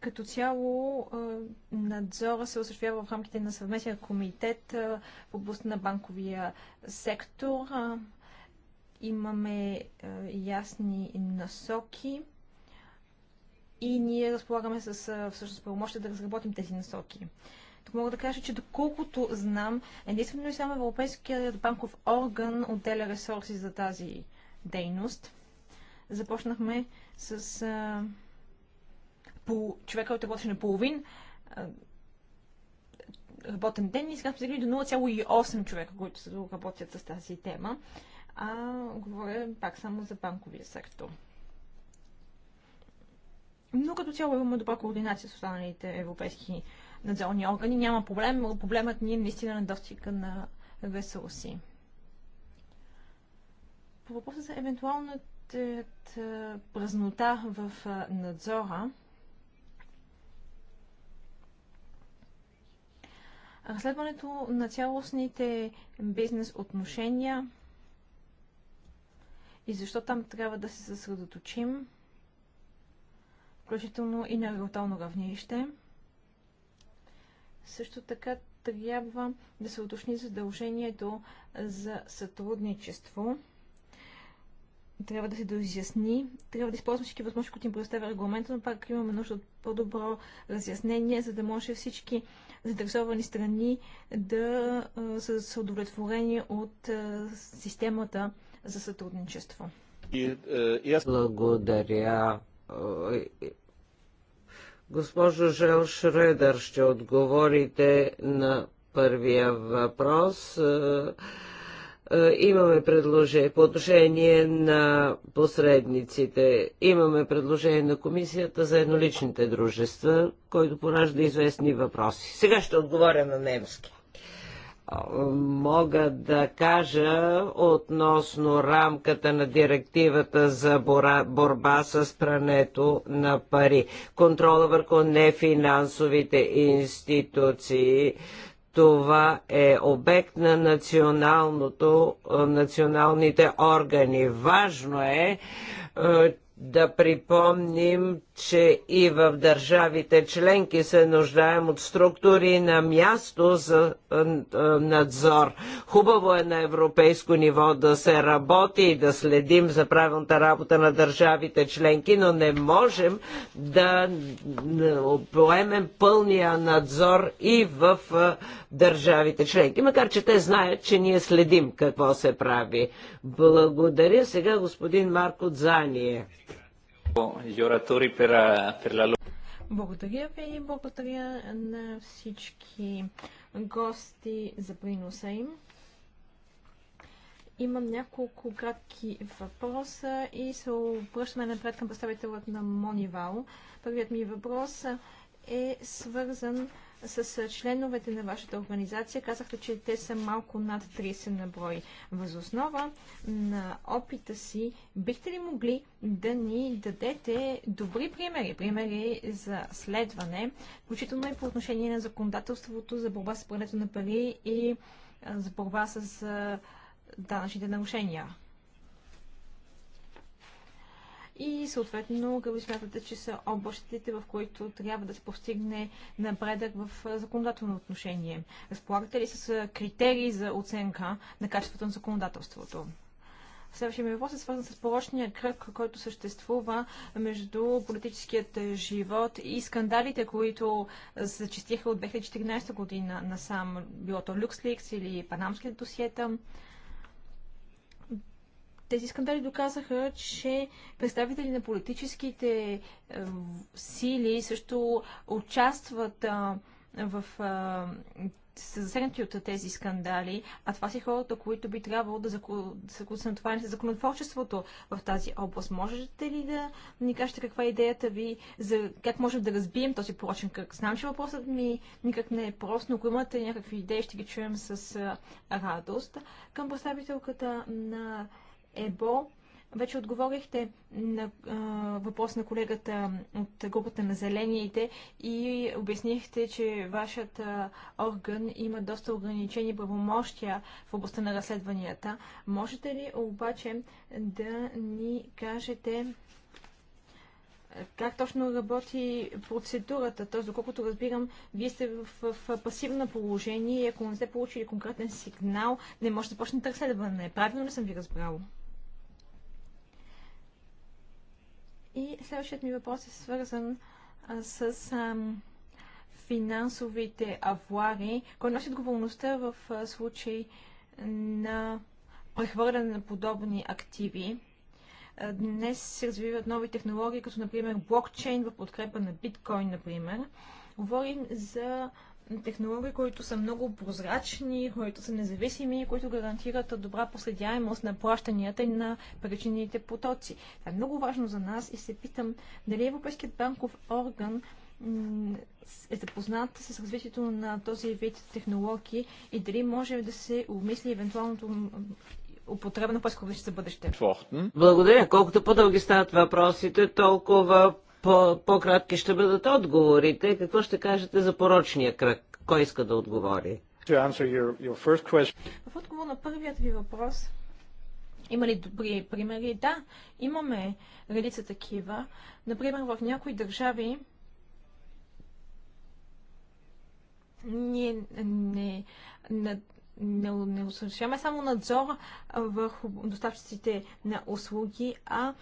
Като цяло надзора се осъществява в рамките на съвместния комитет в областта на банковия сектор. Имаме ясни насоки и ние разполагаме с всъщност правомощите да разработим тези насоки. Тук мога да кажа, че доколкото знам, единствено и само Европейският банков орган отделя ресурси за тази дейност. Започнахме с а, по, човека, който работеше на половин а, работен ден и сега сме стигнали до 0,8 човека, които работят с тази тема. А говоря пак само за банковия сектор. Но като цяло имаме добра координация с останалите европейски надзорни органи. Няма проблем. Проблемът ни е наистина недостига на ресурси. По въпроса за евентуалната празнота в надзора, разследването на цялостните бизнес отношения и защо там трябва да се съсредоточим, включително и на ротално равнище – също така трябва да се уточни задължението за сътрудничество. Трябва да се доизясни. Трябва да използваме всички възможности, които им предоставя регламента, но пак имаме нужда от по-добро разяснение, за да може всички заинтересовани страни да са удовлетворени от системата за сътрудничество. Е, Благодаря е, е, Госпожо Жел Шредър, ще отговорите на първия въпрос. Е, е, имаме предложение по отношение на посредниците. Имаме предложение на комисията за едноличните дружества, който поражда известни въпроси. Сега ще отговоря на немски мога да кажа относно рамката на директивата за борба с прането на пари. Контрола върху нефинансовите институции. Това е обект на националното, националните органи. Важно е, е да припомним, че и в държавите членки се нуждаем от структури на място за надзор. Хубаво е на европейско ниво да се работи и да следим за правилната работа на държавите членки, но не можем да поемем пълния надзор и в държавите членки, макар че те знаят, че ние следим какво се прави. Благодаря сега господин Марко Дзание. Благодаря ви и благодаря на всички гости за приноса им. Имам няколко кратки въпроса и се обръщаме напред към представителът на Монивал. Първият ми въпрос е свързан с с членовете на вашата организация. Казахте, че те са малко над 30 на брой. Възоснова на опита си, бихте ли могли да ни дадете добри примери, примери за следване, включително и по отношение на законодателството за борба с прането на пари и за борба с данъчните нарушения? и съответно какви смятате, че са областите, в които трябва да се постигне напредък в законодателно отношение? Разполагате ли с критерии за оценка на качеството на законодателството? Следващия ми въпрос е свързан с порочния кръг, който съществува между политическият живот и скандалите, които се зачистиха от 2014 година насам, било то LuxLeaks или Панамските досиета. Тези скандали доказаха, че представители на политическите е, сили също участват в са засегнати от тези скандали, а това са хората, които би трябвало да са концентрирани с законотворчеството в тази област. Можете ли да ни кажете каква е идеята ви за как можем да разбием този порочен кръг? Знам, че въпросът ми никак не е прост, но ако имате някакви идеи, ще ги чуем с радост. Към представителката на ЕБО. Вече отговорихте на а, въпрос на колегата от групата на зелените и обяснихте, че вашият орган има доста ограничени правомощия в областта на разследванията. Можете ли обаче да ни кажете как точно работи процедурата? Тоест, доколкото разбирам, вие сте в, в, в пасивно положение и ако не сте получили конкретен сигнал, не можете да почнете разследване. Правилно ли съм ви разбрала? И следващият ми въпрос е свързан а, с а, финансовите авуари, кой носи отговорността в а, случай на прехвърляне на подобни активи. Днес се развиват нови технологии, като например блокчейн в подкрепа на биткоин, например. Говорим за технологии, които са много прозрачни, които са независими и които гарантират добра последяемост на плащанията и на причините потоци. Това е много важно за нас и се питам дали Европейският банков орган е запознат с развитието на този вид технологии и дали може да се обмисли евентуалното употреба на плоскогръщи за бъдеще. Благодаря. Колкото по-дълги стават въпросите, толкова по-кратки -по ще бъдат отговорите. Какво ще кажете за порочния кръг? Кой иска да отговори? в отговор на първият ви въпрос, има ли добри примери? Да, имаме редица такива. Например, в някои държави ние не, не, не, не осъществяваме само надзор върху доставчиците на услуги, а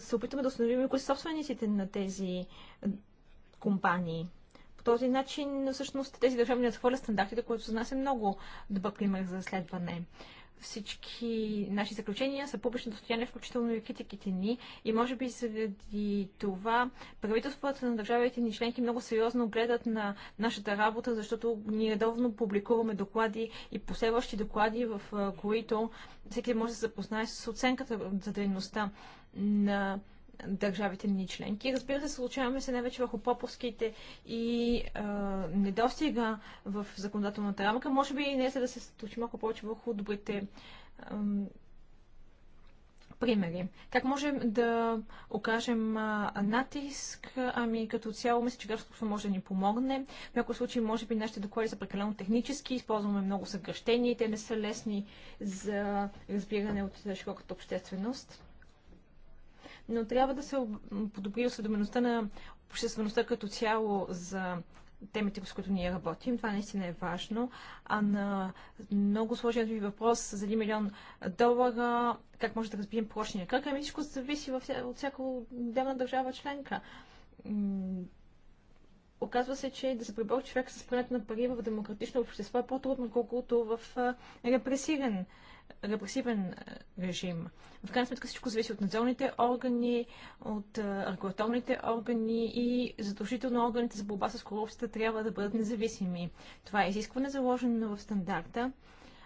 се опитваме да установим кои са собствениците на тези компании. По този начин, всъщност, тези държавни надхвърлят стандартите, които за нас е много добър пример за следване. Всички наши заключения са публично достояние, включително и критиките ни. И може би заради това правителствата на държавите ни членки много сериозно гледат на нашата работа, защото ние редовно публикуваме доклади и последващи доклади, в които всеки може да се запознае с оценката за дейността на държавите ни членки. Разбира се, случаваме се най-вече върху попуските и а, недостига в законодателната рамка. Може би и не се да се случи малко повече върху добрите а, примери. Как можем да окажем а, натиск? Ами като цяло, мисля, че гражданството може да ни помогне. В някои случаи, може би, нашите доклади са прекалено технически, използваме много съкръщения и те не са лесни за разбиране от широката общественост но трябва да се подобри осведомеността на обществеността като цяло за темите, с които ние работим. Това наистина е важно. А на много сложният ви въпрос за 1 милион долара, как може да разбием прочния кръг, ами всичко зависи от всяко отделна държава членка. Оказва се, че да се прибори човек с прането на пари в демократично общество е по-трудно, колкото в репресиран репресивен режим. В крайна сметка всичко зависи от надзорните органи, от регулаторните органи и задължително органите за борба с корупцията трябва да бъдат независими. Това е изискване заложено в стандарта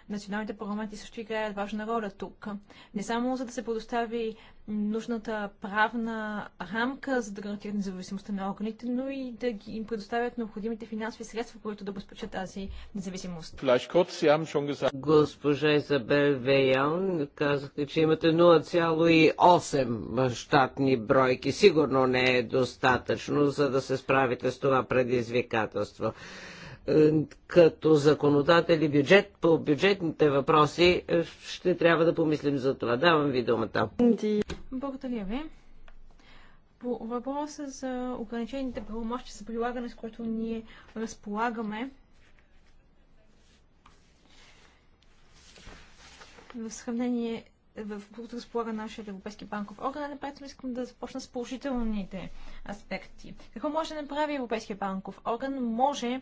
Националните парламенти също играят важна роля тук. Не само за да се предостави нужната правна рамка, за да гарантират независимостта на органите, но и да ги им предоставят необходимите финансови средства, които да обезпечат тази независимост. Госпожа Изабел Вейон, казаха, че имате 0,8 щатни бройки. Сигурно не е достатъчно, за да се справите с това предизвикателство. Е, като законодатели бюджет, по бюджетните въпроси е, ще трябва да помислим за това. Давам ви думата. Благодаря ви. По въпроса за ограничените правомощи за прилагане, с което ние разполагаме, в сравнение в който разполага нашия Европейски банков орган, напредно искам да започна с положителните аспекти. Какво може да направи Европейския банков орган? Може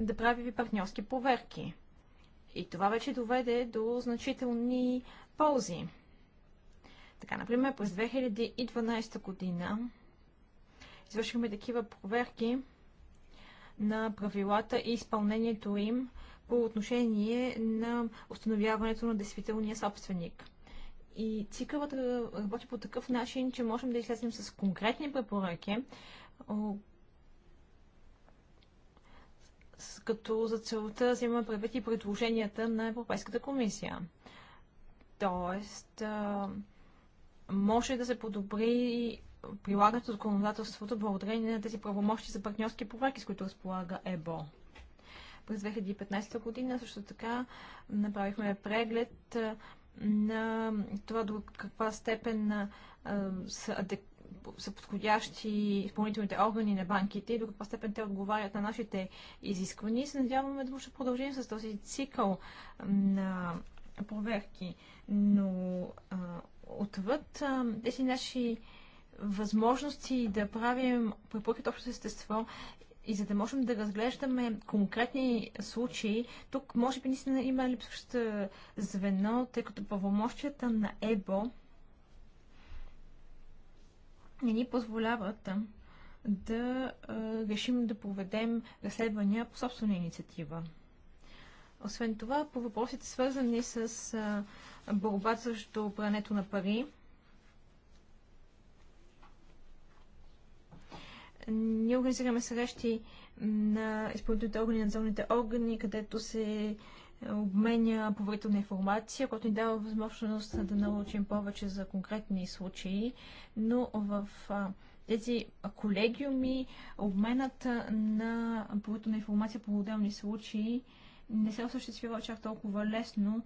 да прави партньорски проверки. И това вече доведе до значителни ползи. Така, например, през 2012 година извършихме такива проверки на правилата и изпълнението им по отношение на установяването на действителния собственик. И цикълът работи по такъв начин, че можем да излезем с конкретни препоръки, като за целта взема предвид и предложенията на Европейската комисия. Тоест, може да се подобри прилагането законодателството благодарение на тези правомощи за партньорски проверки, с които разполага ЕБО. През 2015 година също така направихме преглед на това до каква степен са адек са подходящи изпълнителните органи на банките и до каква степен те отговарят на нашите изисквания. И се надяваме да ще продължим с този цикъл на проверки. Но а, отвъд а, тези наши възможности да правим препоръки от общото естество и за да можем да разглеждаме конкретни случаи, тук може би наистина има липсващо звено, тъй като правомощията на ЕБО не ни позволяват да решим да проведем разследвания по собствена инициатива. Освен това, по въпросите свързани с борбата срещу прането на пари, ние организираме срещи на изпълнителните органи, надзорните органи, където се обменя поверителна информация, която ни дава възможност да научим повече за конкретни случаи, но в тези колегиуми обменът на поверителна информация по отделни случаи не се осъществява чак толкова лесно,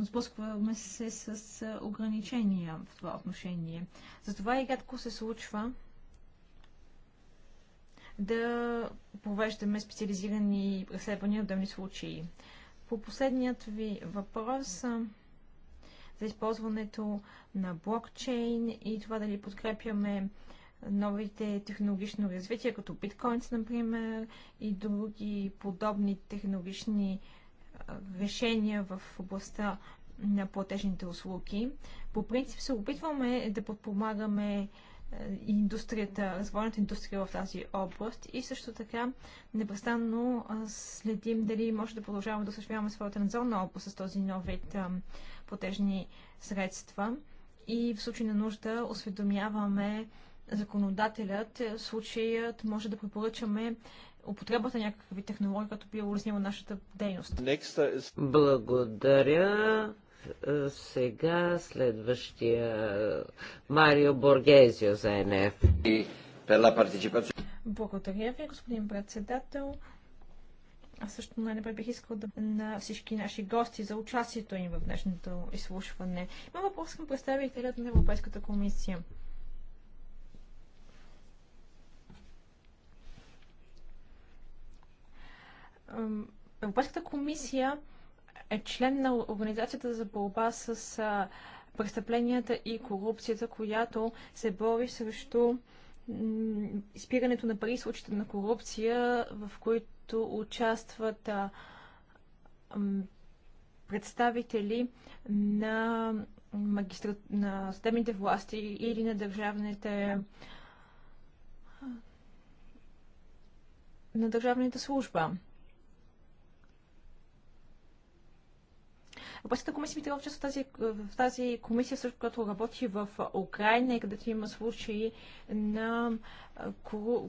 сблъскваме се с ограничения в това отношение. Затова и рядко се случва да провеждаме специализирани преследвания в отделни случаи. По последният ви въпрос за използването на блокчейн и това дали подкрепяме новите технологично развития, като биткоинс, например, и други подобни технологични решения в областта на платежните услуги. По принцип се опитваме да подпомагаме е, индустрията, развойната индустрия в тази област и също така непрестанно следим дали може да продължаваме да осъществяваме своята надзорна област с този нов вид платежни средства и в случай на нужда осведомяваме законодателят, е, случаят може да препоръчаме употребата на някакви технологии, като би улеснило нашата дейност. Благодаря. Е, сега следващия е, Марио Боргезио за НФ. Благодаря ви, господин председател. Аз също най-добре бих искал да на всички наши гости за участието им в днешното изслушване. Има въпрос към представителят на Европейската комисия. Европейската комисия е член на Организацията за борба с престъпленията и корупцията, която се бори срещу изпирането на пари, случаите на корупция, в които участват а, представители на, магистра... на съдебните власти или на държавните на държавната служба. Европейската комисия би трябвало част в тази, в тази комисия, също като работи в Украина, където има случаи на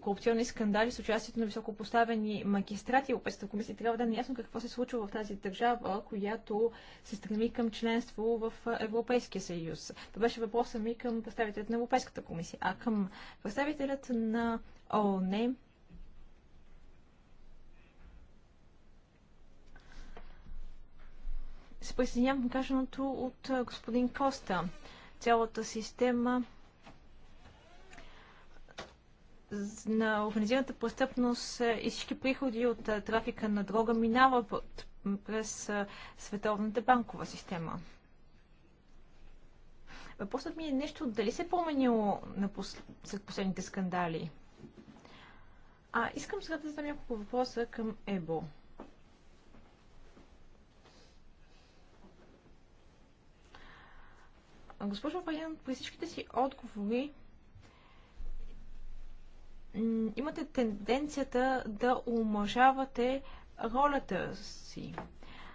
корупционни скандали с участието на високопоставени магистрати. Европейската комисия трябва да е ясно какво се случва в тази държава, която се стреми към членство в Европейския съюз. Това беше въпросът ми към представителят на Европейската комисия, а към представителят на ООН е, се присъединявам каженото от господин Коста. Цялата система на организираната престъпност и всички приходи от трафика на дрога минава през световната банкова система. Въпросът ми е нещо, дали се е променило на пос... след последните скандали? А, искам сега да задам няколко въпроса към ЕБО. Госпожо Вариан, при всичките си отговори имате тенденцията да омъжавате ролята си.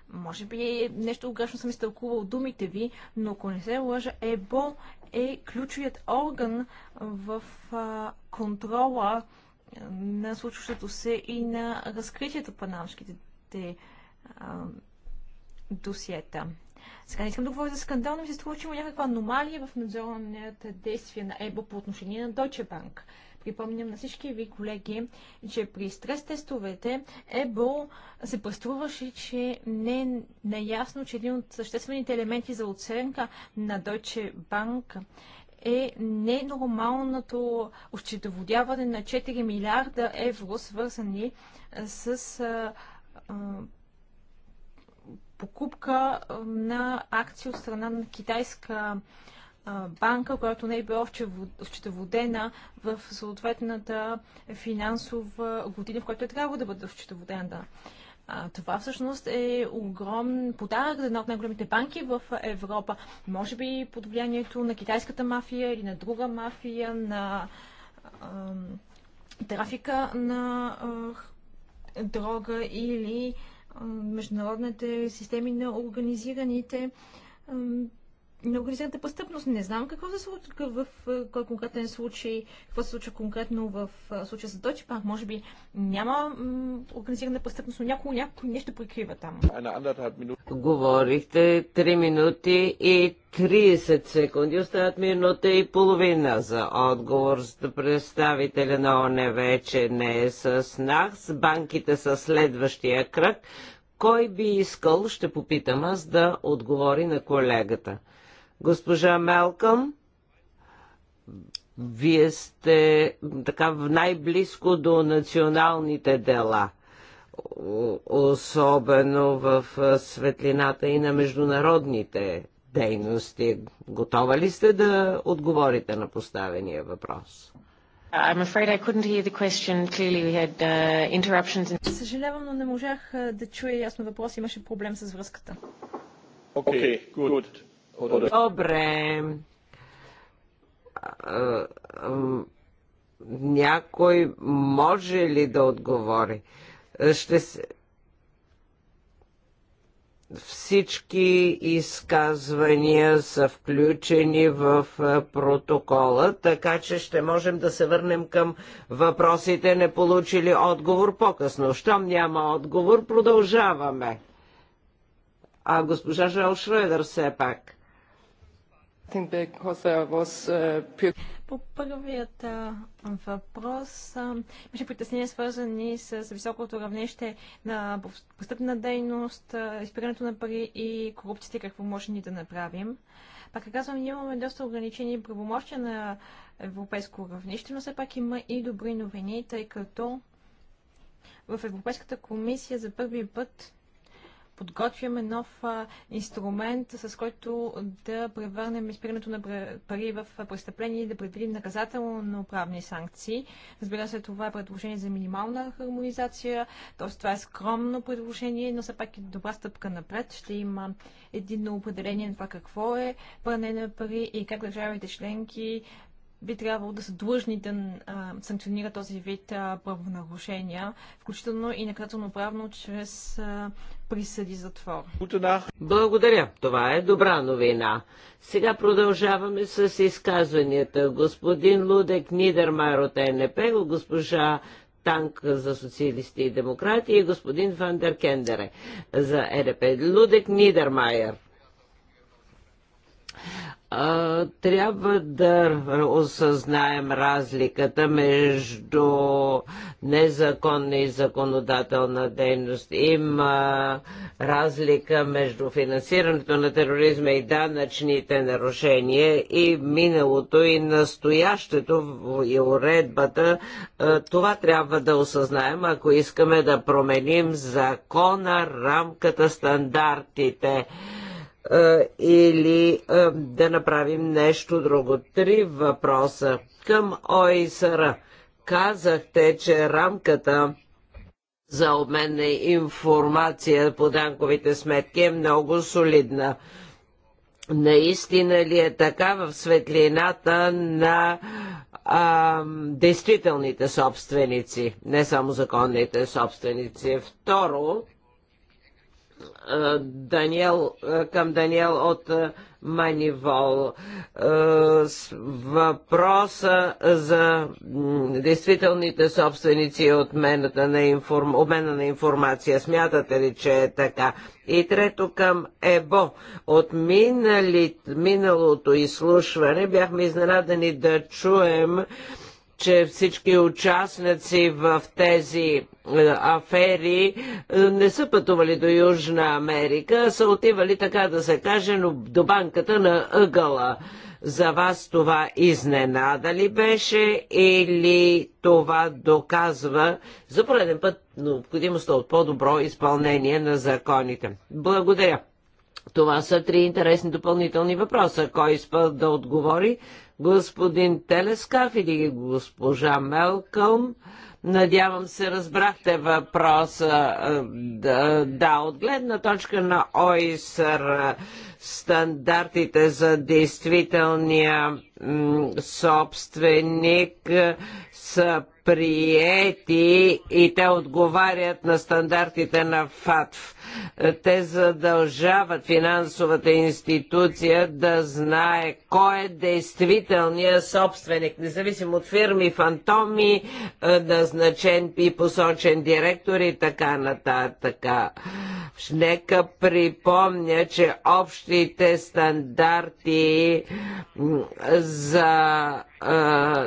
Може би нещо грешно съм изтълкувал думите ви, но ако не се лъжа, ЕБО е ключовият орган в а, контрола на случващото се и на разкритието панамските а, досиета. Сега не искам да говоря за скандал, но ми се струва, че има някаква аномалия в надзорната действия на ЕБО по отношение на Deutsche Bank. Припомням на всички ви колеги, че при стрес тестовете ЕБО се преструваше, че не е наясно, че един от съществените елементи за оценка на Deutsche Bank е ненормалното осчетоводяване на 4 милиарда евро, свързани с а, а, покупка на акции от страна на китайска банка, която не е била счетоводена в съответната финансова година, в която е трябвало да бъде счетоводена. това всъщност е огромен подарък за една от най-големите банки в Европа. Може би под влиянието на китайската мафия или на друга мафия, на трафика на дрога или а, международните системи на организираните на организираната престъпност. Не знам какво се случва в кой конкретен случай, какво се случва конкретно в случая с Deutsche Bank. Може би няма организирана престъпност, но някой някой нещо прикрива там. Говорихте 3 минути и 30 секунди, остават минута и половина за отговор. Представителя на ОНЕ вече не е с нас. Банките са следващия кръг. Кой би искал, ще попитам аз, да отговори на колегата. Госпожа Мелкъм, вие сте така най-близко до националните дела, особено в светлината и на международните дейности. Готова ли сте да отговорите на поставения въпрос? I'm afraid I couldn't hear the question clearly. We had uh, interruptions. In... Съжалявам, но не можах да чуя ясно въпрос. Имаше проблем с връзката. Okay, okay good. good. Добре. Някой може ли да отговори? Ще се... Всички изказвания са включени в протокола, така че ще можем да се върнем към въпросите, не получили отговор по-късно. Щом няма отговор, продължаваме. А госпожа Жал Шредер все пак. Е, По първият въпрос имаше притеснения свързани с високото равнище на престъпна дейност, изпирането на пари и корупцията, какво можем ни да направим. Пак е казвам, ние имаме доста ограничени правомощия на европейско равнище, но все пак има и добри новини, тъй като в Европейската комисия за първи път подготвяме нов инструмент, с който да превърнем изпирането на пари в престъпление и да предвидим наказателно правни санкции. Разбира се, това е предложение за минимална хармонизация, т.е. това е скромно предложение, но все пак е добра стъпка напред. Ще има единно определение на това какво е пране на пари и как държавите членки би трябвало да са длъжни да а, санкционира този вид а, правонарушения, включително и наказано правно чрез а, присъди затвор. Благодаря. Това е добра новина. Сега продължаваме с изказванията. Господин Лудек Нидермайер от НП, госпожа Танк за социалисти и демократи и господин Вандер Кендере за НП. Лудек Нидермайер а, трябва да осъзнаем разликата между незаконна и законодателна дейност. Има разлика между финансирането на тероризма и данъчните нарушения и миналото и настоящето и уредбата. Това трябва да осъзнаем, ако искаме да променим закона, рамката, стандартите. Е, или е, да направим нещо друго. Три въпроса към ОИСР. Казахте, че рамката за обмен на информация по данковите сметки е много солидна. Наистина ли е така в светлината на а, действителните собственици, не само законните собственици? Второ, Даниел, към Даниел от Манивол. Въпроса за действителните собственици от обмена на, информ... обмена на информация. Смятате ли, че е така? И трето към ЕБО. От минали... миналото изслушване бяхме изненадани да чуем че всички участници в тези е, афери е, не са пътували до Южна Америка, а са отивали, така да се каже, но до банката на ъгъла. За вас това изненада ли беше или това доказва за пореден път необходимостта от по-добро изпълнение на законите? Благодаря. Това са три интересни допълнителни въпроса. Кой иска да отговори? господин Телескав или госпожа Мелкълм. Надявам се, разбрахте въпроса. Да, да, от гледна точка на ОИСР стандартите за действителния собственик са приети и те отговарят на стандартите на ФАТФ. Те задължават финансовата институция да знае кой е действителният собственик, независимо от фирми, фантоми, е, назначен и посочен директор и така нататък. Нека припомня, че общите стандарти за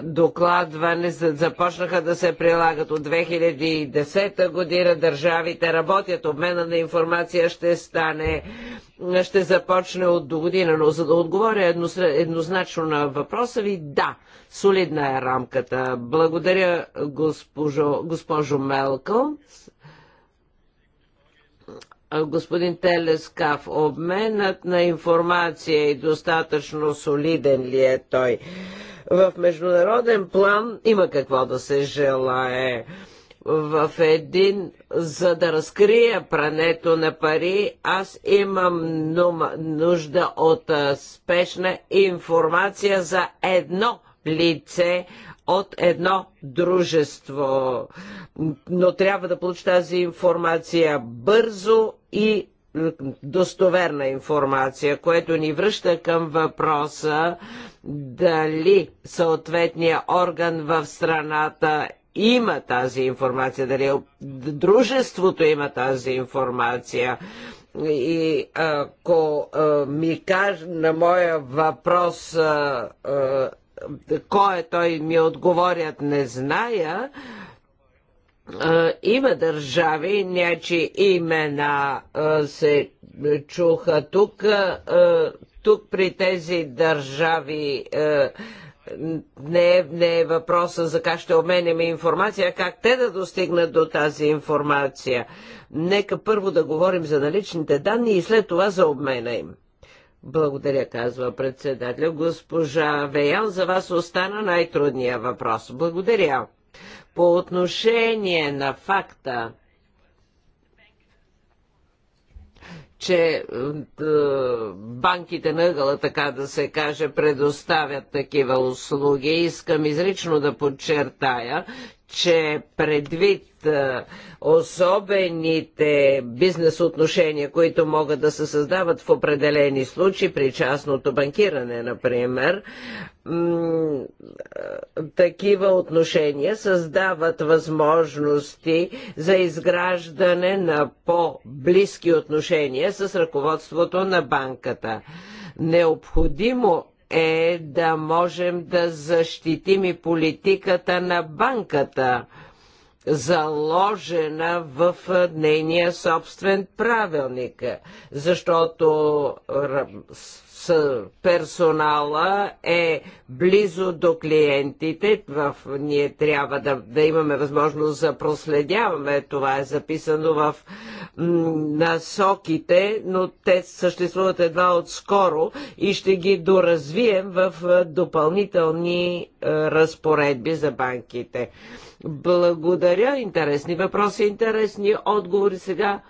докладване започнаха да се прилагат от 2010 година. Държавите работят, обмена на информация ще стане, ще започне от до година. Но за да отговоря еднозначно на въпроса ви, да, солидна е рамката. Благодаря госпожо, госпожо Мелкъл господин Телескав, обменът на информация и е достатъчно солиден ли е той? В международен план има какво да се желае в един, за да разкрия прането на пари, аз имам нужда от спешна информация за едно лице от едно дружество. Но трябва да получи тази информация бързо и достоверна информация, което ни връща към въпроса дали съответния орган в страната има тази информация, дали е- дружеството има тази информация. И ако ми каже на моя въпрос кой е той, ми отговорят не зная, има държави, някои имена се чуха тук. Тук при тези държави не е, не е въпроса за как ще обменяме информация, а как те да достигнат до тази информация. Нека първо да говорим за наличните данни и след това за обмена им. Благодаря, казва председателя. Госпожа Веян, за вас остана най-трудния въпрос. Благодаря. По отношение на факта, че е, банките на ъгъла, така да се каже, предоставят такива услуги. Искам изрично да подчертая, че предвид особените бизнес отношения, които могат да се създават в определени случаи, при частното банкиране, например, такива отношения създават възможности за изграждане на по-близки отношения с ръководството на банката. Необходимо е да можем да защитим и политиката на банката, заложена в нейния собствен правилник, защото с персонала е близо до клиентите. В, ние трябва да, да имаме възможност да проследяваме. Това е записано в насоките, но те съществуват едва отскоро и ще ги доразвием в допълнителни разпоредби за банките. Благодаря. Интересни въпроси, интересни отговори сега.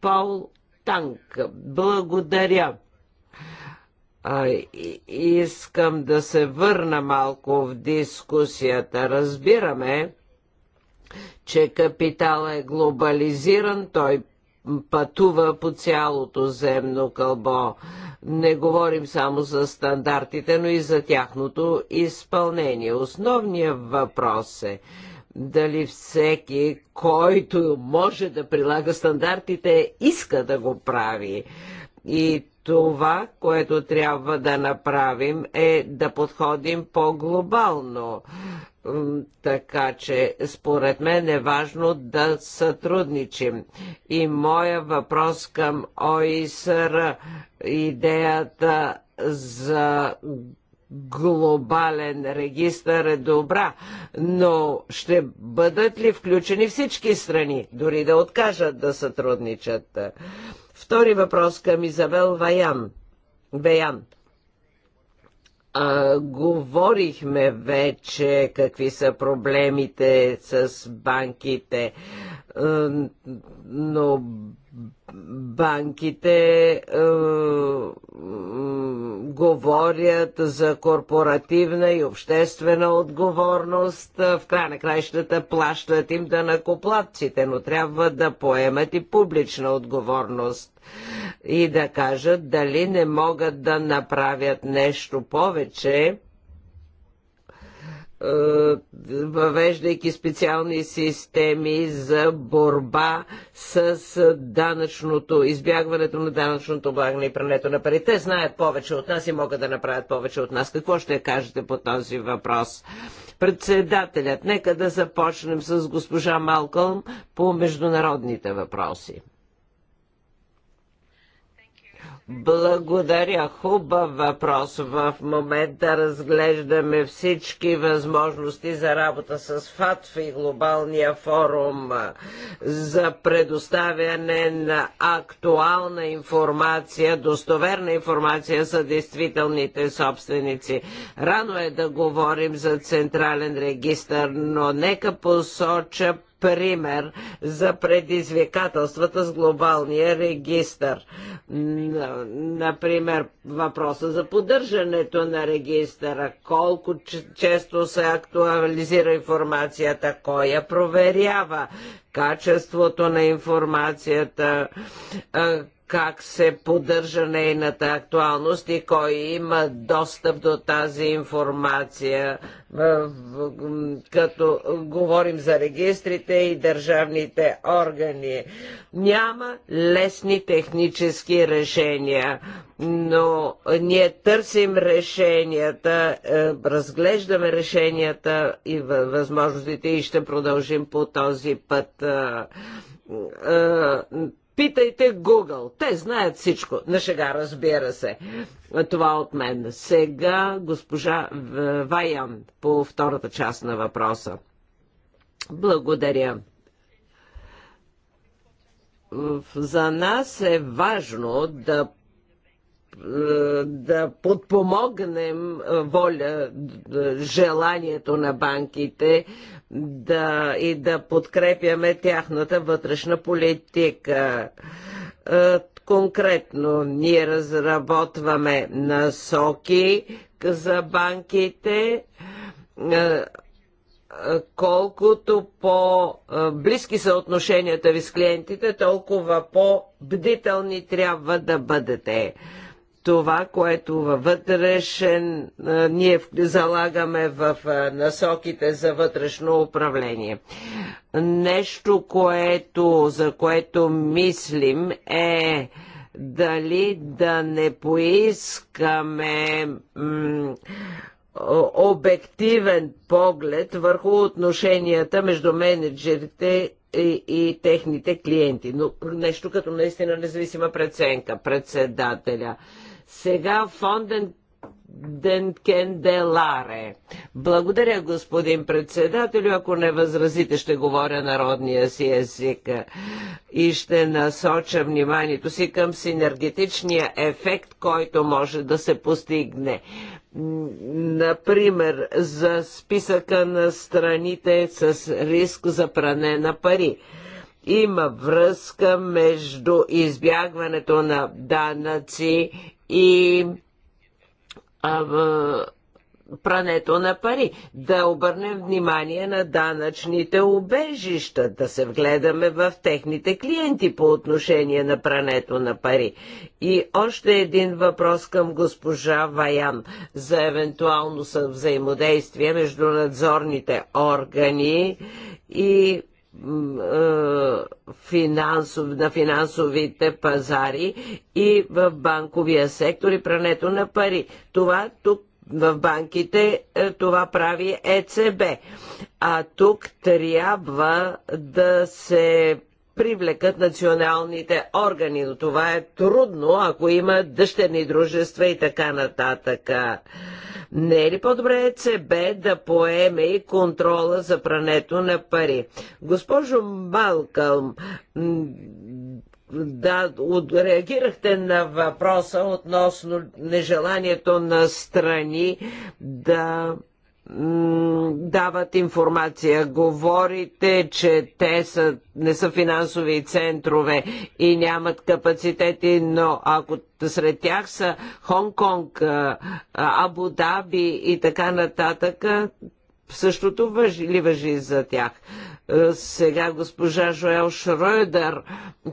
Паул Танк. Благодаря искам да се върна малко в дискусията. Разбираме, че капитал е глобализиран, той пътува по цялото земно кълбо. Не говорим само за стандартите, но и за тяхното изпълнение. Основният въпрос е дали всеки, който може да прилага стандартите, иска да го прави. И това, което трябва да направим е да подходим по-глобално. Така че, според мен е важно да сътрудничим. И моя въпрос към ОИСР, идеята за глобален регистър е добра, но ще бъдат ли включени всички страни, дори да откажат да сътрудничат? Втори въпрос към Изабел Ваян. Беян. А, говорихме вече какви са проблемите с банките, но банките е, е, говорят за корпоративна и обществена отговорност. В край на краищата плащат им да накоплатците, но трябва да поемат и публична отговорност и да кажат дали не могат да направят нещо повече е, въвеждайки специални системи за борба с данъчното, избягването на данъчното облагане и прането на пари. Те знаят повече от нас и могат да направят повече от нас. Какво ще кажете по този въпрос? Председателят, нека да започнем с госпожа Малкълм по международните въпроси. Благодаря. Хубав въпрос. В момента разглеждаме всички възможности за работа с ФАТФ и Глобалния форум за предоставяне на актуална информация, достоверна информация за действителните собственици. Рано е да говорим за централен регистр, но нека посоча пример за предизвикателствата с глобалния регистър. Например, въпроса за поддържането на регистъра, колко често се актуализира информацията, кой я проверява, качеството на информацията, как се поддържа нейната актуалност и кой има достъп до тази информация. Като говорим за регистрите и държавните органи, няма лесни технически решения, но ние търсим решенията, е, разглеждаме решенията и възможностите и ще продължим по този път е, е, Питайте Google. Те знаят всичко. На шега, разбира се. Това от мен. Сега госпожа Ваян по втората част на въпроса. Благодаря за нас е важно да да подпомогнем воля, желанието на банките да, и да подкрепяме тяхната вътрешна политика. Конкретно ние разработваме насоки за банките, колкото по-близки са отношенията ви с клиентите, толкова по-бдителни трябва да бъдете това, което във вътрешен ние залагаме в насоките за вътрешно управление. Нещо, което, за което мислим е дали да не поискаме обективен поглед върху отношенията между менеджерите и, и техните клиенти. Но нещо като наистина независима преценка. Председателя. Сега фонден Денкенделаре. Благодаря, господин председател, Ако не възразите, ще говоря народния си език и ще насоча вниманието си към синергетичния ефект, който може да се постигне. Например, за списъка на страните с риск за пране на пари има връзка между избягването на данъци и а, прането на пари, да обърнем внимание на данъчните убежища, да се вгледаме в техните клиенти по отношение на прането на пари. И още един въпрос към госпожа Ваян за евентуално взаимодействие между надзорните органи и финансов, на финансовите пазари и в банковия сектор и прането на пари. Това тук в банките е, това прави ЕЦБ. А тук трябва да се привлекат националните органи, но това е трудно, ако има дъщерни дружества и така нататък. Не е ли по-добре ЕЦБ да поеме и контрола за прането на пари? Госпожо Малкълм, да, реагирахте на въпроса относно нежеланието на страни да дават информация. Говорите, че те са, не са финансови центрове и нямат капацитети, но ако сред тях са Хонг-Конг, Абу-Даби и така нататък, същото въжи, ли въжи за тях? Сега госпожа Жоел Шройдър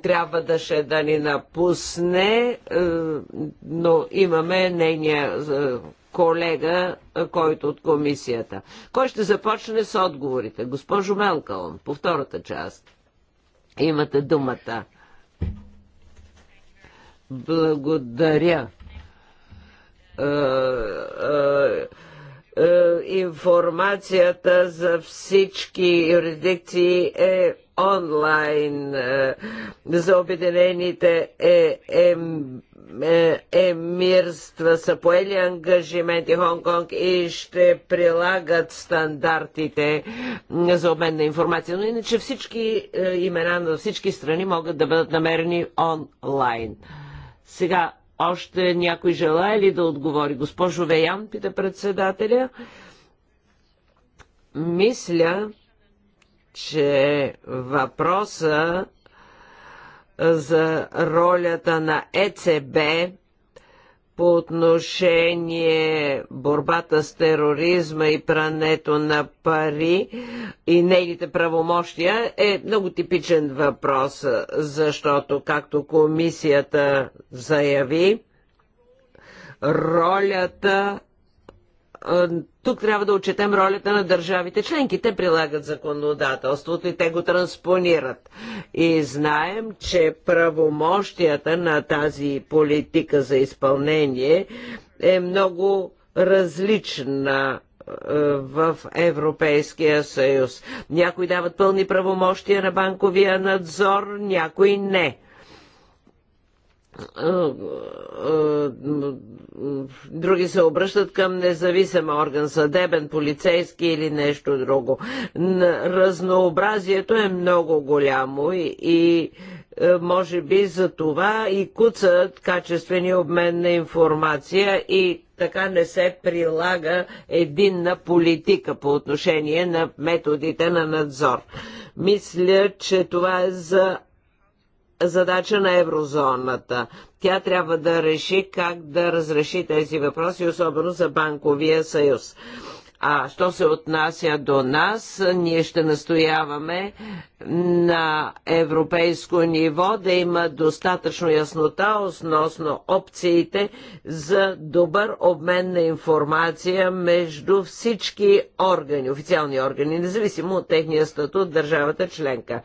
трябва да ще да ни напусне, но имаме нейния колега, който от комисията. Кой ще започне с отговорите? Госпожо Мелкалон, по втората част. Имате думата. Благодаря. информацията за всички юрисдикции е онлайн. За обединените е, е е, емирства са поели ангажименти Хонг-Конг и ще прилагат стандартите за обмен на информация. Но иначе всички е, имена на всички страни могат да бъдат намерени онлайн. Сега още някой желая ли да отговори? Госпожо Веян, пита председателя. Мисля, че въпроса за ролята на ЕЦБ по отношение борбата с тероризма и прането на пари и нейните правомощия е много типичен въпрос, защото, както комисията заяви, ролята тук трябва да отчетем ролята на държавите членки. Те прилагат законодателството и те го транспонират. И знаем, че правомощията на тази политика за изпълнение е много различна в Европейския съюз. Някои дават пълни правомощия на банковия надзор, някои не други се обръщат към независим орган, съдебен, полицейски или нещо друго. Разнообразието е много голямо и, и може би за това и куцат качествени обмен на информация и така не се прилага единна политика по отношение на методите на надзор. Мисля, че това е за задача на еврозоната. Тя трябва да реши как да разреши тези въпроси, особено за банковия съюз. А що се отнася до нас, ние ще настояваме на европейско ниво да има достатъчно яснота относно опциите за добър обмен на информация между всички органи, официални органи, независимо от техния статут държавата членка.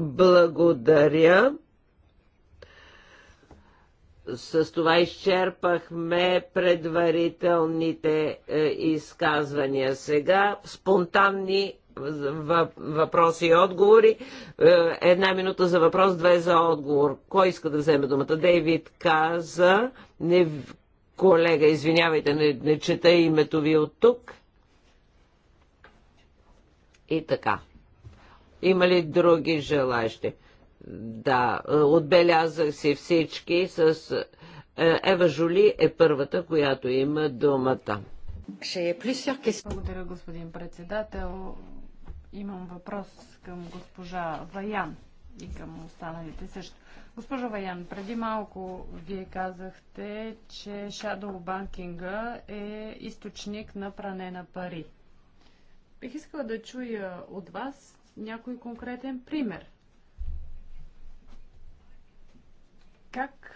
Благодаря. С това изчерпахме предварителните е, изказвания. Сега спонтанни въпроси и отговори. Е, една минута за въпрос, две за отговор. Кой иска да вземе думата? Дейвид каза, не, колега, извинявайте, не, не чета името ви от тук. И така. Има ли други желащи? Да, е, отбелязах си всички с... Е, Ева Жули е първата, която има думата. Е Благодаря, господин председател. Имам въпрос към госпожа Ваян и към останалите също. Госпожа Ваян, преди малко вие казахте, че shadow банкинга е източник на пране на пари. Бих искала да чуя от вас някой конкретен пример. Как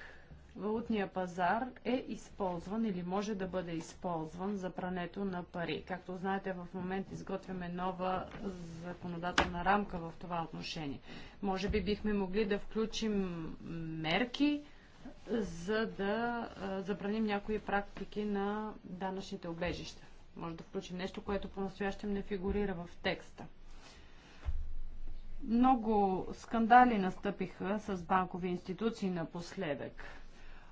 валутния пазар е използван или може да бъде използван за прането на пари. Както знаете, в момента изготвяме нова законодателна рамка в това отношение. Може би бихме могли да включим мерки, за да забраним някои практики на данъчните обежища. Може да включим нещо, което по-настоящем не фигурира в текста. Много скандали настъпиха с банкови институции напоследък.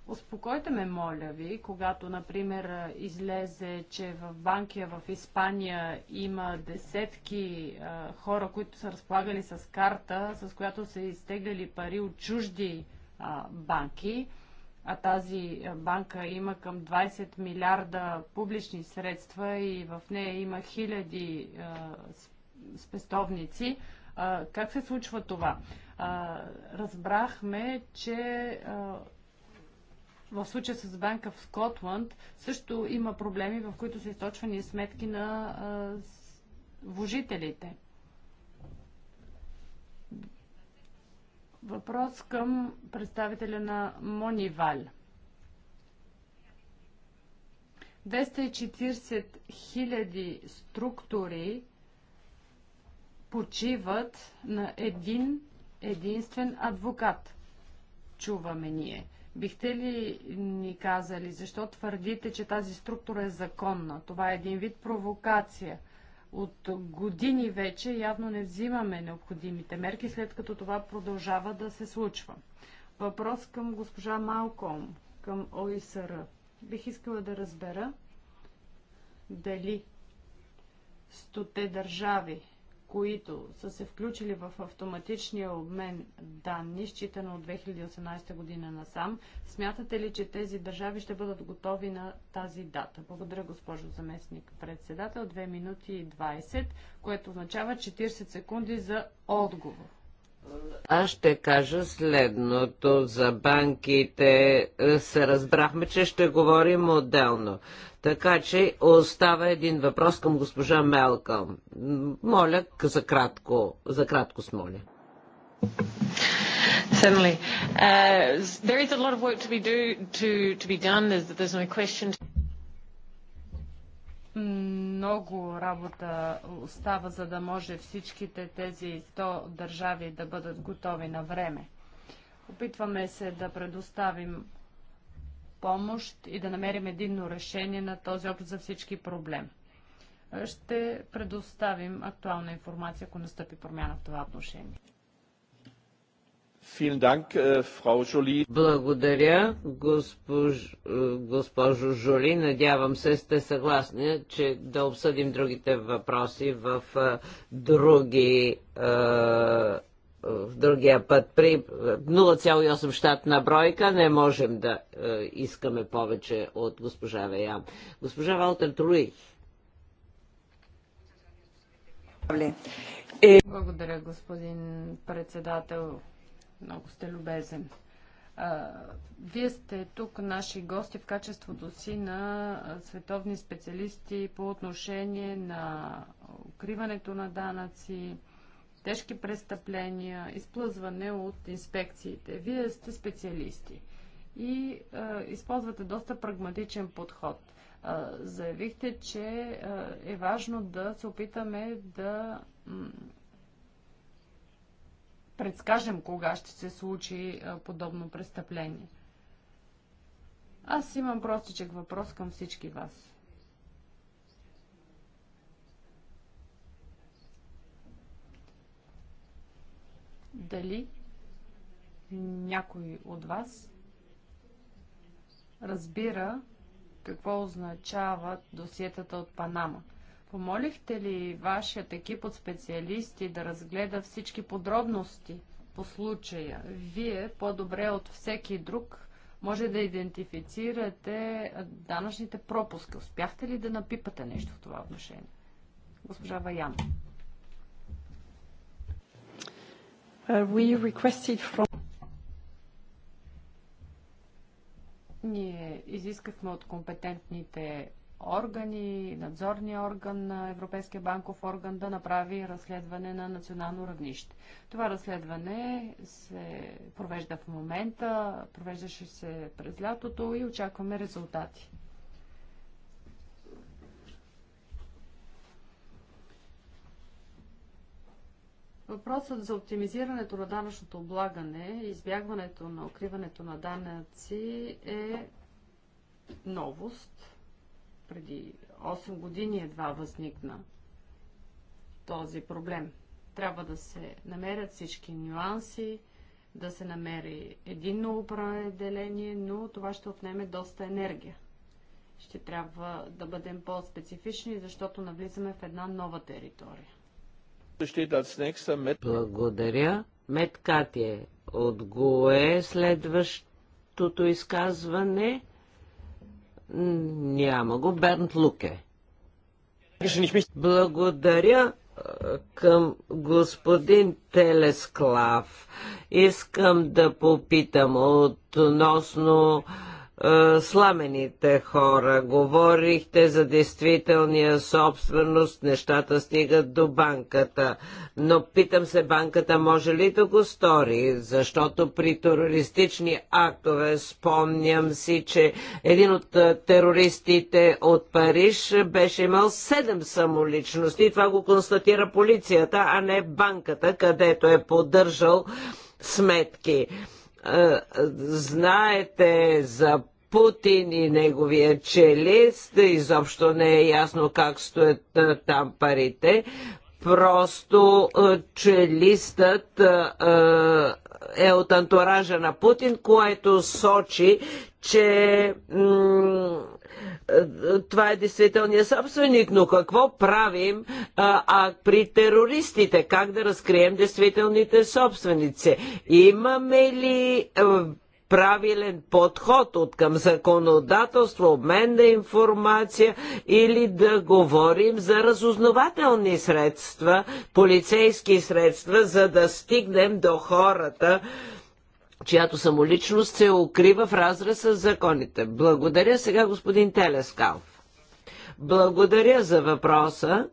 Успокойте ме, моля ви, когато, например, излезе, че в банкия в Испания има десетки а, хора, които са разполагали с карта, с която са изтегляли пари от чужди а, банки, а тази банка има към 20 милиарда публични средства и в нея има хиляди а, спестовници. А, как се случва това? А, разбрахме, че а, в случая с банка в Скотланд също има проблеми, в които са източвани сметки на а, вложителите. Въпрос към представителя на Мониваль. 240 000 структури почиват на един единствен адвокат. Чуваме ние. Бихте ли ни казали, защо твърдите, че тази структура е законна? Това е един вид провокация. От години вече явно не взимаме необходимите мерки, след като това продължава да се случва. Въпрос към госпожа Малком, към ОИСР. Бих искала да разбера дали стоте държави които са се включили в автоматичния обмен данни, считано от 2018 година насам, смятате ли, че тези държави ще бъдат готови на тази дата? Благодаря, госпожо заместник председател. 2 минути и 20, което означава 40 секунди за отговор. Аз ще кажа следното за банките. Е, се разбрахме, че ще говорим отделно. Така че остава един въпрос към госпожа Мелкъм. Моля, за кратко, за кратко с моля. Certainly. Uh, there is a lot of work to be, do, to, to be done. There's, there's no question. To много работа остава, за да може всичките тези 100 държави да бъдат готови на време. Опитваме се да предоставим помощ и да намерим единно решение на този опит за всички проблем. Ще предоставим актуална информация, ако настъпи промяна в това отношение. Äh, Благодаря, госпож, э, госпожо Жоли. Надявам се сте съгласни, че да обсъдим другите въпроси в э, други э, в другия път. При 0,8 щат на бройка не можем да искаме повече от госпожа Веям. Госпожа Валтер Труи. Е. Благодаря, господин председател. Много сте любезен. А, вие сте тук наши гости в качеството си на световни специалисти по отношение на укриването на данъци, тежки престъпления, изплъзване от инспекциите. Вие сте специалисти и а, използвате доста прагматичен подход. А, заявихте, че а, е важно да се опитаме да предскажем кога ще се случи подобно престъпление. Аз имам простичък въпрос към всички вас. Дали някой от вас разбира какво означават досиетата от Панама? Помолихте ли вашият екип от специалисти да разгледа всички подробности по случая? Вие по-добре от всеки друг може да идентифицирате данъчните пропуски. Успяхте ли да напипате нещо в това отношение? Госпожа Ваян. Uh, from... Ние изискахме от компетентните органи, надзорния орган на Европейския банков орган да направи разследване на национално равнище. Това разследване се провежда в момента, провеждаше се през лятото и очакваме резултати. Въпросът за оптимизирането на данъчното облагане и избягването на укриването на данъци е новост преди 8 години едва възникна този проблем. Трябва да се намерят всички нюанси, да се намери единно определение, но това ще отнеме доста енергия. Ще трябва да бъдем по-специфични, защото навлизаме в една нова територия. Благодаря. Меткатие от ГОЕ следващото изказване. Няма го. Бернт Луке. Благодаря към господин Телесклав. Искам да попитам относно сламените хора. Говорихте за действителния собственост, нещата стигат до банката. Но питам се, банката може ли да го стори? Защото при терористични актове спомням си, че един от терористите от Париж беше имал седем самоличности. Това го констатира полицията, а не банката, където е поддържал сметки знаете за Путин и неговия челист, изобщо не е ясно как стоят там парите. Просто челистът е от антуража на Путин, което сочи, че това е действителният собственик, но какво правим а, а при терористите? Как да разкрием действителните собственици? Имаме ли а, правилен подход от към законодателство, обмен на информация или да говорим за разузнавателни средства, полицейски средства, за да стигнем до хората, чиято самоличност се укрива в разрез с законите. Благодаря сега господин Телескалф. Благодаря за въпроса.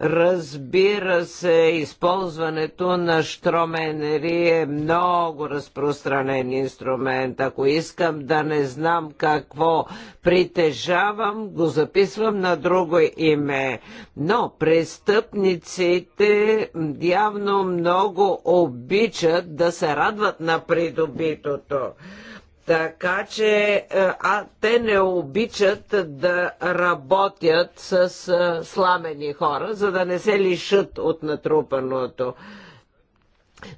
Разбира се, използването на штроменери е много разпространен инструмент. Ако искам да не знам какво притежавам, го записвам на друго име. Но престъпниците явно много обичат да се радват на придобитото. Така че е, а, те не обичат да работят с а, е, сламени хора, за да не се лишат от натрупаното.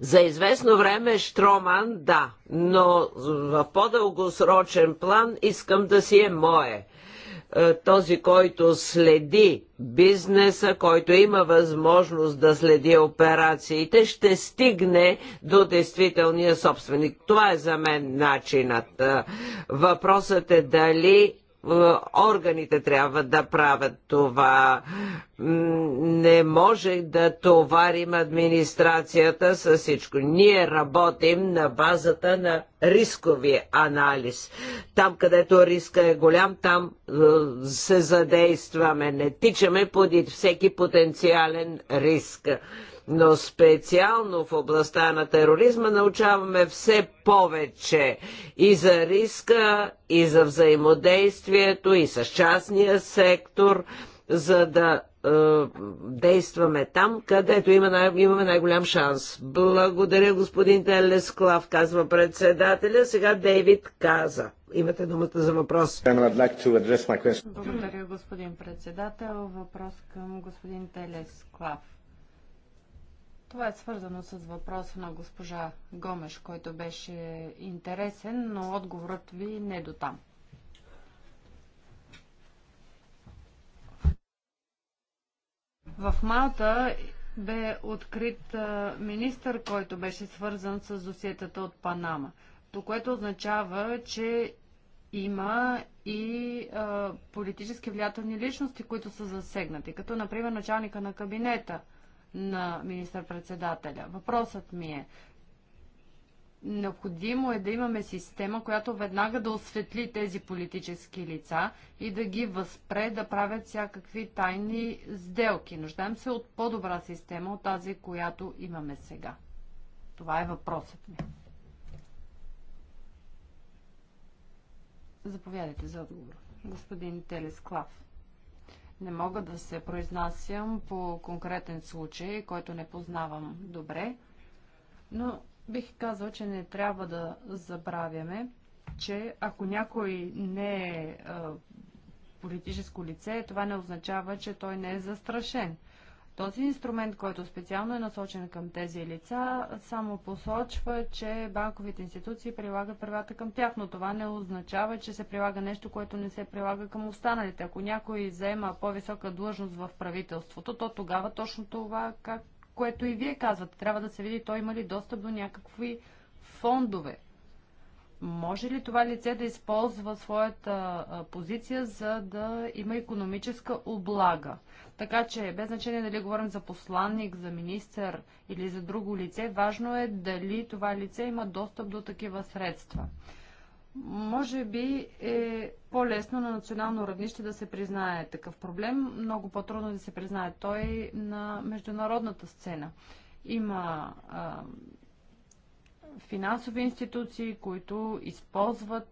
За известно време Штроман да, но в по-дългосрочен план искам да си е мое. Е, този, който следи бизнеса, който има възможност да следи операциите, ще стигне до действителния собственик. Това е за мен начинът. Е, въпросът е дали е, органите трябва да правят това. Не може да товарим администрацията с всичко. Ние работим на базата на рискови анализ. Там, където риска е голям, там е, се задействаме. Не тичаме поди всеки потенциален риск но специално в областта на тероризма научаваме все повече и за риска, и за взаимодействието, и с частния сектор, за да е, действаме там, където има най- имаме най-голям шанс. Благодаря, господин Телесклав, казва председателя. Сега Дейвид каза. Имате думата за въпрос. Благодаря, господин председател. Въпрос към господин Телесклав. Това е свързано с въпроса на госпожа Гомеш, който беше интересен, но отговорът ви не е до там. В Малта бе открит министър, който беше свързан с досиетата от Панама. То което означава, че има и а, политически влиятелни личности, които са засегнати, като например началника на кабинета – на министър-председателя. Въпросът ми е, необходимо е да имаме система, която веднага да осветли тези политически лица и да ги възпре да правят всякакви тайни сделки. Нуждаем се от по-добра система от тази, която имаме сега. Това е въпросът ми. Заповядайте за отговор. Господин Телесклав. Не мога да се произнасям по конкретен случай, който не познавам добре, но бих казал, че не трябва да забравяме, че ако някой не е политическо лице, това не означава, че той не е застрашен. Този инструмент, който специално е насочен към тези лица, само посочва, че банковите институции прилагат правата към тях, но това не означава, че се прилага нещо, което не се прилага към останалите. Ако някой взема по-висока длъжност в правителството, то тогава точно това, как, което и вие казвате, трябва да се види той има ли достъп до някакви фондове. Може ли това лице да използва своята позиция, за да има економическа облага? Така че, без значение дали говорим за посланник, за министър или за друго лице, важно е дали това лице има достъп до такива средства. Може би е по-лесно на национално равнище да се признае такъв проблем, много по-трудно е да се признае той на международната сцена. Има а, финансови институции, които използват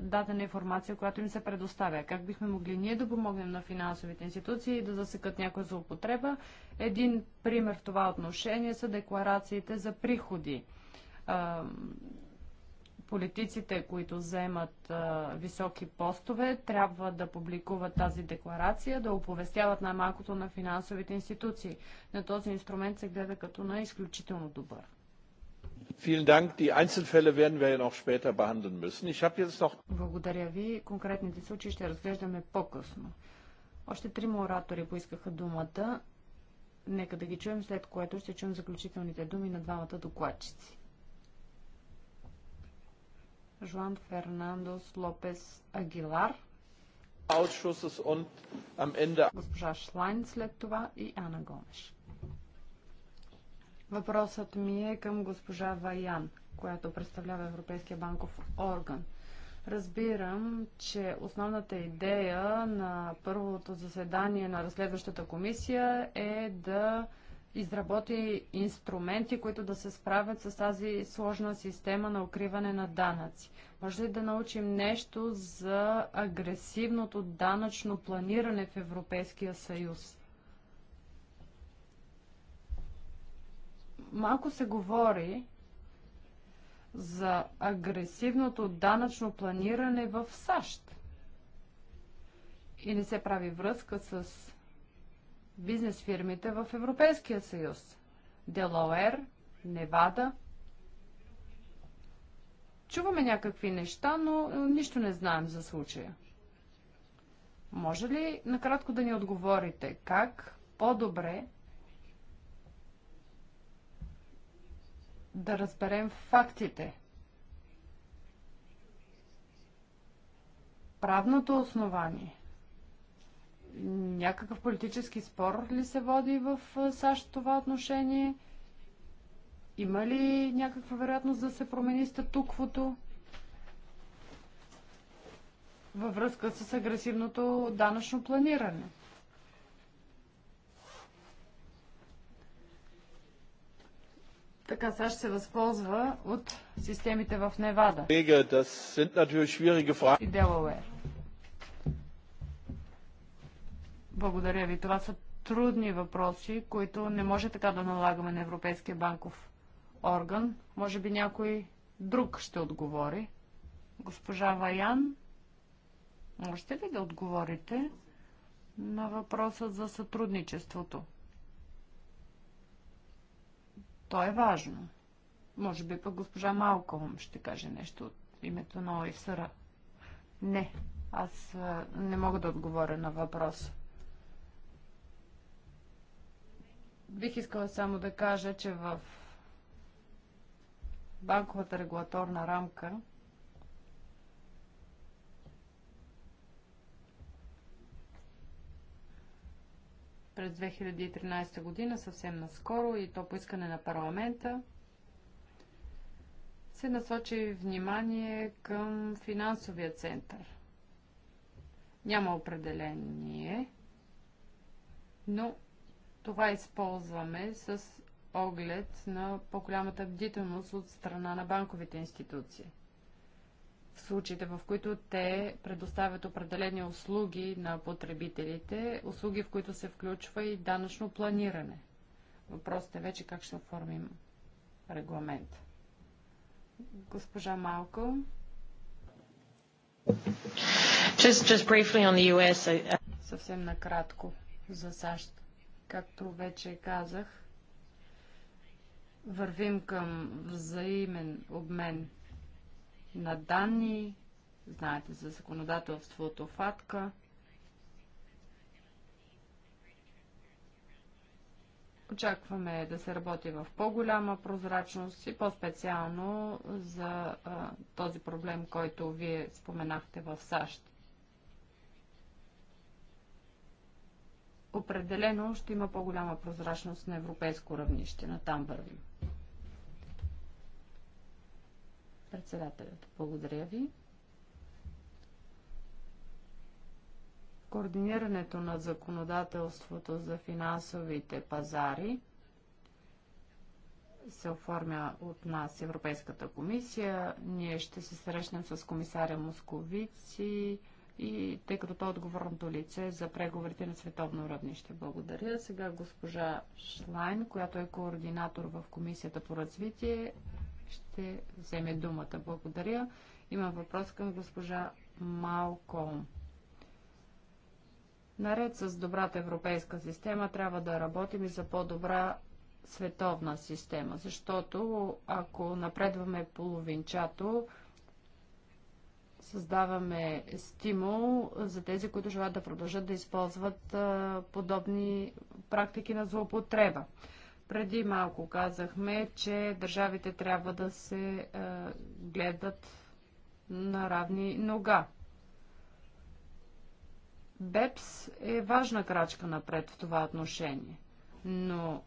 дадена информация, която им се предоставя. Как бихме могли ние да помогнем на финансовите институции да засекат някоя злоупотреба? Един пример в това отношение са декларациите за приходи. политиците, които вземат високи постове, трябва да публикуват тази декларация, да оповестяват най-малкото на финансовите институции. На този инструмент се гледа като на изключително добър. Vielen Dank. Die Einzelfälle werden wir ja noch später behandeln müssen. Ich habe jetzt noch... Благодаря ви. Конкретните случаи ще разглеждаме по-късно. Още трима оратори поискаха думата. Нека да ги чуем, след което ще чуем заключителните думи на двамата докладчици. Жуан Фернандос Лопес Агилар. Госпожа Шлайн след това и Ана Гомеш. Въпросът ми е към госпожа Ваян, която представлява Европейския банков орган. Разбирам, че основната идея на първото заседание на разследващата комисия е да изработи инструменти, които да се справят с тази сложна система на укриване на данъци. Може ли да научим нещо за агресивното данъчно планиране в Европейския съюз? малко се говори за агресивното данъчно планиране в САЩ. И не се прави връзка с бизнес фирмите в Европейския съюз. Делауер, Невада. Чуваме някакви неща, но нищо не знаем за случая. Може ли накратко да ни отговорите как по-добре да разберем фактите. Правното основание. Някакъв политически спор ли се води в САЩ това отношение? Има ли някаква вероятност да се промени статуквото във връзка с агресивното данъчно планиране? Така САЩ се възползва от системите в Невада. И Делауер. Благодаря ви. Това са трудни въпроси, които не може така да налагаме на Европейския банков орган. Може би някой друг ще отговори. Госпожа Ваян, можете ли да отговорите на въпроса за сътрудничеството? То е важно. Може би пък госпожа Малком ще каже нещо от името на ОИСР. Не, аз не мога да отговоря на въпроса. Бих искала само да кажа, че в банковата регулаторна рамка през 2013 година, съвсем наскоро и то по искане на парламента, се насочи внимание към финансовия център. Няма определение, но това използваме с оглед на по-голямата бдителност от страна на банковите институции случаите, в които те предоставят определени услуги на потребителите, услуги, в които се включва и данъчно планиране. Въпросът е вече как ще оформим регламент. Госпожа Малко. Just, just briefly on the US. I... Съвсем накратко за САЩ. Както вече казах, вървим към взаимен обмен на данни, знаете за законодателството ФАТКА. Очакваме да се работи в по-голяма прозрачност и по-специално за а, този проблем, който вие споменахте в САЩ. Определено ще има по-голяма прозрачност на европейско равнище. На там вървим. Председателят, благодаря ви. Координирането на законодателството за финансовите пазари се оформя от нас Европейската комисия. Ние ще се срещнем с комисаря Московици и тъй като той е отговорното лице за преговорите на световно равнище. Благодаря. Сега госпожа Шлайн, която е координатор в Комисията по развитие, ще вземе думата. Благодаря. Има въпрос към госпожа Малком. Наред с добрата европейска система трябва да работим и за по-добра световна система, защото ако напредваме половинчато, създаваме стимул за тези, които желаят да продължат да използват подобни практики на злоупотреба. Преди малко казахме, че държавите трябва да се е, гледат на равни нога. БЕПС е важна крачка напред в това отношение, но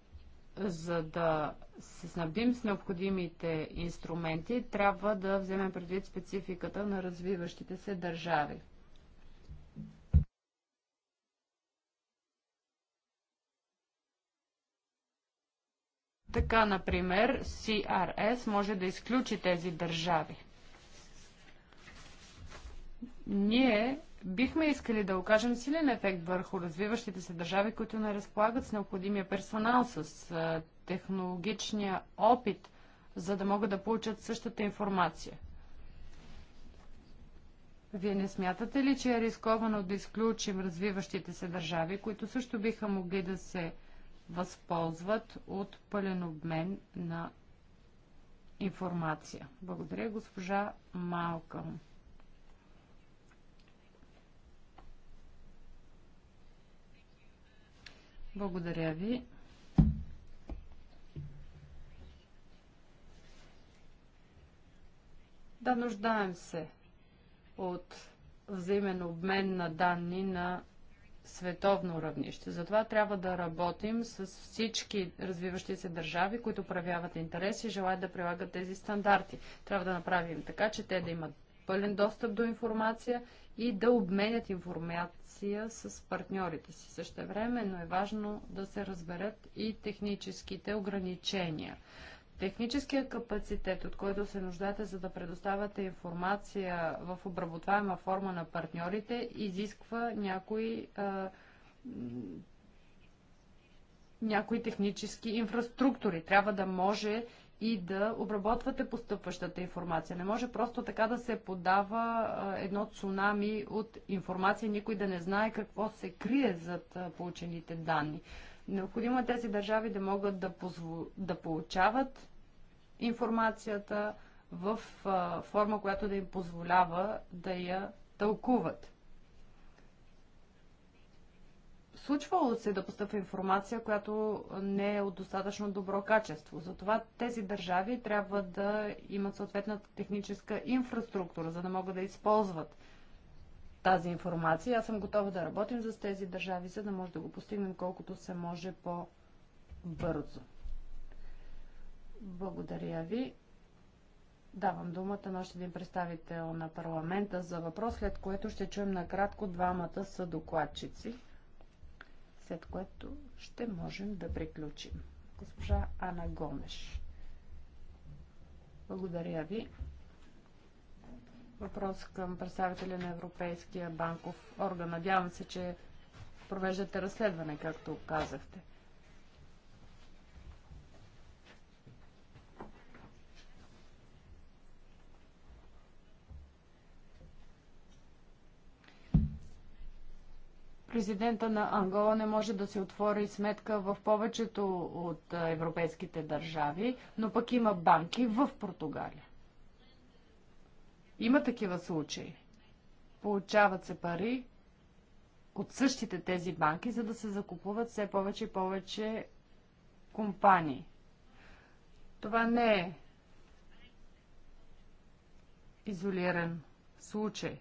за да се снабдим с необходимите инструменти, трябва да вземем предвид спецификата на развиващите се държави. Така, например, CRS може да изключи тези държави. Ние бихме искали да окажем силен ефект върху развиващите се държави, които не разполагат с необходимия персонал, с технологичния опит, за да могат да получат същата информация. Вие не смятате ли, че е рисковано да изключим развиващите се държави, които също биха могли да се възползват от пълен обмен на информация. Благодаря, госпожа Малкъм. Благодаря ви. Да, нуждаем се от взаимен обмен на данни на световно равнище. Затова трябва да работим с всички развиващи се държави, които проявяват интерес и желаят да прилагат тези стандарти. Трябва да направим така, че те да имат пълен достъп до информация и да обменят информация с партньорите си. Също време, но е важно да се разберат и техническите ограничения. Техническия капацитет, от който се нуждате, за да предоставяте информация в обработваема форма на партньорите, изисква някои, а, някои технически инфраструктури. Трябва да може и да обработвате постъпващата информация. Не може просто така да се подава едно цунами от информация, никой да не знае какво се крие зад получените данни. Необходимо е тези държави да могат да, позво... да получават информацията в а, форма, която да им позволява да я тълкуват. Случвало се да постъпва информация, която не е от достатъчно добро качество. Затова тези държави трябва да имат съответната техническа инфраструктура, за да могат да използват тази информация. Аз съм готова да работим с тези държави, за да може да го постигнем колкото се може по-бързо. Благодаря ви. Давам думата на още един представител на парламента за въпрос, след което ще чуем накратко двамата са докладчици, след което ще можем да приключим. Госпожа Ана Гомеш. Благодаря ви. Въпрос към представителя на Европейския банков орган. Надявам се, че провеждате разследване, както казахте. президента на Ангола не може да се отвори сметка в повечето от европейските държави, но пък има банки в Португалия. Има такива случаи. Получават се пари от същите тези банки, за да се закупуват все повече и повече компании. Това не е изолиран случай.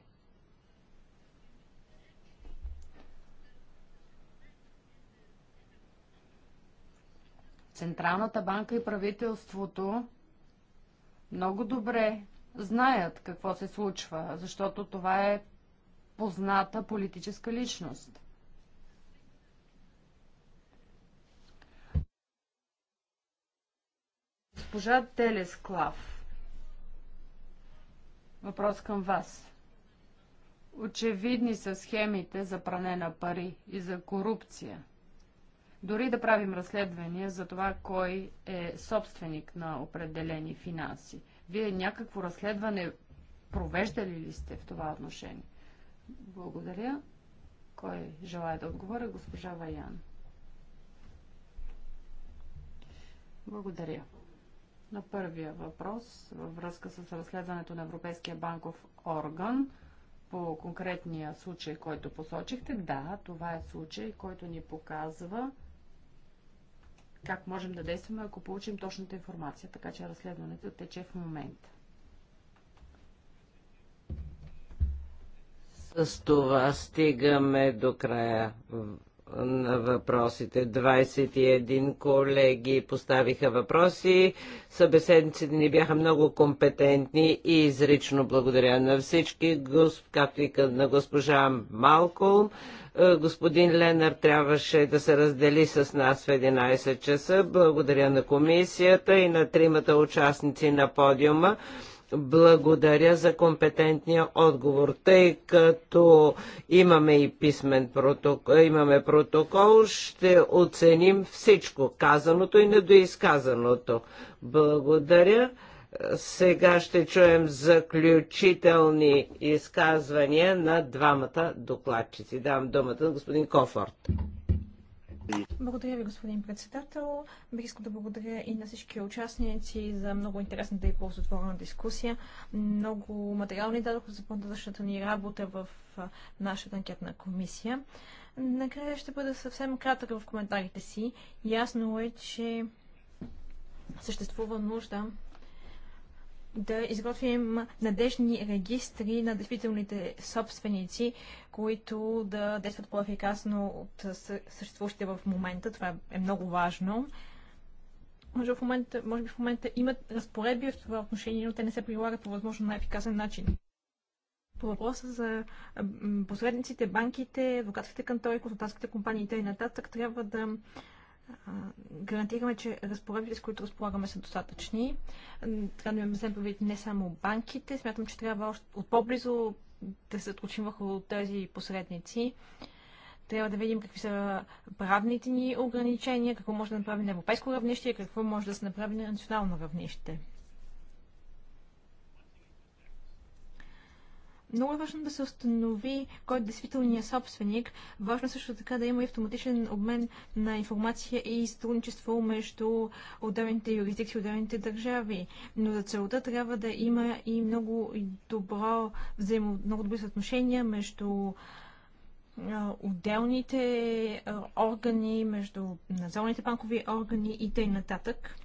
Централната банка и правителството много добре знаят какво се случва, защото това е позната политическа личност. Госпожа Телесклав, въпрос към вас. Очевидни са схемите за пране на пари и за корупция. Дори да правим разследвания за това кой е собственик на определени финанси – вие някакво разследване провеждали ли сте в това отношение? Благодаря. Кой желая да отговоря? Госпожа Ваян. Благодаря. На първия въпрос, във връзка с разследването на Европейския банков орган, по конкретния случай, който посочихте, да, това е случай, който ни показва, как можем да действаме, ако получим точната информация, така че разследването тече в момента. С това стигаме до края на въпросите. 21 колеги поставиха въпроси. Събеседниците ни бяха много компетентни и изрично благодаря на всички, както и на госпожа Малколм е, господин Ленар трябваше да се раздели с нас в 11 часа. Благодаря на комисията и на тримата участници на подиума. Благодаря за компетентния отговор. Тъй като имаме и писмен протокол, имаме протокол, ще оценим всичко, казаното и недоизказаното. Благодаря. Сега ще чуем заключителни изказвания на двамата докладчици. Давам думата на господин Кофорт. Благодаря ви, господин председател. Бих искал да благодаря и на всички участници за много интересната и ползотворна дискусия. Много материални дадоха за продължащата ни работа в нашата анкетна комисия. Накрая ще бъда съвсем кратък в коментарите си. Ясно е, че съществува нужда да изготвим надежни регистри на действителните собственици, които да действат по-ефикасно от съществуващите в момента. Това е много важно. Може, в момента, може би в момента имат разпоредби в това отношение, но те не се прилагат по възможно най-ефикасен начин. По въпроса за посредниците, банките, адвокатските кантори, консултантските компании и т.н. трябва да гарантираме, че разпоредбите, с които разполагаме, са достатъчни. Трябва да имаме взем предвид не само банките. Смятам, че трябва още от по-близо да се отключим върху тези посредници. Трябва да видим какви са правните ни ограничения, какво може да направим на европейско равнище и какво може да се направи на национално равнище. Много е важно да се установи кой е действителният собственик. Важно е също така да има и автоматичен обмен на информация и сътрудничество между отделните юрисдикции, отделните държави. Но за целта трябва да има и много добро взаимо, много добри съотношения между отделните органи, между надзорните банкови органи и тъй нататък.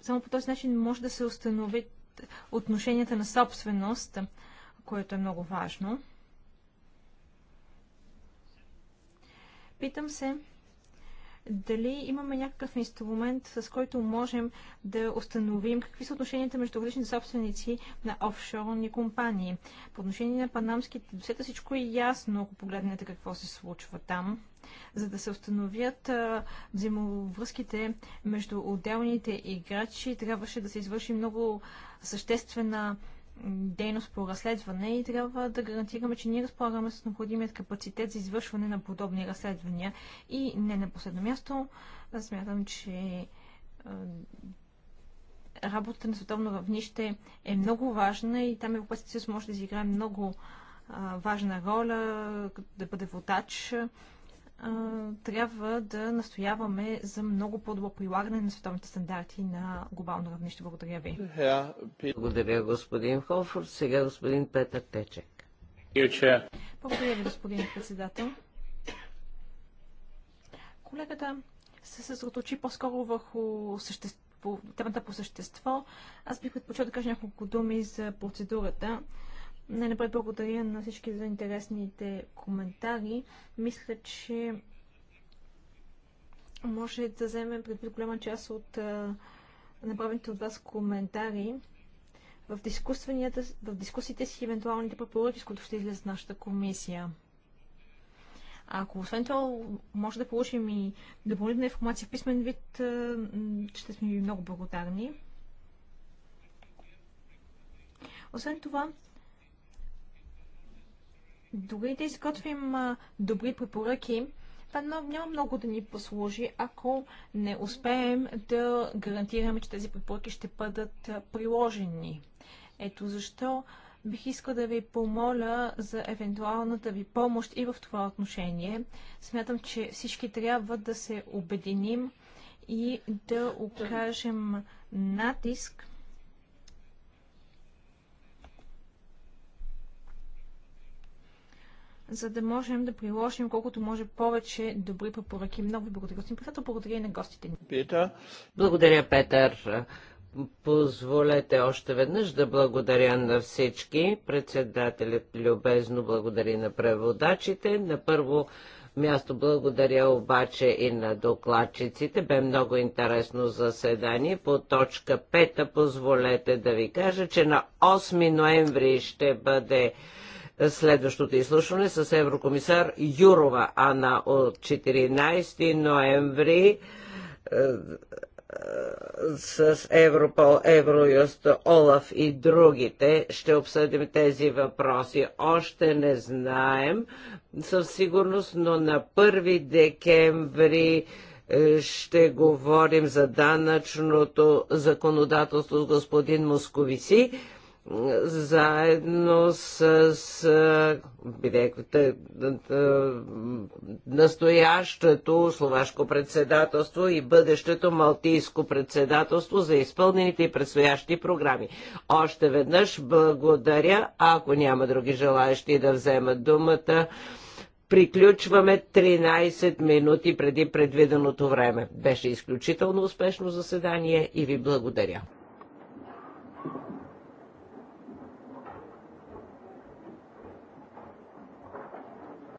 Само по този начин може да се установят отношенията на собственост, което е много важно. Питам се дали имаме някакъв инструмент, с който можем да установим какви са отношенията между различни собственици на офшорни компании. По отношение на панамските досета всичко е ясно, ако погледнете какво се случва там за да се установят взаимовръзките между отделните играчи, трябваше да се извърши много съществена дейност по разследване и трябва да гарантираме, че ние разполагаме с необходимият капацитет за извършване на подобни разследвания. И не на последно място, смятам, че работата на световно равнище е много важна и там Европейския съюз може да изиграе много важна роля, да бъде водач трябва да настояваме за много по-добро прилагане на световните стандарти на глобално равнище. Благодаря ви. Благодаря, господин Холфорд. Сега господин Петър Течек. Благодаря ви, господин председател. Колегата се съсредоточи по-скоро върху съществ... темата по същество. Аз бих предпочел да кажа няколко думи за процедурата. Най-напред благодаря на всички за интересните коментари. Мисля, че може да вземем предвид голяма част от направените от вас коментари в, в дискусиите си евентуалните препоръки, с които ще излезе нашата комисия. Ако освен това може да получим и допълнителна информация в писмен вид, ще сме ви много благодарни. Освен това, дори да изготвим добри препоръки, това няма много да ни послужи, ако не успеем да гарантираме, че тези препоръки ще бъдат приложени. Ето защо бих искал да ви помоля за евентуалната ви помощ и в това отношение. Смятам, че всички трябва да се обединим и да окажем натиск за да можем да приложим колкото може повече добри препоръки. Много ви благодаря, господин председател. Благодаря и на гостите ни. Питър. Благодаря, Петър. Позволете още веднъж да благодаря на всички. Председателят любезно благодари на преводачите. На първо място благодаря обаче и на докладчиците. Бе много интересно заседание. По точка 5 позволете да ви кажа, че на 8 ноември ще бъде следващото изслушване с еврокомисар Юрова, а на 14 ноември е, с Европол, Евроюст, Олаф и другите ще обсъдим тези въпроси. Още не знаем със сигурност, но на 1 декември е, ще говорим за данъчното законодателство с господин Московици заедно с, с е, е, е, настоящето словашко председателство и бъдещето малтийско председателство за изпълнените и предстоящи програми. Още веднъж благодаря, ако няма други желаящи да вземат думата. Приключваме 13 минути преди предвиденото време. Беше изключително успешно заседание и ви благодаря.